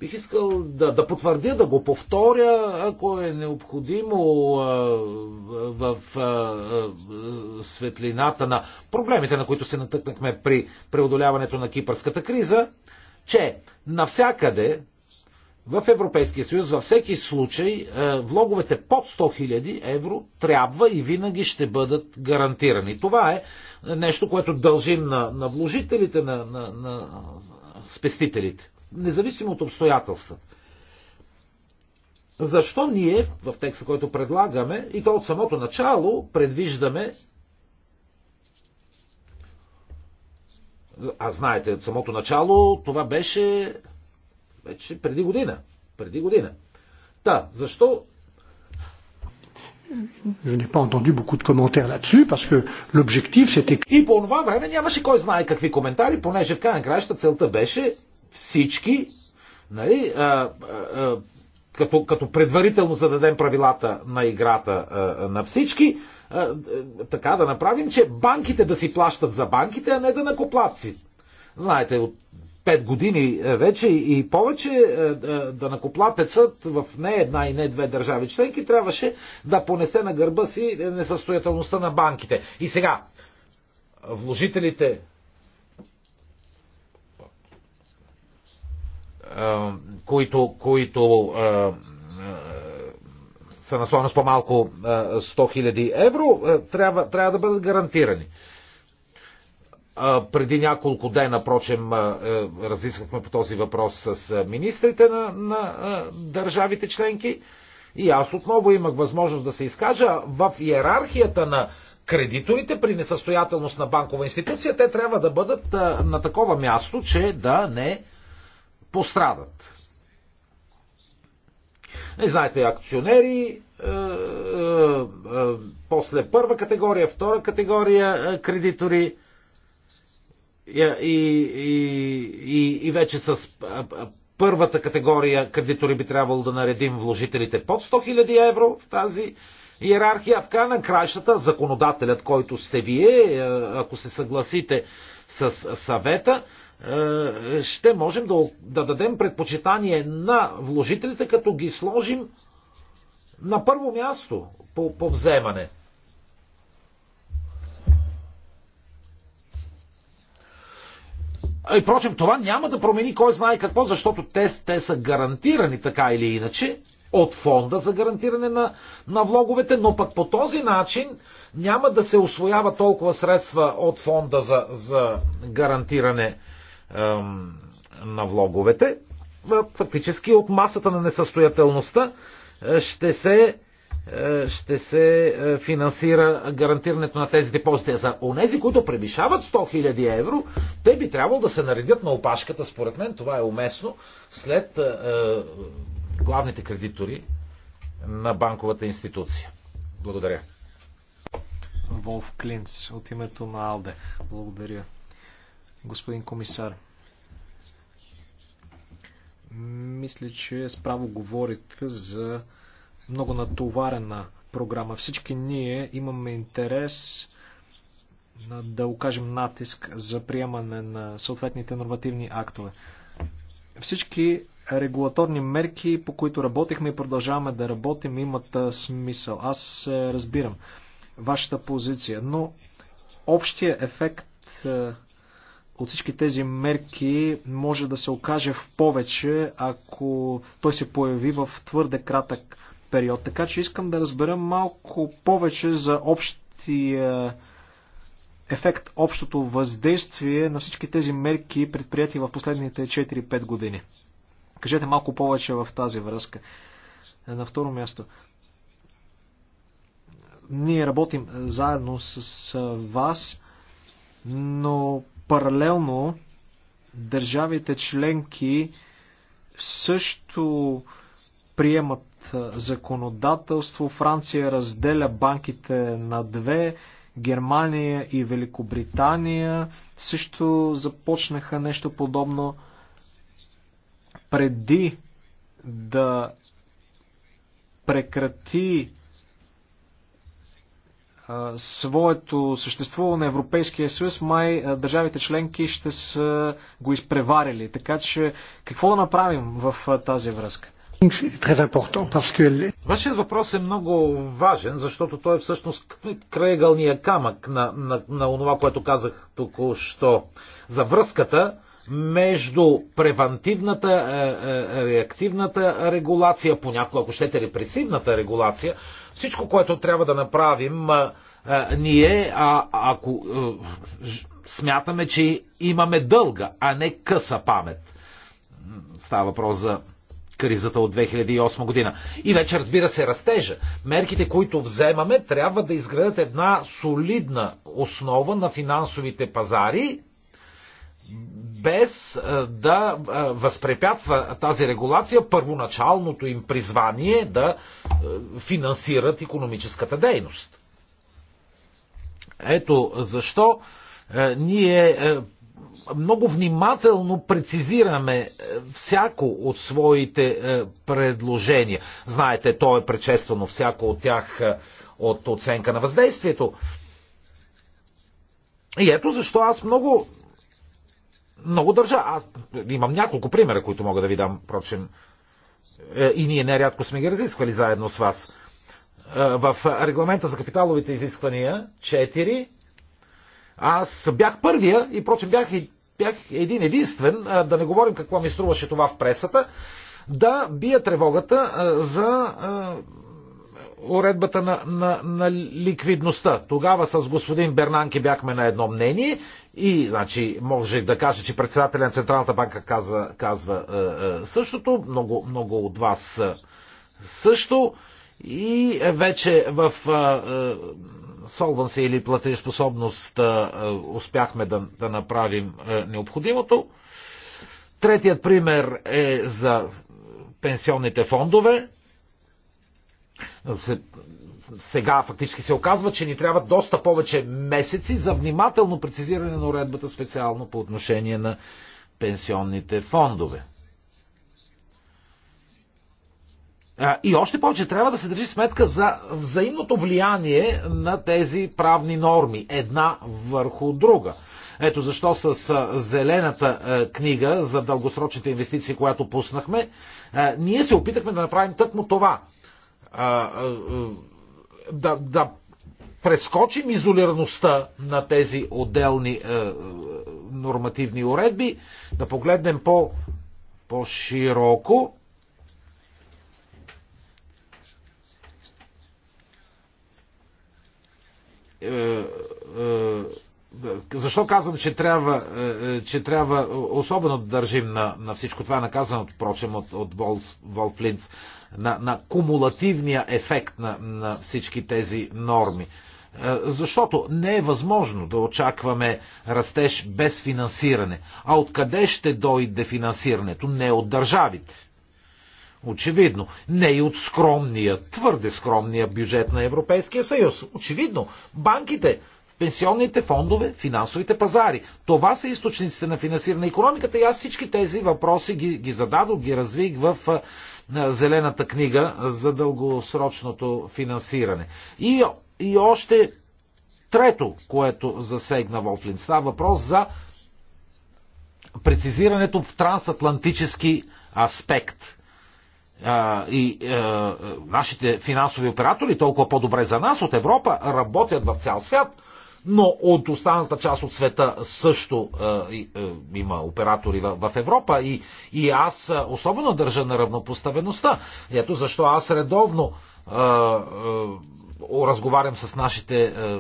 Бих искал да, да потвърдя, да го повторя, ако е необходимо в светлината на проблемите, на които се натъкнахме при преодоляването на кипърската криза, че навсякъде в Европейския съюз във всеки случай влоговете под 100 000 евро трябва и винаги ще бъдат гарантирани. Това е нещо, което дължим на, на вложителите, на, на, на спестителите независимо от обстоятелствата. Защо ние в текста, който предлагаме, и то от самото начало, предвиждаме А знаете, от самото начало това беше вече преди година. Преди година. Та, защо Je n'ai pas entendu beaucoup de commentaires là-dessus, parce que l'objectif c'était... И по това време нямаше кой знае какви коментари, понеже в край на краища целта беше всички, нали, а, а, като, като предварително зададем правилата на играта а, на всички, а, така да направим, че банките да си плащат за банките, а не да накоплатци. Знаете, от 5 години е, вече и повече е, е, да накоплатецът в не една и не две държави членки трябваше да понесе на гърба си несъстоятелността на банките. И сега, вложителите които, които са на стоеност по-малко 100 000 евро, трябва, трябва да бъдат гарантирани. Преди няколко дена, прочем, разисквахме по този въпрос с министрите на, на държавите членки и аз отново имах възможност да се изкажа в иерархията на кредиторите при несъстоятелност на банкова институция, те трябва да бъдат на такова място, че да не пострадат. Не знаете, акционери, е, е, е, после първа категория, втора категория е, кредитори е, и, и, и, и вече с е, първата категория кредитори би трябвало да наредим вложителите под 100 000 евро в тази иерархия. В края на кращата законодателят, който сте вие, ако се съгласите с съвета, е, ще можем да, да дадем предпочитание на вложителите, като ги сложим на първо място по, по вземане. И е, прочим, това няма да промени кой знае какво, защото те, те са гарантирани така или иначе от фонда за гарантиране на, на влоговете, но пък по този начин няма да се освоява толкова средства от фонда за, за гарантиране на влоговете, фактически от масата на несъстоятелността ще се ще се финансира гарантирането на тези депозити. За онези, които превишават 100 000 евро, те би трябвало да се наредят на опашката, според мен това е уместно, след главните кредитори на банковата институция. Благодаря. Волф Клинц от името на Алде. Благодаря господин комисар. Мисля, че е справо говорите за много натоварена програма. Всички ние имаме интерес да окажем натиск за приемане на съответните нормативни актове. Всички регулаторни мерки, по които работихме и продължаваме да работим, имат смисъл. Аз разбирам вашата позиция, но общия ефект от всички тези мерки може да се окаже в повече, ако той се появи в твърде кратък период. Така че искам да разбера малко повече за общия ефект, общото въздействие на всички тези мерки, предприяти в последните 4-5 години. Кажете малко повече в тази връзка. На второ място. Ние работим заедно с вас, но Паралелно държавите членки също приемат законодателство. Франция разделя банките на две. Германия и Великобритания също започнаха нещо подобно. Преди да прекрати своето съществуване Европейския съюз, май държавите членки ще са го изпреварили. Така че какво да направим в тази връзка? Вашият въпрос е много важен, защото той е всъщност крайъгълния камък на, на, на онова, което казах току-що. За връзката между превантивната, е, е, реактивната регулация, понякога, ако щете, репресивната регулация, всичко, което трябва да направим е, ние, а, ако смятаме, че имаме дълга, а не къса памет. Става въпрос за кризата от 2008 година. И вече, разбира се, растежа. Мерките, които вземаме, трябва да изградят една солидна основа на финансовите пазари, без е, да е, възпрепятства тази регулация първоначалното им призвание е да финансират економическата дейност. Ето защо ние много внимателно прецизираме всяко от своите предложения. Знаете, то е предшествано всяко от тях от оценка на въздействието. И ето защо аз много много държа. Аз имам няколко примера, които мога да ви дам, впрочем. Е, и ние нерядко сме ги разисквали заедно с вас. Е, в регламента за капиталовите изисквания 4 аз бях първия и прочим бях, бях един единствен, е, да не говорим какво ми струваше това в пресата, да бия тревогата за уредбата на, на, на ликвидността. Тогава с господин Бернанки бяхме на едно мнение и значи, може да кажа, че председателя на Централната банка казва, казва е, е, същото, много, много от вас е, също. И вече в е, е солванси или платежеспособност е, е, успяхме да, да направим е, необходимото. Третият пример е за пенсионните фондове сега фактически се оказва, че ни трябва доста повече месеци за внимателно прецизиране на уредбата специално по отношение на пенсионните фондове. И още повече трябва да се държи сметка за взаимното влияние на тези правни норми, една върху друга. Ето защо с зелената книга за дългосрочните инвестиции, която пуснахме, ние се опитахме да направим тъкмо това – да, да прескочим изолираността на тези отделни е, е, нормативни уредби, да погледнем по, по-широко. Е, е, защо казвам, че трябва, е, е, че трябва е, особено да държим на, на всичко това, наказано, впрочем, от, от Волф, Волф Линц, на, на кумулативния ефект на, на всички тези норми? Защото не е възможно да очакваме растеж без финансиране. А откъде ще дойде финансирането? Не от държавите. Очевидно. Не и от скромния, твърде скромния бюджет на Европейския съюз. Очевидно. Банките пенсионните фондове, финансовите пазари. Това са източниците на финансиране на економиката и аз всички тези въпроси ги, ги зададох, ги развих в Зелената книга за дългосрочното финансиране. И, и още трето, което засегна Волфлин, става въпрос за прецизирането в трансатлантически аспект и а, нашите финансови оператори, толкова по-добре за нас от Европа, работят в цял свят но от останалата част от света също е, е, има оператори в, в Европа и, и аз е, особено държа на равнопоставеността. Ето защо аз редовно е, е, разговарям с нашите е,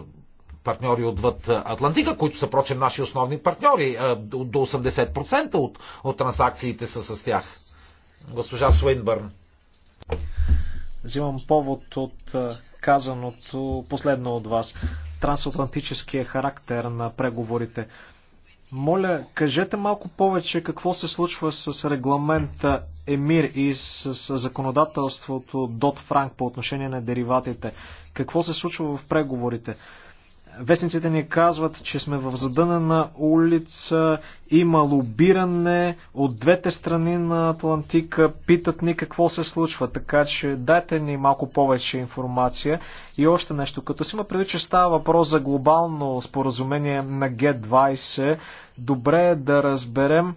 партньори отвъд Атлантика, които са, прочем, наши основни партньори. Е, до 80% от, от транзакциите са с тях. Госпожа Суинбърн. Взимам повод от е, казаното последно от вас трансатлантическия характер на преговорите. Моля, кажете малко повече какво се случва с регламента ЕМИР и с, законодателството Дот Франк по отношение на дериватите. Какво се случва в преговорите? Вестниците ни казват, че сме в задънена улица, има лобиране от двете страни на Атлантика, питат ни какво се случва, така че дайте ни малко повече информация и още нещо. Като си има предвид, че става въпрос за глобално споразумение на Г20, добре е да разберем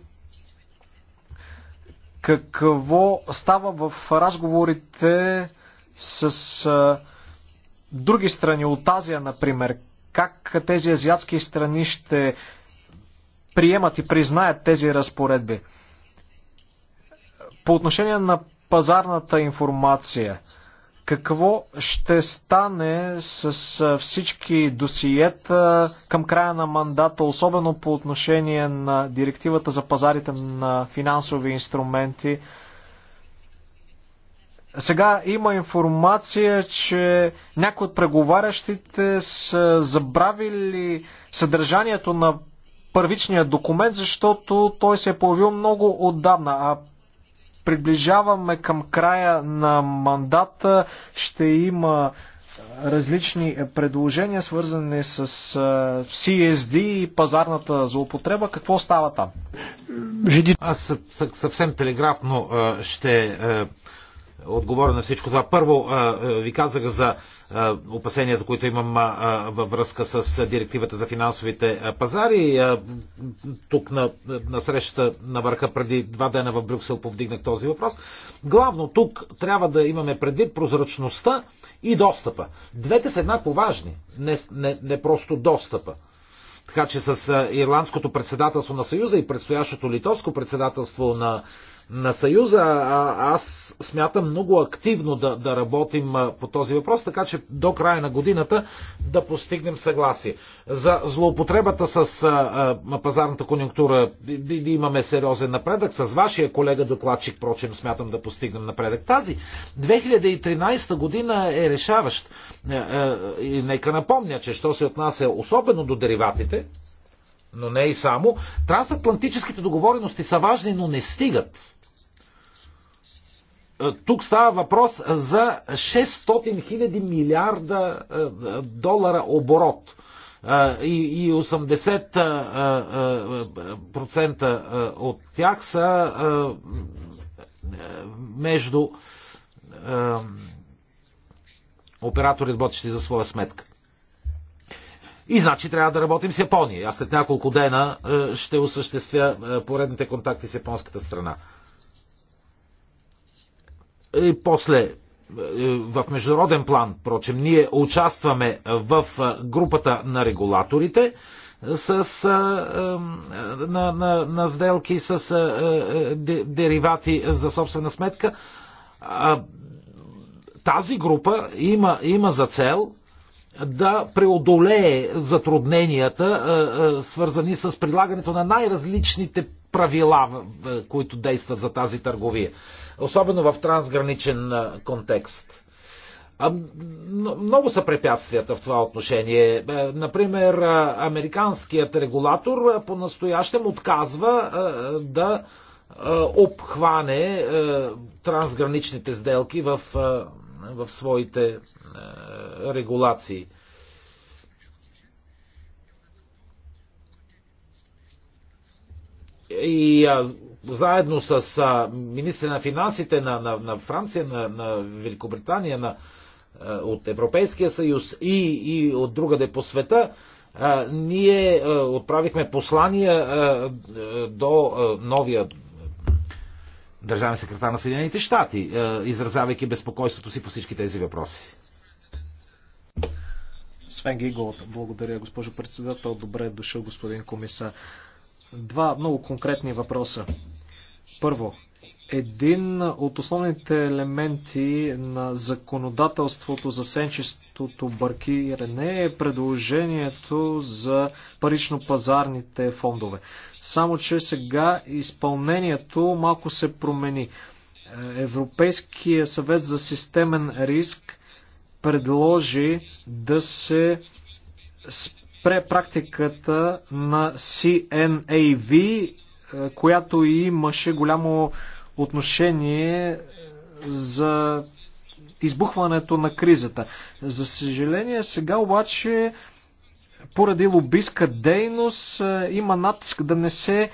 какво става в разговорите с други страни от Азия, например как тези азиатски страни ще приемат и признаят тези разпоредби. По отношение на пазарната информация, какво ще стане с всички досиета към края на мандата, особено по отношение на директивата за пазарите на финансови инструменти? Сега има информация, че някои от преговарящите са забравили съдържанието на първичния документ, защото той се е появил много отдавна, а приближаваме към края на мандата, ще има различни предложения, свързани с CSD и пазарната злоупотреба. Какво става там? Аз съвсем телеграфно ще отговоря на всичко това. Първо ви казах за опасенията, които имам във връзка с директивата за финансовите пазари. Тук на, на срещата на върха преди два дена в Брюксел повдигнах този въпрос. Главно тук трябва да имаме предвид прозрачността и достъпа. Двете са еднакво важни, не, не, не просто достъпа. Така че с ирландското председателство на Съюза и предстоящото литовско председателство на на Съюза. А, аз смятам много активно да, да работим по този въпрос, така че до края на годината да постигнем съгласие. За злоупотребата с а, а, пазарната конъюнктура имаме сериозен напредък. С вашия колега докладчик, прочим, смятам да постигнем напредък. Тази 2013 година е решаващ. И нека напомня, че що се отнася особено до дериватите, но не и само. Трансатлантическите договорености са важни, но не стигат. Тук става въпрос за 600 хиляди милиарда е, е, долара оборот е, и 80% от тях са между оператори, работещи за своя сметка. И значи трябва да работим с Япония. Аз след няколко дена ще осъществя поредните контакти с японската страна. И е, после е, в международен план, впрочем, ние участваме в е, групата на регулаторите с, на, на, на сделки с деривати за собствена сметка. Тази група има, има за цел да преодолее затрудненията, свързани с прилагането на най-различните правила, които действат за тази търговия особено в трансграничен контекст. Много са препятствията в това отношение. Е, например, американският регулатор по-настоящем отказва да обхване трансграничните сделки в, в своите регулации. И заедно с а, министри на финансите на, на, на Франция, на, на Великобритания, на, а, от Европейския съюз и, и от другаде по света, а, ние а, отправихме послания а, до а, новия държавен секретар на Съединените щати, а, изразявайки безпокойството си по всички тези въпроси. Свен Гиголт, благодаря, госпожо председател. Добре е дошъл, господин комисар. Два много конкретни въпроса. Първо, един от основните елементи на законодателството за сенчестото баркиране е предложението за парично-пазарните фондове. Само, че сега изпълнението малко се промени. Европейския съвет за системен риск предложи да се спре практиката на CNAV която имаше голямо отношение за избухването на кризата. За съжаление, сега обаче, поради лобистка дейност, има натиск да не се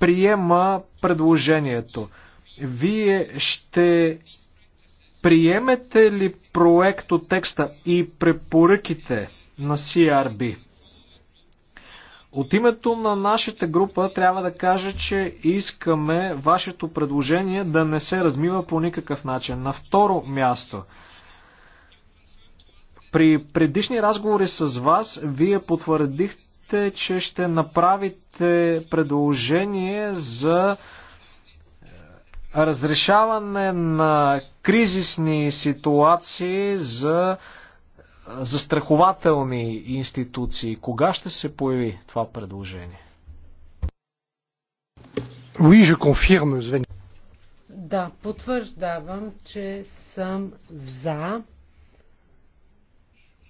приема предложението. Вие ще приемете ли проекто текста и препоръките на CRB? От името на нашата група трябва да кажа, че искаме вашето предложение да не се размива по никакъв начин. На второ място, при предишни разговори с вас, вие потвърдихте, че ще направите предложение за е, разрешаване на кризисни ситуации за застрахователни институции. Кога ще се появи това предложение? Oui, je confirme, Да, потвърждавам, че съм за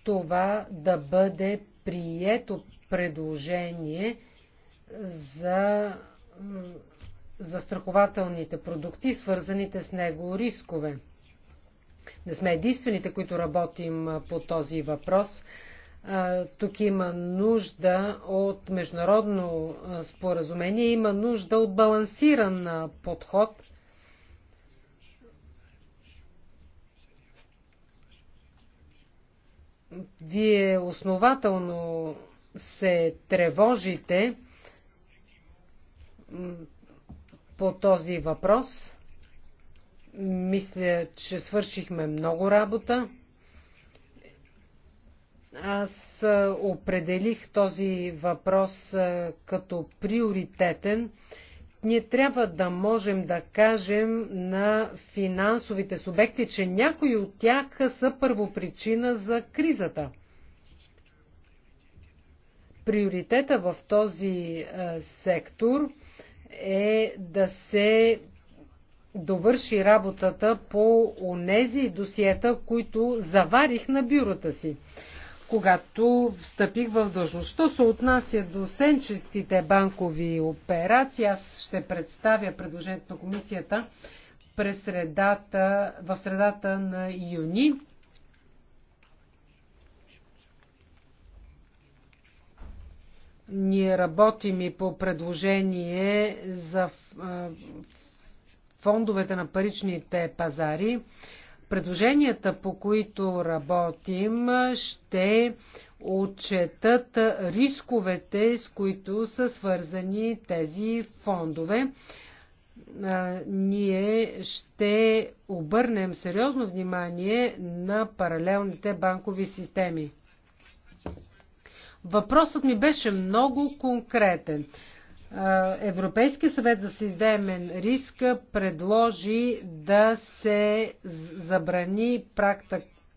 това да бъде прието предложение за застрахователните продукти, свързаните с него рискове. Не сме единствените, които работим по този въпрос. Тук има нужда от международно споразумение, има нужда от балансиран подход. Вие основателно се тревожите по този въпрос. Мисля, че свършихме много работа. Аз определих този въпрос като приоритетен. Ние трябва да можем да кажем на финансовите субекти, че някои от тях са първопричина за кризата. Приоритета в този сектор е да се довърши работата по онези досиета, които заварих на бюрота си, когато встъпих в дължност. Що се отнася до сенчестите банкови операции, аз ще представя предложението на комисията през средата, в средата на юни. Ние работим и по предложение за фондовете на паричните пазари, предложенията, по които работим, ще отчетат рисковете, с които са свързани тези фондове. Ние ще обърнем сериозно внимание на паралелните банкови системи. Въпросът ми беше много конкретен. Европейския съвет за системен риск предложи да се забрани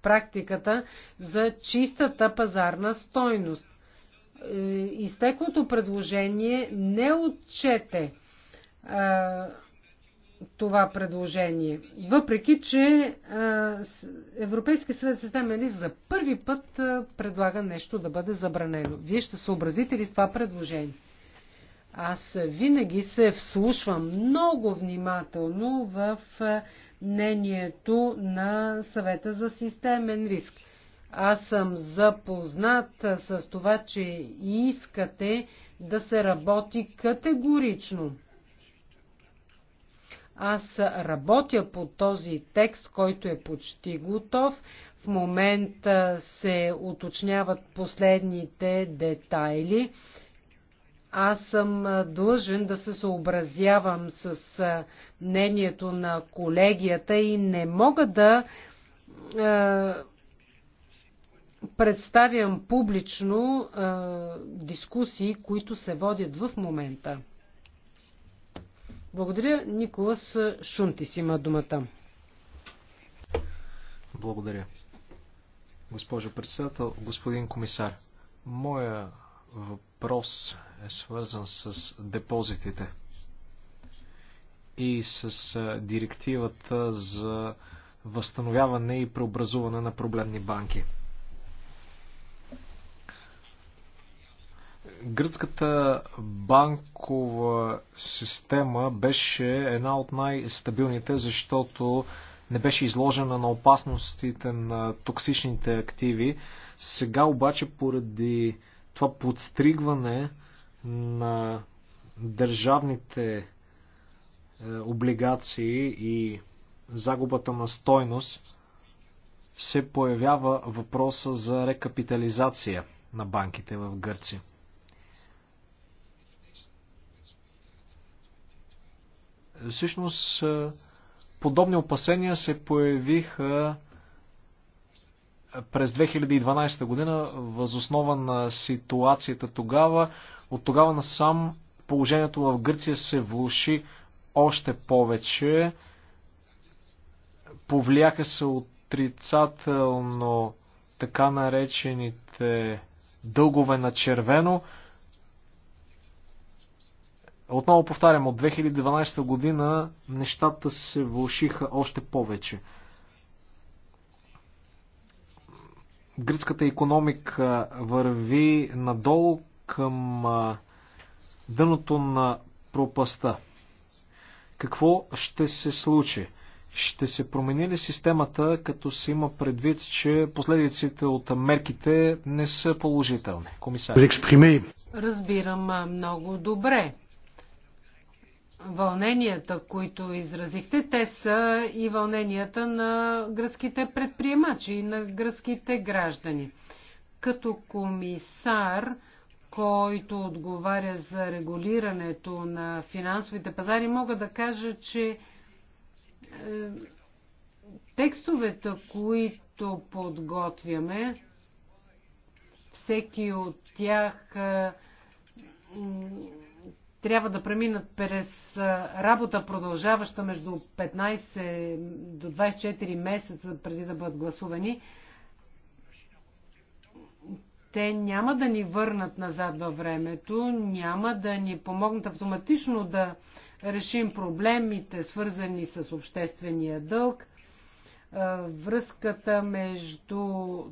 практиката за чистата пазарна стойност. Е, изтеклото предложение не отчете това предложение. Въпреки, че Европейския съвет системен риск за първи път предлага нещо да бъде забранено. Вие ще съобразите ли с това предложение? Аз винаги се вслушвам много внимателно в мнението на съвета за системен риск. Аз съм запознат с това, че искате да се работи категорично. Аз работя по този текст, който е почти готов. В момента се уточняват последните детайли аз съм длъжен да се съобразявам с мнението на колегията и не мога да е, представям публично е, дискусии, които се водят в момента. Благодаря. Николас Шунтис има думата. Благодаря. Госпожо председател, господин комисар, моя въпрос е свързан с депозитите и с директивата за възстановяване и преобразуване на проблемни банки. Гръцката банкова система беше една от най-стабилните, защото не беше изложена на опасностите на токсичните активи. Сега обаче поради това подстригване на държавните е, облигации и загубата на стойност се появява въпроса за рекапитализация на банките в Гърция. Всъщност, е, подобни опасения се появиха през 2012 година, възоснова на ситуацията тогава. От тогава насам положението в Гърция се влуши още повече. Повлияха се отрицателно така наречените дългове на червено. Отново повтарям, от 2012 година нещата се влушиха още повече. гръцката економика върви надолу към дъното на пропаста. Какво ще се случи? Ще се промени ли системата, като се има предвид, че последиците от мерките не са положителни? Комисар. Разбирам много добре вълненията, които изразихте, те са и вълненията на гръцките предприемачи и на гръцките граждани. Като комисар, който отговаря за регулирането на финансовите пазари, мога да кажа, че е, текстовете, които подготвяме, всеки от тях е, трябва да преминат през работа, продължаваща между 15 до 24 месеца преди да бъдат гласувани, те няма да ни върнат назад във времето, няма да ни помогнат автоматично да решим проблемите, свързани с обществения дълг, връзката между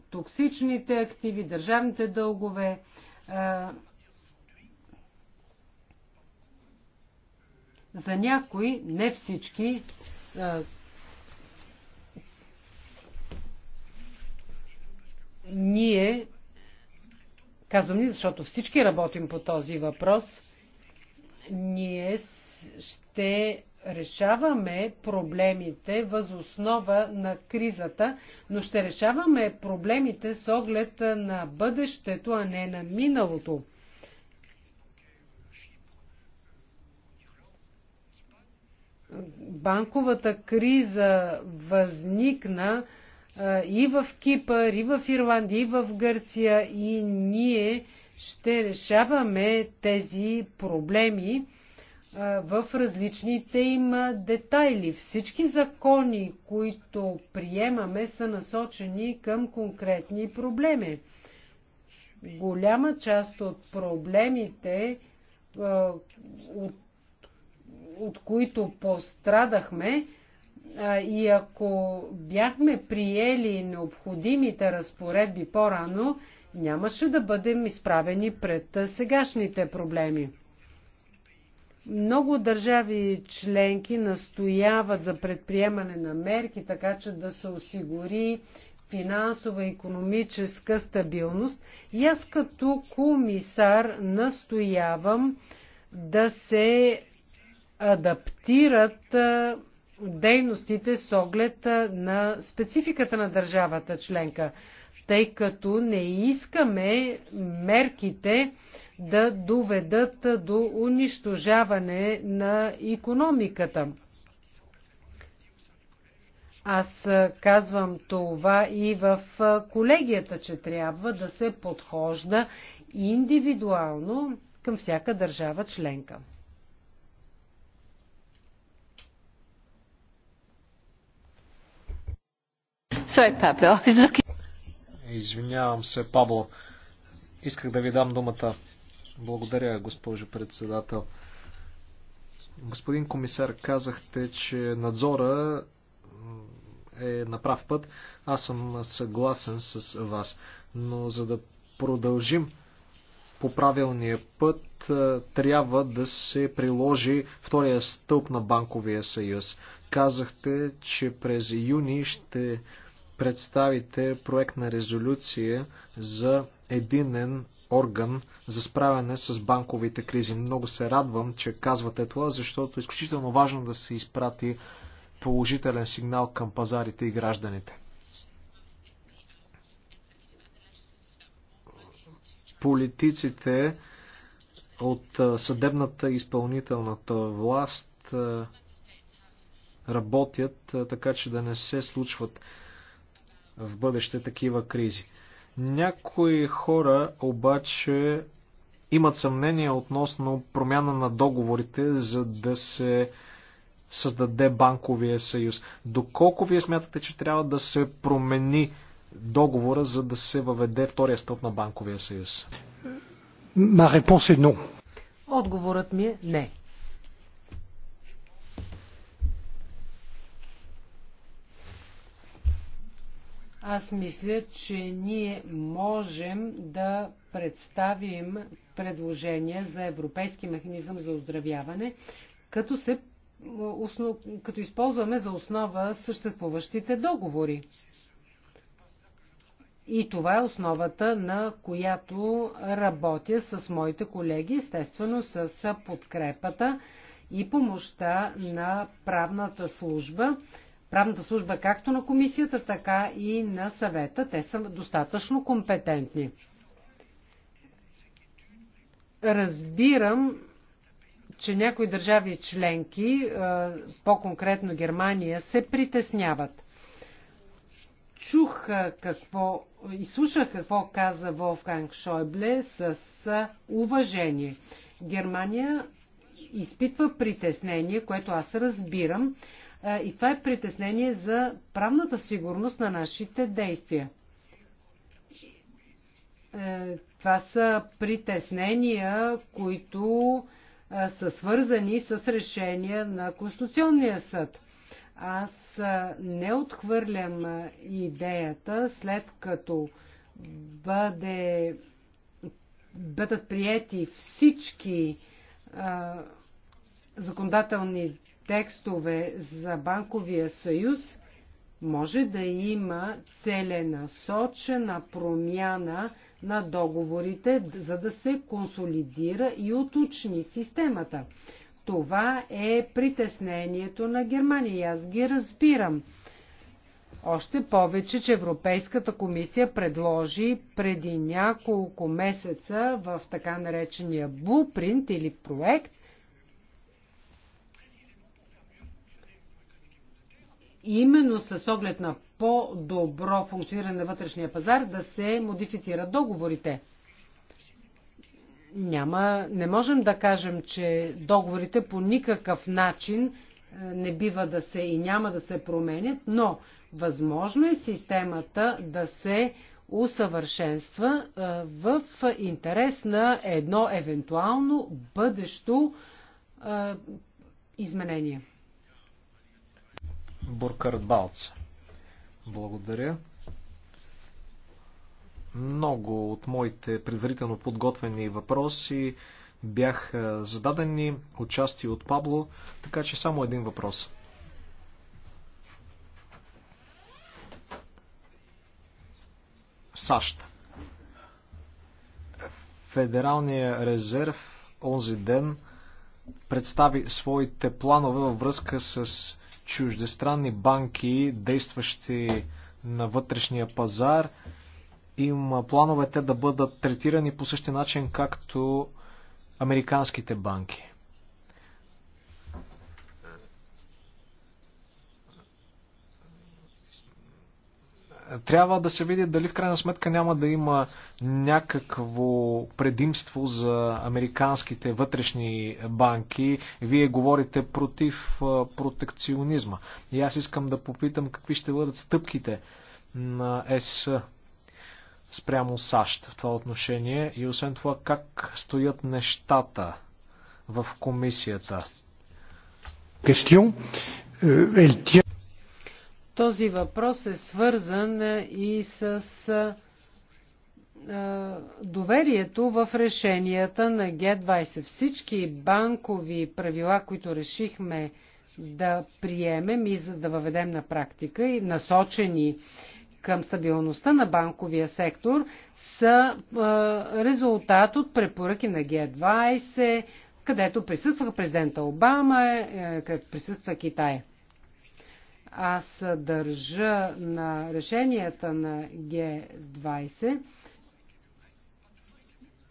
токсичните активи, държавните дългове, За някои, не всички, е, ние, казвам ни, защото всички работим по този въпрос, ние ще решаваме проблемите въз основа на кризата, но ще решаваме проблемите с оглед на бъдещето, а не на миналото. банковата криза възникна и в Кипър, и в Ирландия, и в Гърция, и ние ще решаваме тези проблеми в различните им детайли. Всички закони, които приемаме, са насочени към конкретни проблеми. Голяма част от проблемите, от от които пострадахме, и ако бяхме приели необходимите разпоредби по-рано, нямаше да бъдем изправени пред сегашните проблеми. Много държави членки настояват за предприемане на мерки, така че да се осигури финансова и економическа стабилност. И аз като комисар настоявам да се адаптират дейностите с оглед на спецификата на държавата членка, тъй като не искаме мерките да доведат до унищожаване на економиката. Аз казвам това и в колегията, че трябва да се подхожда индивидуално към всяка държава членка. Sorry, Pablo. Looking... Извинявам се, Пабло. Исках да ви дам думата. Благодаря, госпожо председател. Господин комисар, казахте, че надзора е на прав път. Аз съм съгласен с вас. Но за да продължим по правилния път, трябва да се приложи втория стълб на Банковия съюз. Казахте, че през юни ще представите проект на резолюция за единен орган за справяне с банковите кризи. Много се радвам, че казвате това, защото е изключително важно да се изпрати положителен сигнал към пазарите и гражданите. Политиците от съдебната и изпълнителната власт работят така, че да не се случват в бъдеще такива кризи. Някои хора обаче имат съмнение относно промяна на договорите, за да се създаде банковия съюз. Доколко вие смятате, че трябва да се промени договора, за да се въведе втория стълб на банковия съюз? Отговорът ми е не. Аз мисля, че ние можем да представим предложение за европейски механизъм за оздравяване, като, се, основ, като използваме за основа съществуващите договори. И това е основата, на която работя с моите колеги, естествено с подкрепата и помощта на правната служба правната служба както на комисията, така и на съвета. Те са достатъчно компетентни. Разбирам, че някои държави членки, е, по-конкретно Германия, се притесняват. Чух е, какво и слушах какво каза Волфганг Шойбле с е, уважение. Германия изпитва притеснение, което аз разбирам е, и това е притеснение за правната сигурност на нашите действия. Е, това са притеснения, които е, са свързани с решения на Конституционния съд. Аз не отхвърлям идеята, след като бъде, бъдат приети всички а, законодателни текстове за банковия съюз, може да има целенасочена промяна на договорите, за да се консолидира и уточни системата. Това е притеснението на Германия и аз ги разбирам. Още повече, че Европейската комисия предложи преди няколко месеца в така наречения блупринт или проект именно с оглед на по-добро функциониране на вътрешния пазар да се модифицират договорите. Няма, не можем да кажем, че договорите по никакъв начин е, не бива да се и няма да се променят, но възможно е системата да се усъвършенства е, в интерес на едно евентуално бъдещо е, изменение. Буркард Балц. Благодаря. Много от моите предварително подготвени въпроси бяха зададени части от Пабло, така че само един въпрос. САЩ. Федералния резерв онзи ден представи своите планове във връзка с чуждестранни банки, действащи на вътрешния пазар. Има плановете да бъдат третирани по същия начин, както американските банки. трябва да се види дали в крайна сметка няма да има някакво предимство за американските вътрешни банки. Вие говорите против протекционизма. И аз искам да попитам какви ще бъдат стъпките на ЕС спрямо САЩ в това отношение и освен това как стоят нещата в комисията. Question. Euh, elle tient... Този въпрос е свързан и с доверието в решенията на Г20. Всички банкови правила, които решихме да приемем и за да въведем на практика и насочени към стабилността на банковия сектор, са резултат от препоръки на Г20, където присъстваха президента Обама, е, е, присъства Китай. Аз държа на решенията на Г20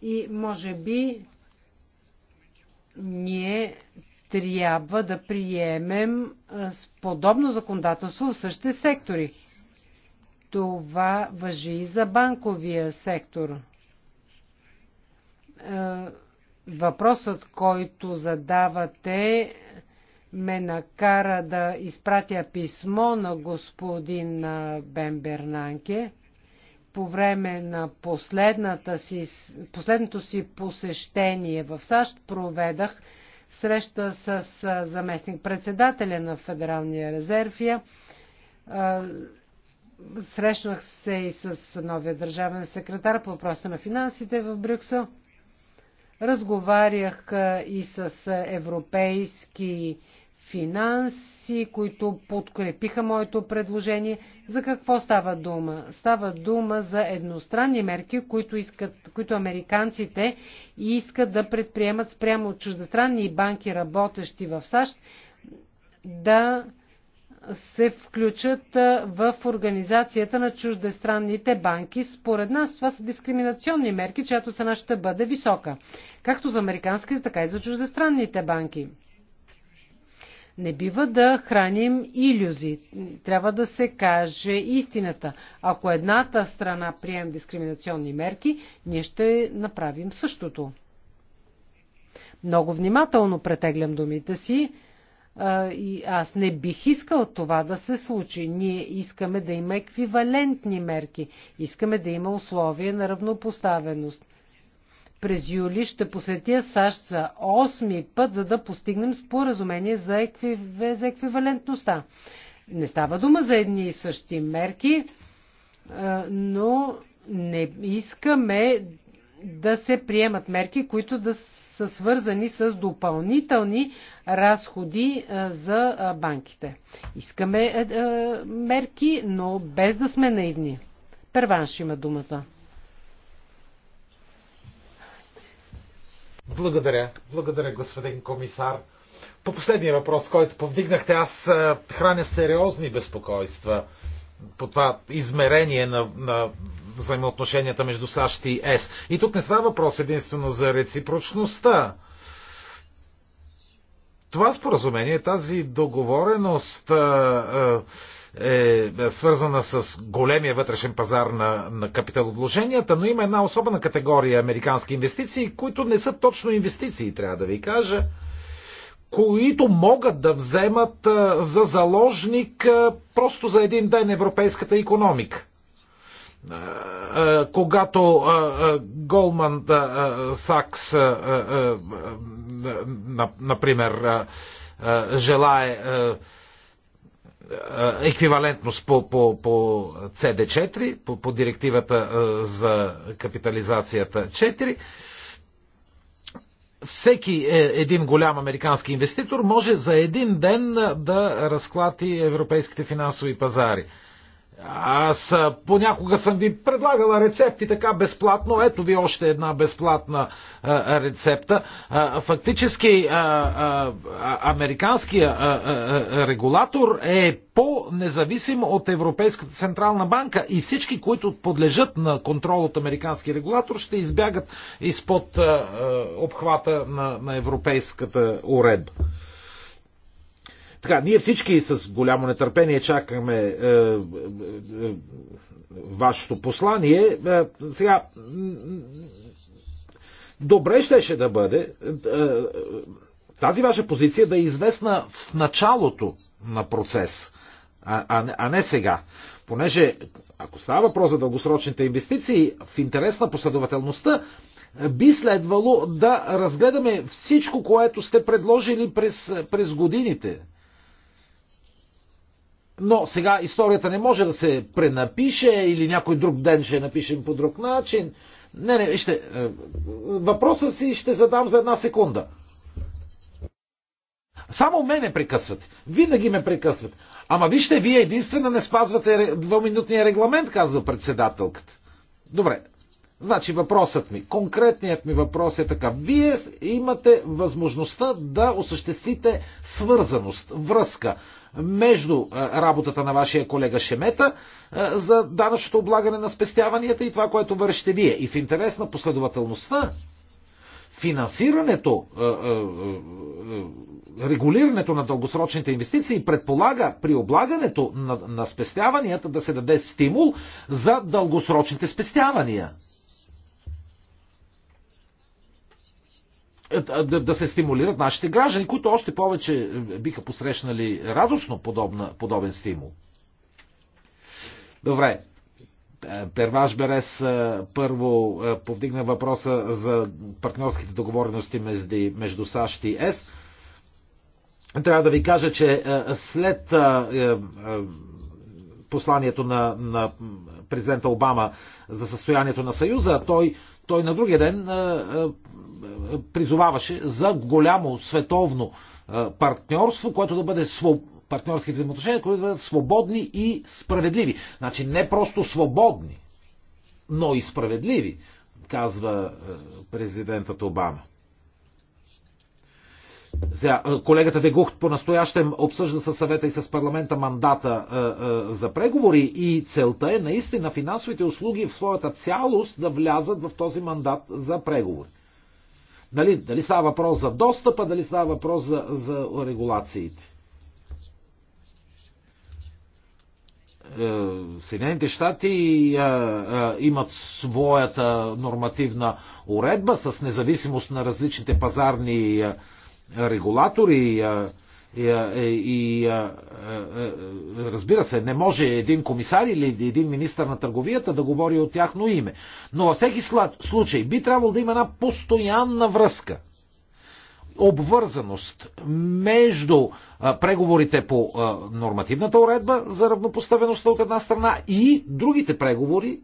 и може би ние трябва да приемем подобно законодателство в същите сектори. Това въжи и за банковия сектор. Въпросът, който задавате, ме накара да изпратя писмо на господин Бен Бернанке по време на си, последното си посещение в САЩ проведах среща с заместник председателя на Федералния резерв. Срещнах се и с новия държавен секретар по въпроса на финансите в Брюксел. Разговарях и с европейски финанси, които подкрепиха моето предложение. За какво става дума? Става дума за едностранни мерки, които, искат, които американците искат да предприемат спрямо от чуждестранни банки, работещи в САЩ, да се включат в организацията на чуждестранните банки. Според нас това са дискриминационни мерки, чиято цена ще бъде висока, както за американските, така и за чуждестранните банки. Не бива да храним иллюзии. Трябва да се каже истината. Ако едната страна прием дискриминационни мерки, ние ще направим същото. Много внимателно претеглям думите си и аз не бих искал това да се случи. Ние искаме да има еквивалентни мерки. Искаме да има условия на равнопоставеност. През юли ще посетя САЩ за 8 път, за да постигнем споразумение за, екви... за еквивалентността. Не става дума за едни и същи мерки, но не искаме да се приемат мерки, които да са свързани с допълнителни разходи е, за е, банките. Искаме е, мерки, но без да сме наивни. Перванш има думата. Благодаря. Благодаря, господин комисар. По последния въпрос, който повдигнахте, аз храня сериозни безпокойства по това измерение на, на взаимоотношенията между САЩ и ЕС. И тук не става въпрос единствено за реципрочността. Това споразумение, тази договореност е свързана с големия вътрешен пазар на, на капиталовложенията, но има една особена категория американски инвестиции, които не са точно инвестиции, трябва да ви кажа които могат да вземат за заложник просто за един ден европейската економика. Когато Голман Сакс, например, желае еквивалентност по, по, по CD4, по, по директивата за капитализацията 4, всеки е, един голям американски инвеститор може за един ден да разклати европейските финансови пазари. Аз понякога съм ви предлагала рецепти така безплатно. Ето ви още една безплатна а, рецепта. А, фактически а, а, американския а, а, регулатор е по-независим от Европейската централна банка и всички, които подлежат на контрол от американски регулатор, ще избягат изпод а, а, обхвата на, на европейската уредба. Така, ние всички с голямо нетърпение чакаме е, е, е, вашето послание. Е, сега, добре щеше да бъде е, е, тази ваша позиция да е известна в началото на процес, а, а, а не сега. Понеже, ако става въпрос за дългосрочните инвестиции, в интерес на последователността, би следвало да разгледаме всичко, което сте предложили през, през годините. Но сега историята не може да се пренапише или някой друг ден ще напишем по друг начин. Не, не, вижте, е, въпроса си ще задам за една секунда. Само мене прекъсват. Винаги ме прекъсват. Ама вижте, вие единствено не спазвате двуминутния регламент, казва председателката. Добре. Значи въпросът ми, конкретният ми въпрос е така. Вие имате възможността да осъществите свързаност, връзка между работата на вашия колега Шемета за данъчното облагане на спестяванията и това, което вършите вие. И в интерес на последователността, финансирането, регулирането на дългосрочните инвестиции предполага при облагането на, на спестяванията да се даде стимул за дългосрочните спестявания. Е, е, да, да се стимулират нашите граждани, които още повече е, биха посрещнали радостно подобна, подобен стимул. Добре. Перваш Берес първо повдигна въпроса за партньорските договорености между САЩ и ЕС. Трябва да ви кажа, че след посланието на, на президента Обама за състоянието на Съюза, той той на другия ден призоваваше за голямо световно партньорство, което да бъде своб... партньорски взаимоотношения, които да бъдат свободни и справедливи. Значи не просто свободни, но и справедливи, казва президентът Обама. Е, колегата Дегухт по-настоящем обсъжда със съвета и с парламента мандата е, е, за преговори и целта е наистина финансовите услуги в своята цялост да влязат в този мандат за преговори. Дали, дали става въпрос за достъпа, дали става въпрос за, за регулациите. Съединените щати имат своята нормативна уредба с независимост на различните пазарни регулатори и и е, е, е, разбира се, не може един комисар или един министр на търговията да говори от тяхно име. Но във всеки случай би трябвало да има една постоянна връзка обвързаност между преговорите по нормативната уредба за равнопоставеността от една страна и другите преговори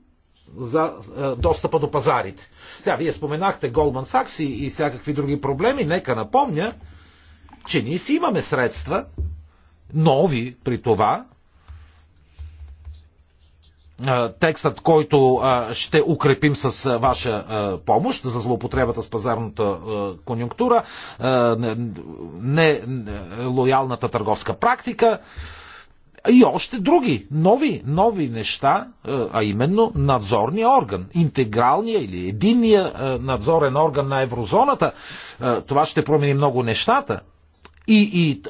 за е, достъпа до пазарите. Сега, вие споменахте Голман Сакс и, и всякакви други проблеми. Нека напомня, че ние си имаме средства, нови при това, е, текстът, който е, ще укрепим с ваша помощ за злоупотребата с пазарната конюнктура, нелоялната търговска практика. И още други, нови, нови неща, е, а именно надзорния орган, интегралния или единния е, надзорен орган на еврозоната. Е, това ще промени много нещата. И, и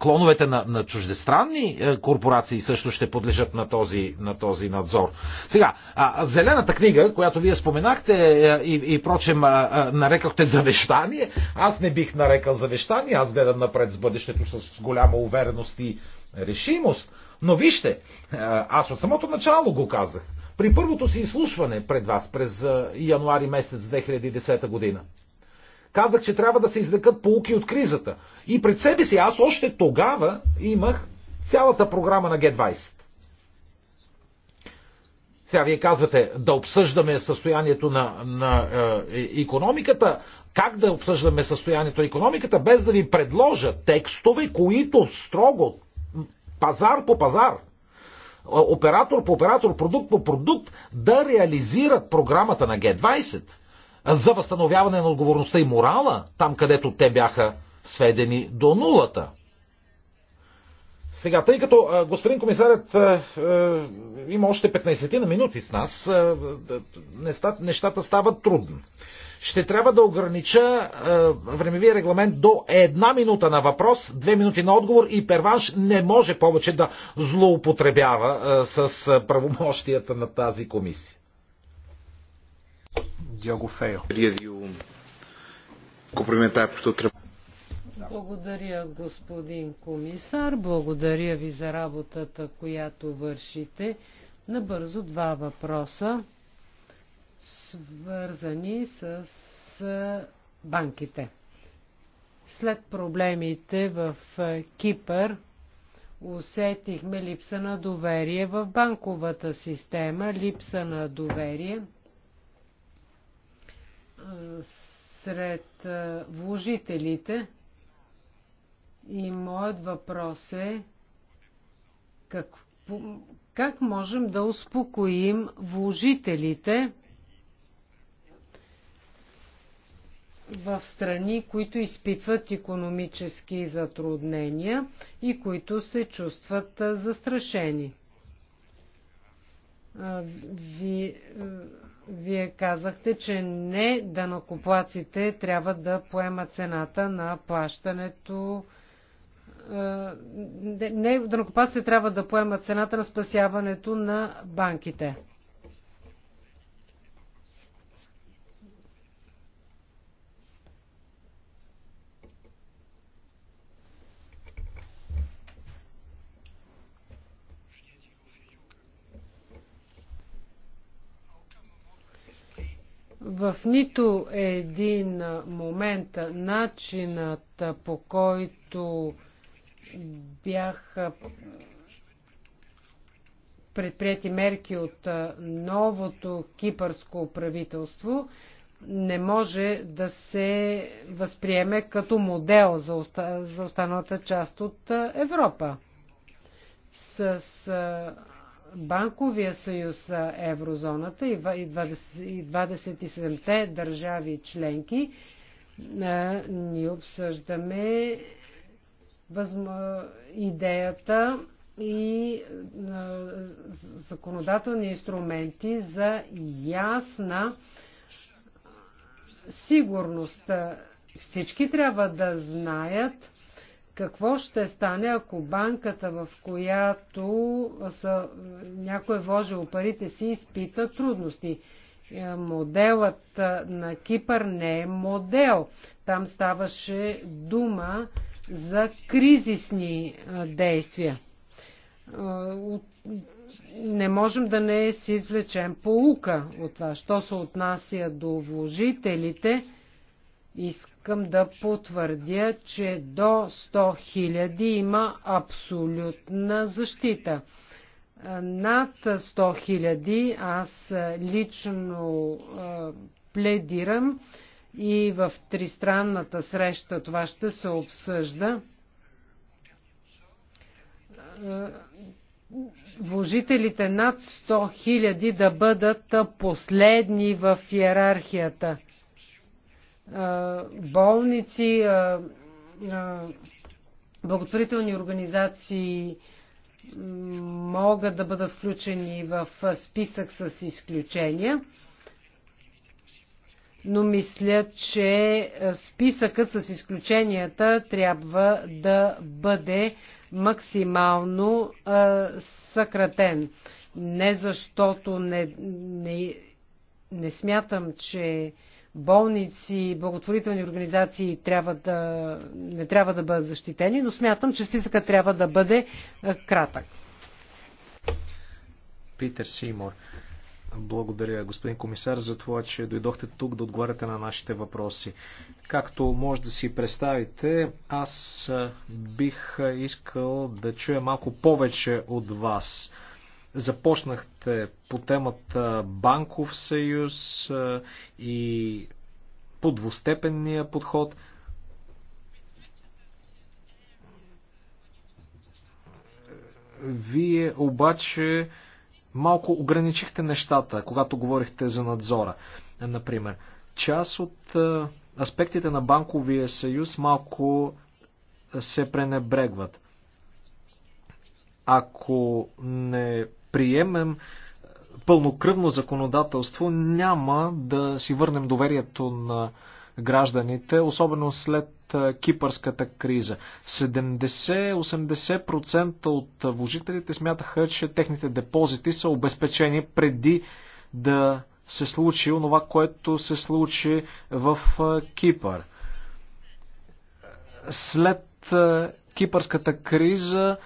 клоновете на, на чуждестранни е, корпорации също ще подлежат на този, на този надзор. Сега, а, зелената книга, която вие споменахте е, и, и прочем а, а, нарекахте завещание, аз не бих нарекал завещание, аз гледам напред с бъдещето с голяма увереност и решимост. Но вижте, аз от самото начало го казах. При първото си изслушване пред вас през януари месец 2010 година, Казах, че трябва да се извлекат полуки от кризата. И пред себе си аз още тогава имах цялата програма на Г20. Сега вие казвате да обсъждаме състоянието на, на е, економиката. Как да обсъждаме състоянието на економиката, без да ви предложа текстове, които строго, пазар по пазар, оператор по оператор, продукт по продукт, да реализират програмата на Г20 за възстановяване на отговорността и морала, там където те бяха сведени до нулата. Сега, тъй като а, господин комисарят а, а, има още 15 на минути с нас, а, нещата, нещата стават трудно. Ще трябва да огранича а, времевия регламент до една минута на въпрос, две минути на отговор и перванш не може повече да злоупотребява а, с правомощията на тази комисия. Диого Фейо. Благодаря, господин комисар. Благодаря ви за работата, която вършите. Набързо два въпроса, свързани с банките. След проблемите в е, Кипър, усетихме липса на доверие в банковата система, липса на доверие – сред вложителите. И моят въпрос е как, как можем да успокоим вложителите в страни, които изпитват економически затруднения и които се чувстват застрашени. Ви, вие казахте, че не данокоплаците трябва да поемат цената на плащането. Е, не данокоплаците трябва да поемат цената на спасяването на банките. В нито един момент начинът по който бяха предприяти мерки от новото кипърско правителство не може да се възприеме като модел за, за останалата част от Европа. С банковия съюз еврозоната и 27-те държави членки, ние обсъждаме идеята и законодателни инструменти за ясна сигурност. Всички трябва да знаят какво ще стане, ако банката, в която са, някой е вложил парите си, изпита трудности? Е, моделът на Кипър не е модел. Там ставаше дума за кризисни действия. Не можем да не си извлечем полука от това. Що се отнася до вложителите, искам да потвърдя, че до 100 000 има абсолютна защита. Над 100 000 аз лично пледирам и в тристранната среща това ще се обсъжда. Вложителите над 100 000 да бъдат последни в иерархията – болници, благотворителни организации могат да бъдат включени в списък с изключения. Но мисля, че списъкът с изключенията трябва да бъде максимално а, съкратен. Не защото не, не, не смятам, че а, болници, благотворителни организации трябва да, не трябва да бъдат защитени, но смятам, че списъка трябва да бъде е, кратък. Питер Симор. Благодаря, господин комисар, за това, че дойдохте тук да отговаряте на нашите въпроси. Както може да си представите, аз е, бих е, искал да чуя малко повече от вас започнахте по темата банков съюз и по двустепенния подход. Вие обаче малко ограничихте нещата, когато говорихте за надзора, например. Част от аспектите на банковия съюз малко се пренебрегват. Ако не приемем пълнокръвно законодателство, няма да си върнем доверието на гражданите, особено след кипърската криза. 70-80% от вложителите смятаха, че техните депозити са обезпечени преди да се случи онова, което се случи в Кипър. След кипърската криза,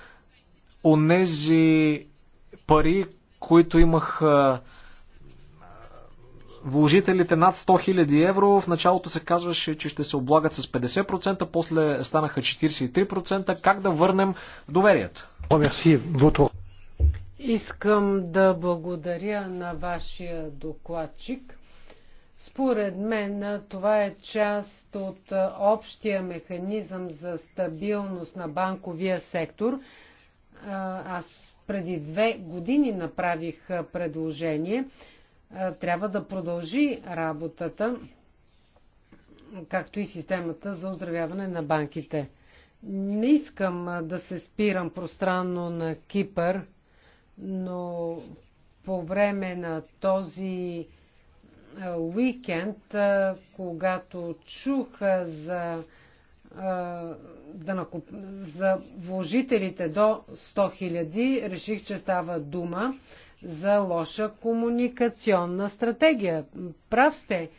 онези пари, които имах вложителите над 100 000 евро. В началото се казваше, че ще се облагат с 50%, после станаха 43%. Как да върнем доверието? Искам да благодаря на вашия докладчик. Според мен това е част от общия механизъм за стабилност на банковия сектор. Аз преди две години направих предложение. Трябва да продължи работата, както и системата за оздравяване на банките. Не искам да се спирам пространно на Кипър, но по време на този уикенд, когато чух за да накуп... за вложителите до 100 хиляди, реших, че става дума за лоша комуникационна стратегия. Прав сте.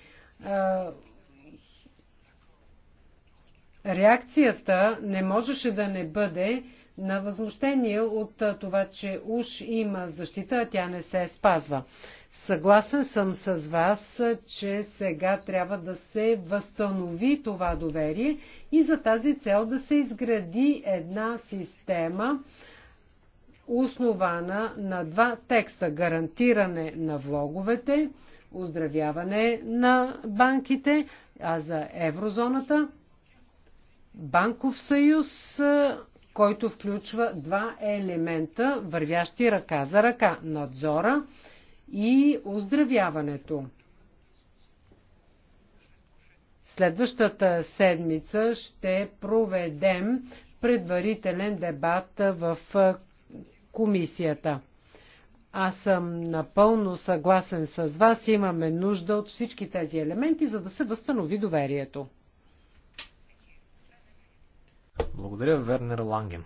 Реакцията не можеше да не бъде на възмущение от това, че уж има защита, а тя не се спазва. Съгласен съм с вас, че сега трябва да се възстанови това доверие и за тази цел да се изгради една система, основана на два текста – гарантиране на влоговете, оздравяване на банките, а за еврозоната – банков съюз, който включва два елемента, вървящи ръка за ръка – надзора – и оздравяването. Следващата седмица ще проведем предварителен дебат в комисията. Аз съм напълно съгласен с вас. Имаме нужда от всички тези елементи, за да се възстанови доверието. Благодаря, Вернер Ланген.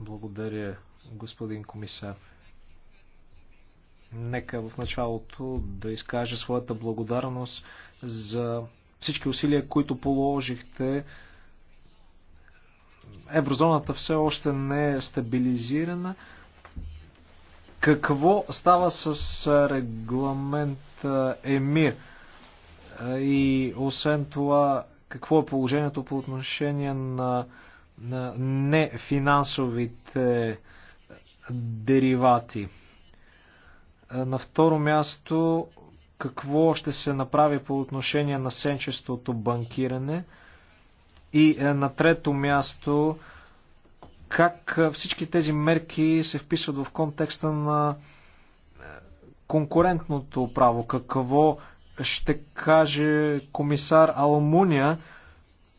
Благодаря, господин комисар. Нека в началото да изкажа своята благодарност за всички усилия, които положихте. Еврозоната все още не е стабилизирана. Какво става с регламент ЕМИР? И освен това, какво е положението по отношение на, на нефинансовите деривати? Е, на второ място, какво ще се направи по отношение на сенчеството банкиране? И е, на трето място, как е, всички тези мерки се вписват в контекста на конкурентното право? Какво ще каже комисар Алмуния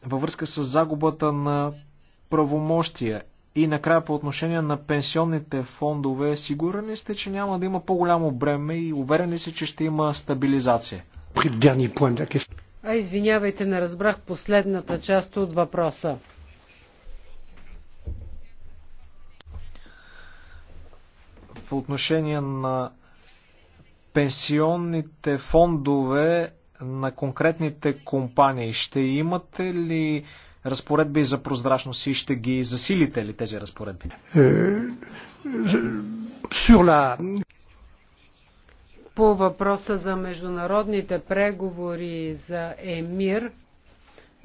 във връзка с загубата на правомощия и накрая по отношение на пенсионните фондове, сигурен ли сте, че няма да има по-голямо бреме и уверен ли сте, че ще има стабилизация? А извинявайте, не разбрах последната част от въпроса. По отношение на пенсионните фондове на конкретните компании, ще имате ли разпоредби за прозрачност и ще ги засилите ли тези разпоредби? Е, По въпроса за международните преговори за ЕМИР,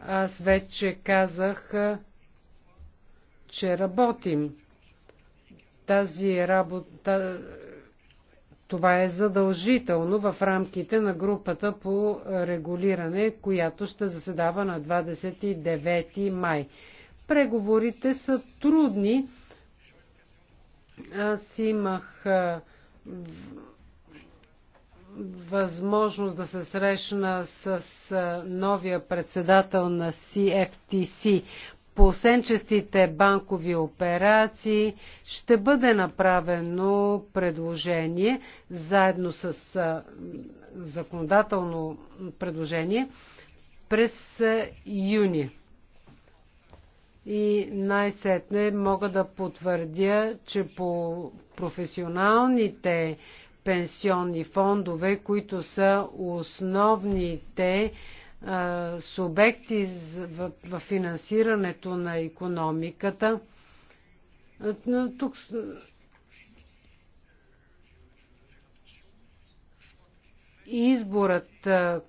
аз вече казах, че работим. Тази работа, това е задължително в рамките на групата по регулиране, която ще заседава на 29 май. Преговорите са трудни. Аз имах възможност да се срещна с новия председател на CFTC по осенчестите банкови операции ще бъде направено предложение заедно с законодателно предложение през юни. И най-сетне мога да потвърдя, че по професионалните пенсионни фондове, които са основните субекти в финансирането на економиката. тук изборът,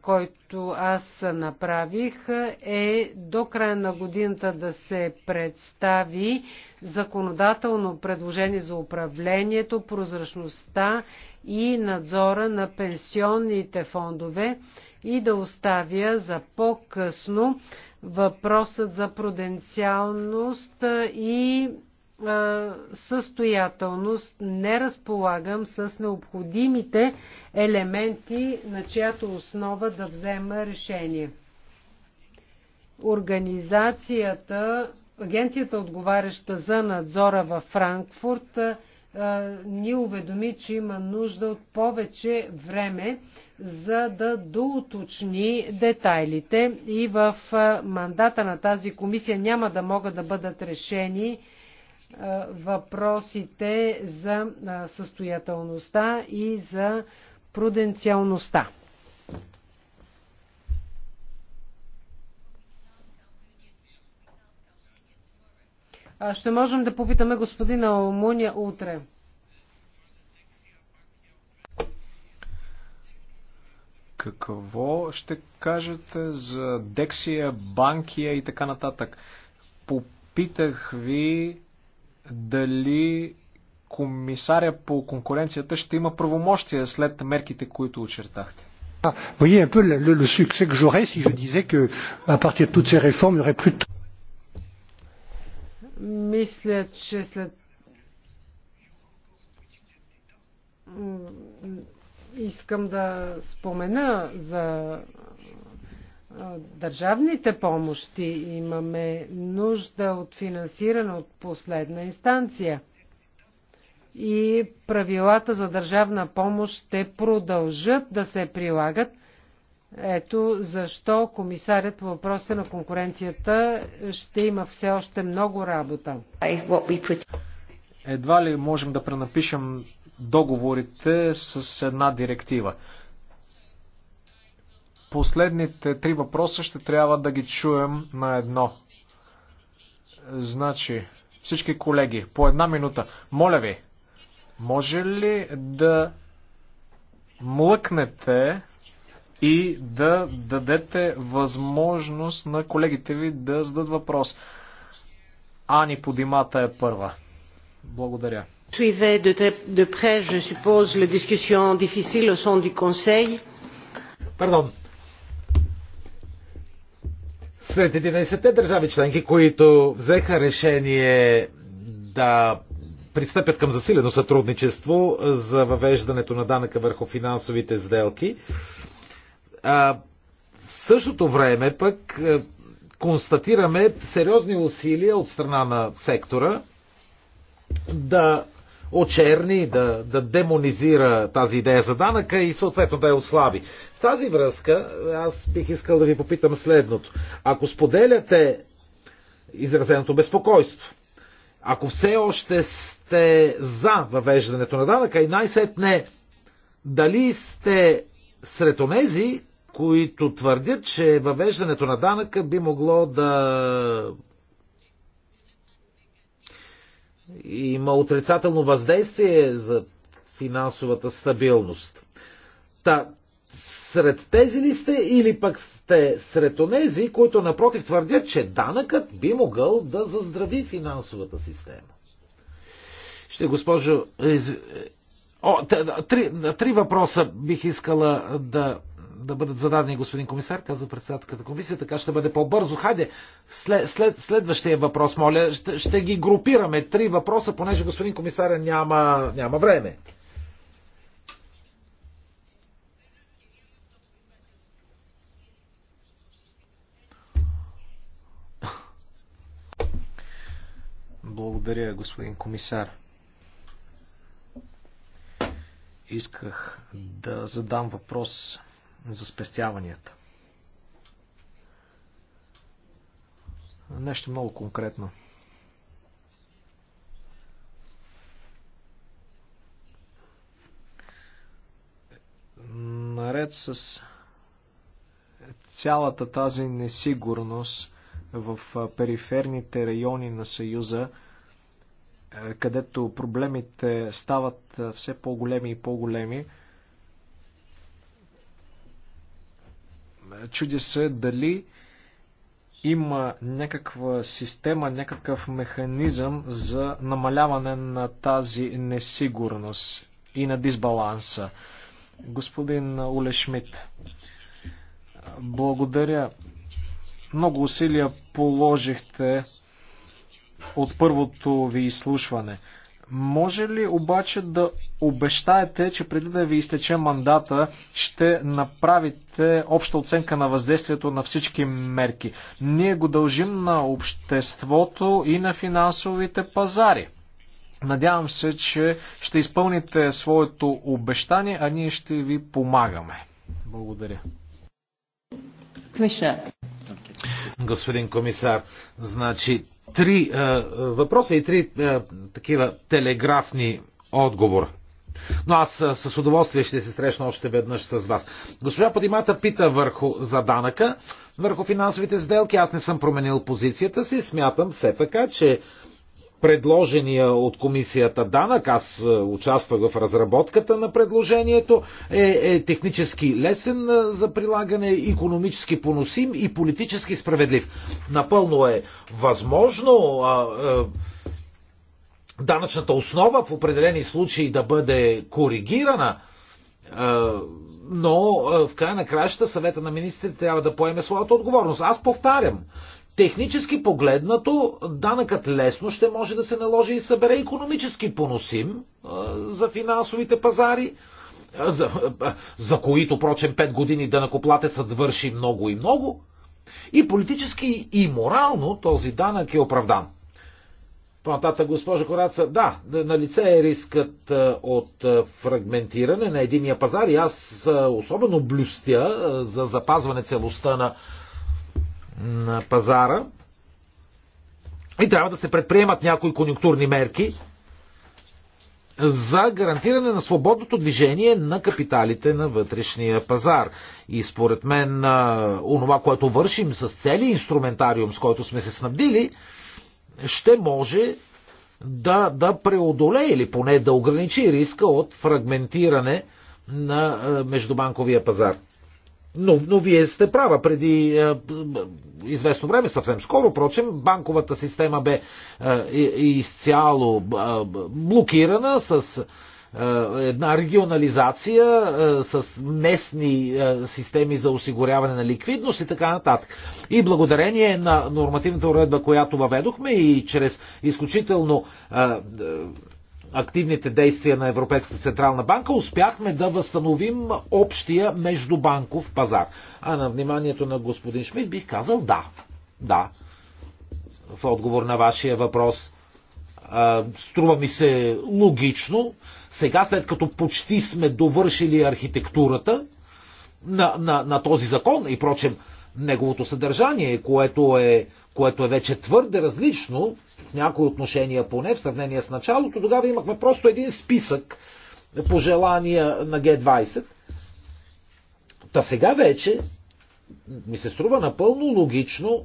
който аз направих, е до края на годината да се представи законодателно предложение за управлението, прозрачността и надзора на пенсионните фондове и да оставя за по-късно въпросът за пруденциалност и състоятелност не разполагам с необходимите елементи, на чиято основа да взема решение. Организацията, агенцията отговаряща за надзора във Франкфурт, ни уведоми, че има нужда от повече време, за да доуточни детайлите и в мандата на тази комисия няма да могат да бъдат решени въпросите за състоятелността и за пруденциалността. Ще можем да попитаме господина Омуния утре. Какво ще кажете за Дексия, Банкия и така нататък? Попитах ви дали комисаря по конкуренцията ще има правомощия след мерките, които очертахте. Ah, voyez un peu le, le succès que j'aurais si je disais qu'à partir de toutes ces réformes, il n'y aurait plus de... Мисля, че след искам да спомена за държавните помощи. Имаме нужда от финансиране от последна инстанция. И правилата за държавна помощ ще продължат да се прилагат ето защо комисарят по въпросите на конкуренцията ще има все още много работа. Едва ли можем да пренапишем договорите с една директива. Последните три въпроса ще трябва да ги чуем на едно. Значи, всички колеги, по една минута. Моля ви, може ли да млъкнете и да дадете възможност на колегите ви да зададат въпрос. Ани Подимата е първа. Благодаря. Suivez de, de près, je suppose, les discussions difficiles au sein du Conseil. Pardon. След 11-те държави членки, които взеха решение да пристъпят към засилено сътрудничество за въвеждането на данъка върху финансовите сделки, а, в същото време пък е, констатираме сериозни усилия от страна на сектора да очерни, да, да демонизира тази идея за данъка и съответно да я отслаби. В тази връзка аз бих искал да ви попитам следното. Ако споделяте изразеното безпокойство, ако все още сте за въвеждането на данъка и най-сетне дали сте сред онези, които твърдят, че въвеждането на данъка би могло да има отрицателно въздействие за финансовата стабилност. Та, сред тези ли сте или пък сте сред онези, които напротив твърдят, че данъкът би могъл да заздрави финансовата система? Ще, госпожо, О, три, три въпроса бих искала да да бъдат зададени, господин комисар, каза председателката комисия, така ще бъде по-бързо. Хайде, след, след, следващия въпрос, моля, ще, ще ги групираме. Три въпроса, понеже господин комисаря няма, няма време. Благодаря, господин комисар. Исках да задам въпрос за спестяванията. Нещо много конкретно. Наред с цялата тази несигурност в периферните райони на Съюза, е, където проблемите стават все по-големи и по-големи, Чуди се дали има някаква система, някакъв механизъм за намаляване на тази несигурност и на дисбаланса. Господин Оле Шмидт, благодаря. Много усилия положихте от първото ви изслушване. Може ли обаче да обещаете, че преди да ви изтече мандата, ще направите обща оценка на въздействието на всички мерки? Ние го дължим на обществото и на финансовите пазари. Надявам се, че ще изпълните своето обещание, а ние ще ви помагаме. Благодаря. Господин комисар, значи три а, е, въпроса и три а, е, такива телеграфни отговора. Но аз а, е, с удоволствие ще се срещна още веднъж с вас. Госпожа Подимата пита върху за данъка, върху финансовите сделки. Аз не съм променил позицията си. Смятам все така, че предложения от комисията данък, аз е, участвах в разработката на предложението, е, е технически лесен е, за прилагане, економически поносим и политически справедлив. Напълно е възможно. А, а, е, данъчната основа в определени случаи да бъде коригирана, но в края на краища съвета на министрите трябва да поеме своята отговорност. Аз повтарям, Технически погледнато, данъкът лесно ще може да се наложи и събере економически поносим за финансовите пазари, за, за които, прочем, 5 години данъкоплатецът върши много и много. И политически и морално този данък е оправдан. Понататък, госпожа Кораца, да, на лице е рискът от фрагментиране на единия пазар и аз особено блюстя за запазване целостта на на пазара. И трябва да се предприемат някои конъюнктурни мерки за гарантиране на свободното движение на капиталите на вътрешния пазар. И според мен, онова, което вършим с цели инструментариум, с който сме се снабдили, ще може да, да преодолее или поне да ограничи риска от фрагментиране на междубанковия пазар. Но, но вие сте права. Преди е, е известно време, съвсем скоро, прочем, банковата система бе е, изцяло е, блокирана с е, една регионализация е, с местни системи за осигуряване на ликвидност и така нататък. И благодарение на нормативната уредба, която въведохме и чрез изключително активните действия на Европейската централна банка, успяхме да възстановим общия междубанков пазар. А на вниманието на господин Шмидт бих казал да. Да. В отговор на вашия въпрос. Струва ми се логично. Сега, след като почти сме довършили архитектурата на, на, на този закон и прочем, неговото съдържание, което е, което е вече твърде различно, в някои отношения поне, в сравнение с началото, тогава имахме просто един списък пожелания на Г-20. Та сега вече ми се струва напълно логично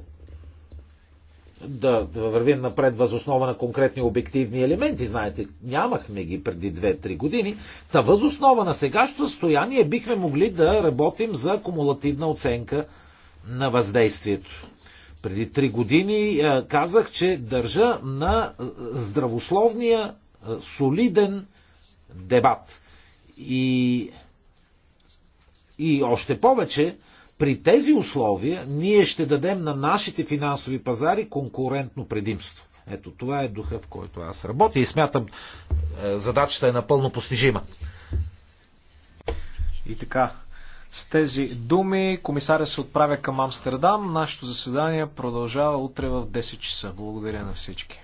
да, да вървим напред възоснова на конкретни обективни елементи. Знаете, нямахме ги преди 2-3 години. Та възоснова на сегашното състояние бихме могли да работим за кумулативна оценка на въздействието. Преди три години казах, че държа на здравословния, солиден дебат. И, и още повече, при тези условия ние ще дадем на нашите финансови пазари конкурентно предимство. Ето това е духа, в който аз работя и смятам е, задачата е напълно постижима. И така, с тези думи комисаря се отправя към Амстердам. Нашето заседание продължава утре в 10 часа. Благодаря на всички.